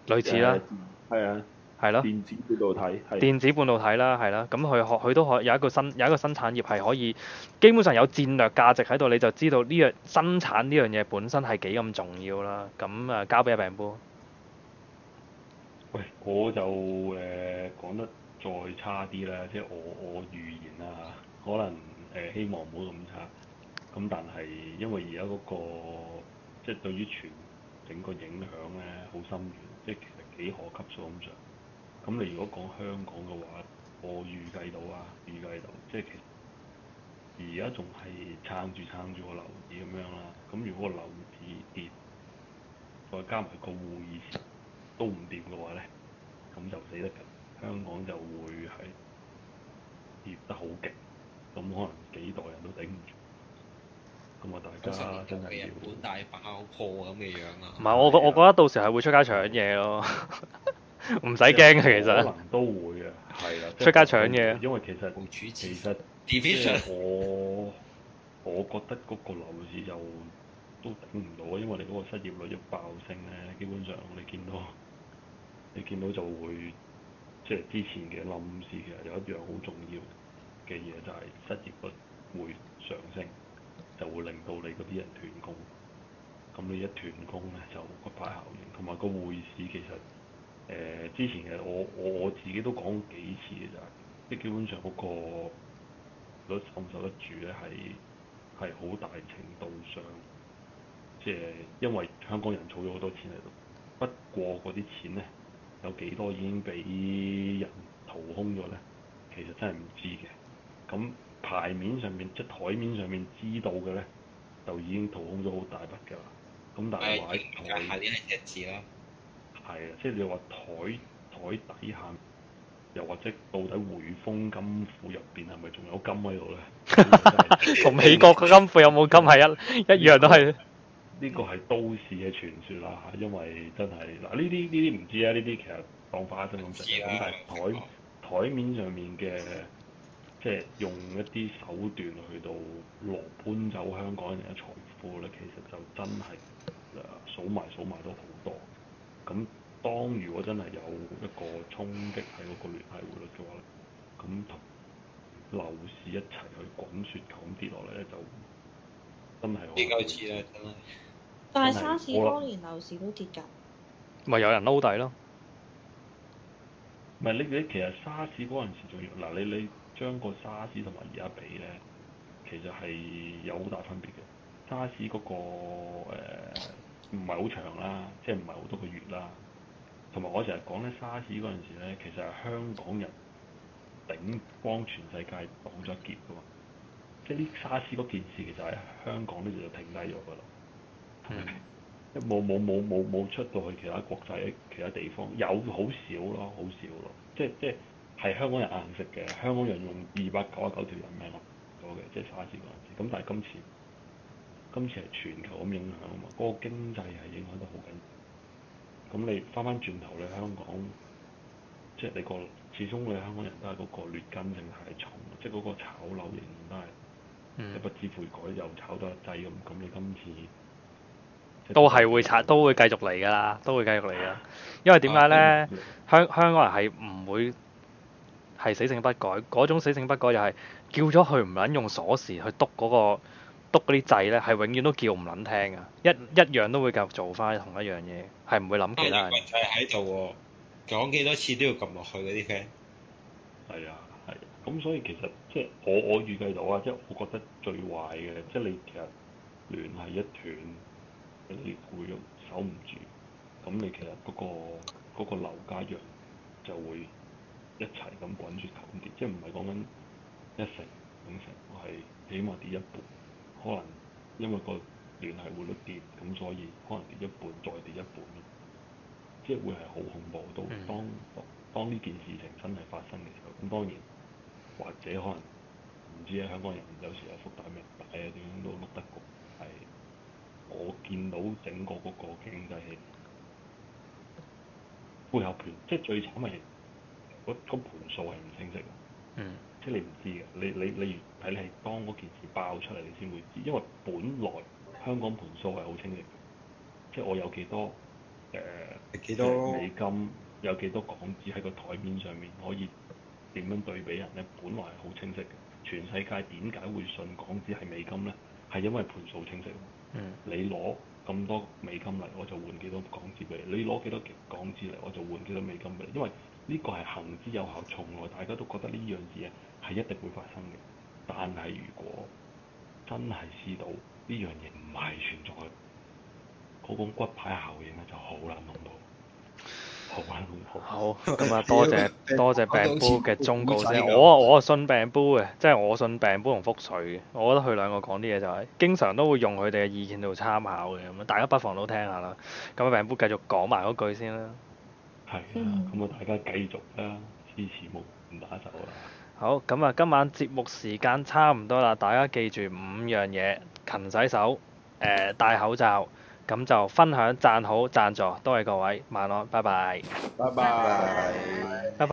類似啦，係、嗯嗯、啊，係咯、啊，電子半導體，啊、電子半導體啦，係啦、啊，咁佢可佢都可以有一個新有一個新產業係可以，基本上有戰略價值喺度，你就知道呢、這、樣、個、生產呢樣嘢本身係幾咁重要啦。咁啊，交俾阿 Ben 波，喂，我就誒、呃、講得。再差啲咧，即係我我預言啊，可能誒、呃、希望唔好咁差，咁但係因為而家嗰個即係對於全整個影響咧，好深遠，即係其實幾何級數咁上。咁你如果講香港嘅話，我預計到啊，預計到，即係其實而家仲係撐住撐住個樓市咁樣啦。咁如果個樓市跌，再加埋個匯市都唔掂嘅話咧，咁就死得緊。香港就會係跌得好勁，咁可能幾代人都頂唔住，咁啊大家真係日大爆破咁嘅樣，樣啊！唔係我覺我覺得到時係會出街搶嘢咯，唔使驚嘅其實都會，實都會啊。係啊，出街搶嘢。因為其實其實我，我我覺得嗰個樓市又都頂唔到，因為你嗰個失業率一爆升咧，基本上你見到你見到就會。即係之前嘅冧市其實有一樣好重要嘅嘢就係失業率會上升，就會令到你嗰啲人斷供。咁你一斷供咧就骨牌效應，同埋個匯市其實誒、呃、之前其實我我我自己都講幾次嘅就係，即基本上嗰、那個率受唔受得住咧係係好大程度上，即、就、係、是、因為香港人儲咗好多錢喺度，不過嗰啲錢咧。有幾多已經俾人掏空咗咧？其實真係唔知嘅。咁牌面上面即係台面上面知道嘅咧，就已經掏空咗好大筆㗎啦。咁但係話台下邊係隻字咯。係啊， 即係你話台台底下，又或者到底匯豐金庫入邊係咪仲有金喺度咧？同美國嘅金庫有冇金係一一,一樣都係。呢個係都市嘅傳說啦，因為真係嗱呢啲呢啲唔知啊，呢啲其實當花生咁食，咁但係台白台面上面嘅，即係用一啲手段去到攞搬走香港人嘅財富咧，其實就真係啊數埋數埋，埋都好多。咁當如果真係有一個衝擊喺嗰個聯繫匯率嘅話咧，咁同樓市一齊去滾雪球咁跌落嚟咧，就真係好似啦，真係。真但係是沙士當年樓市都跌㗎，咪我有人撈底咯。咪呢啲其實沙士嗰陣時仲要嗱，你你將個沙士同埋而家比咧，其實係有好大分別嘅，那個呃就是。沙士嗰個唔係好長啦，即係唔係好多個月啦。同埋我成日講咧，沙士嗰陣時咧，其實係香港人頂光全世界擋咗一劫㗎嘛。即係啲沙士嗰件事，其實係香港呢度就停低咗㗎啦。冇冇冇冇冇出到去其他國際其他地方，有好少咯，好少咯。即即係香港人硬食嘅，香港人用二百九啊九條人命落咗嘅，即係沙士嗰陣時。咁但係今次，今次係全球咁影響啊嘛，嗰個經濟係影響得好緊。咁你翻翻轉頭咧，香港即係你個始終你香港人都係嗰個劣根性太重，即係嗰個炒樓型都係一不知悔改又炒得一滯咁。咁你今次？都係會拆，都會繼續嚟噶啦，都會繼續嚟噶。因為點解咧？香香港人係唔會係死性不改，嗰種死性不改就係叫咗佢唔撚用鎖匙去篤嗰個篤嗰啲掣咧，係永遠都叫唔撚聽噶。一一樣都會繼續做翻同一樣嘢，係唔會諗其他人。問題喺度喎，講幾多次都要撳落去嗰啲 friend。係啊，係。咁所以其實即係我我預計到啊，即係我覺得最壞嘅，即係你其實聯繫一斷。有啲匯率守唔住，咁你其實嗰個嗰個樓價弱就會一齊咁滾住跌，即係唔係講緊一成兩成，我係起碼跌一半，可能因為個聯繫匯率跌，咁所以可能跌一半再跌一半，即係會係好恐怖到、mm. 當當呢件事情真係發生嘅時候，咁當然或者可能唔知啊，香港人有時啊福大命大啊，點樣都碌得過。我見到整個嗰個經濟背合盤，即係最慘係嗰嗰盤數係唔清晰嘅。嗯。即係你唔知嘅，你你你睇你係當嗰件事爆出嚟，你先會知。因為本來香港盤數係好清晰嘅，即係我有幾多誒幾多美金有幾多港紙喺個台面上面可以點樣對比人咧？本來係好清晰嘅。全世界點解會信港紙係美金咧？係因為盤數清晰。嗯、你攞咁多美金嚟，我就換幾多港紙俾你；你攞幾多港紙嚟，我就換幾多美金俾你。因為呢個係行之有效，從來大家都覺得呢樣嘢係一定會發生嘅。但係如果真係試到呢樣嘢唔係存在，嗰種骨牌效應咧就好難弄到。好，啊好，啊、好，咁、嗯、啊、嗯、多謝、嗯、多謝病煲嘅忠告先，我我信病煲嘅，即、就、係、是、我信病煲同覆水嘅，我覺得佢兩個講啲嘢就係、是，經常都會用佢哋嘅意見做參考嘅，咁大家不妨都聽，聽下啦，咁啊病煲繼續講埋嗰句先啦，係啊，咁啊大家繼續啦，支持冇唔打走啦，嗯、好，咁啊今晚節目時間差唔多啦，大家記住五樣嘢，勤洗手，誒、呃、戴口罩。咁就分享、讚好、贊助，多謝各位，晚安，拜拜，拜拜，拜拜。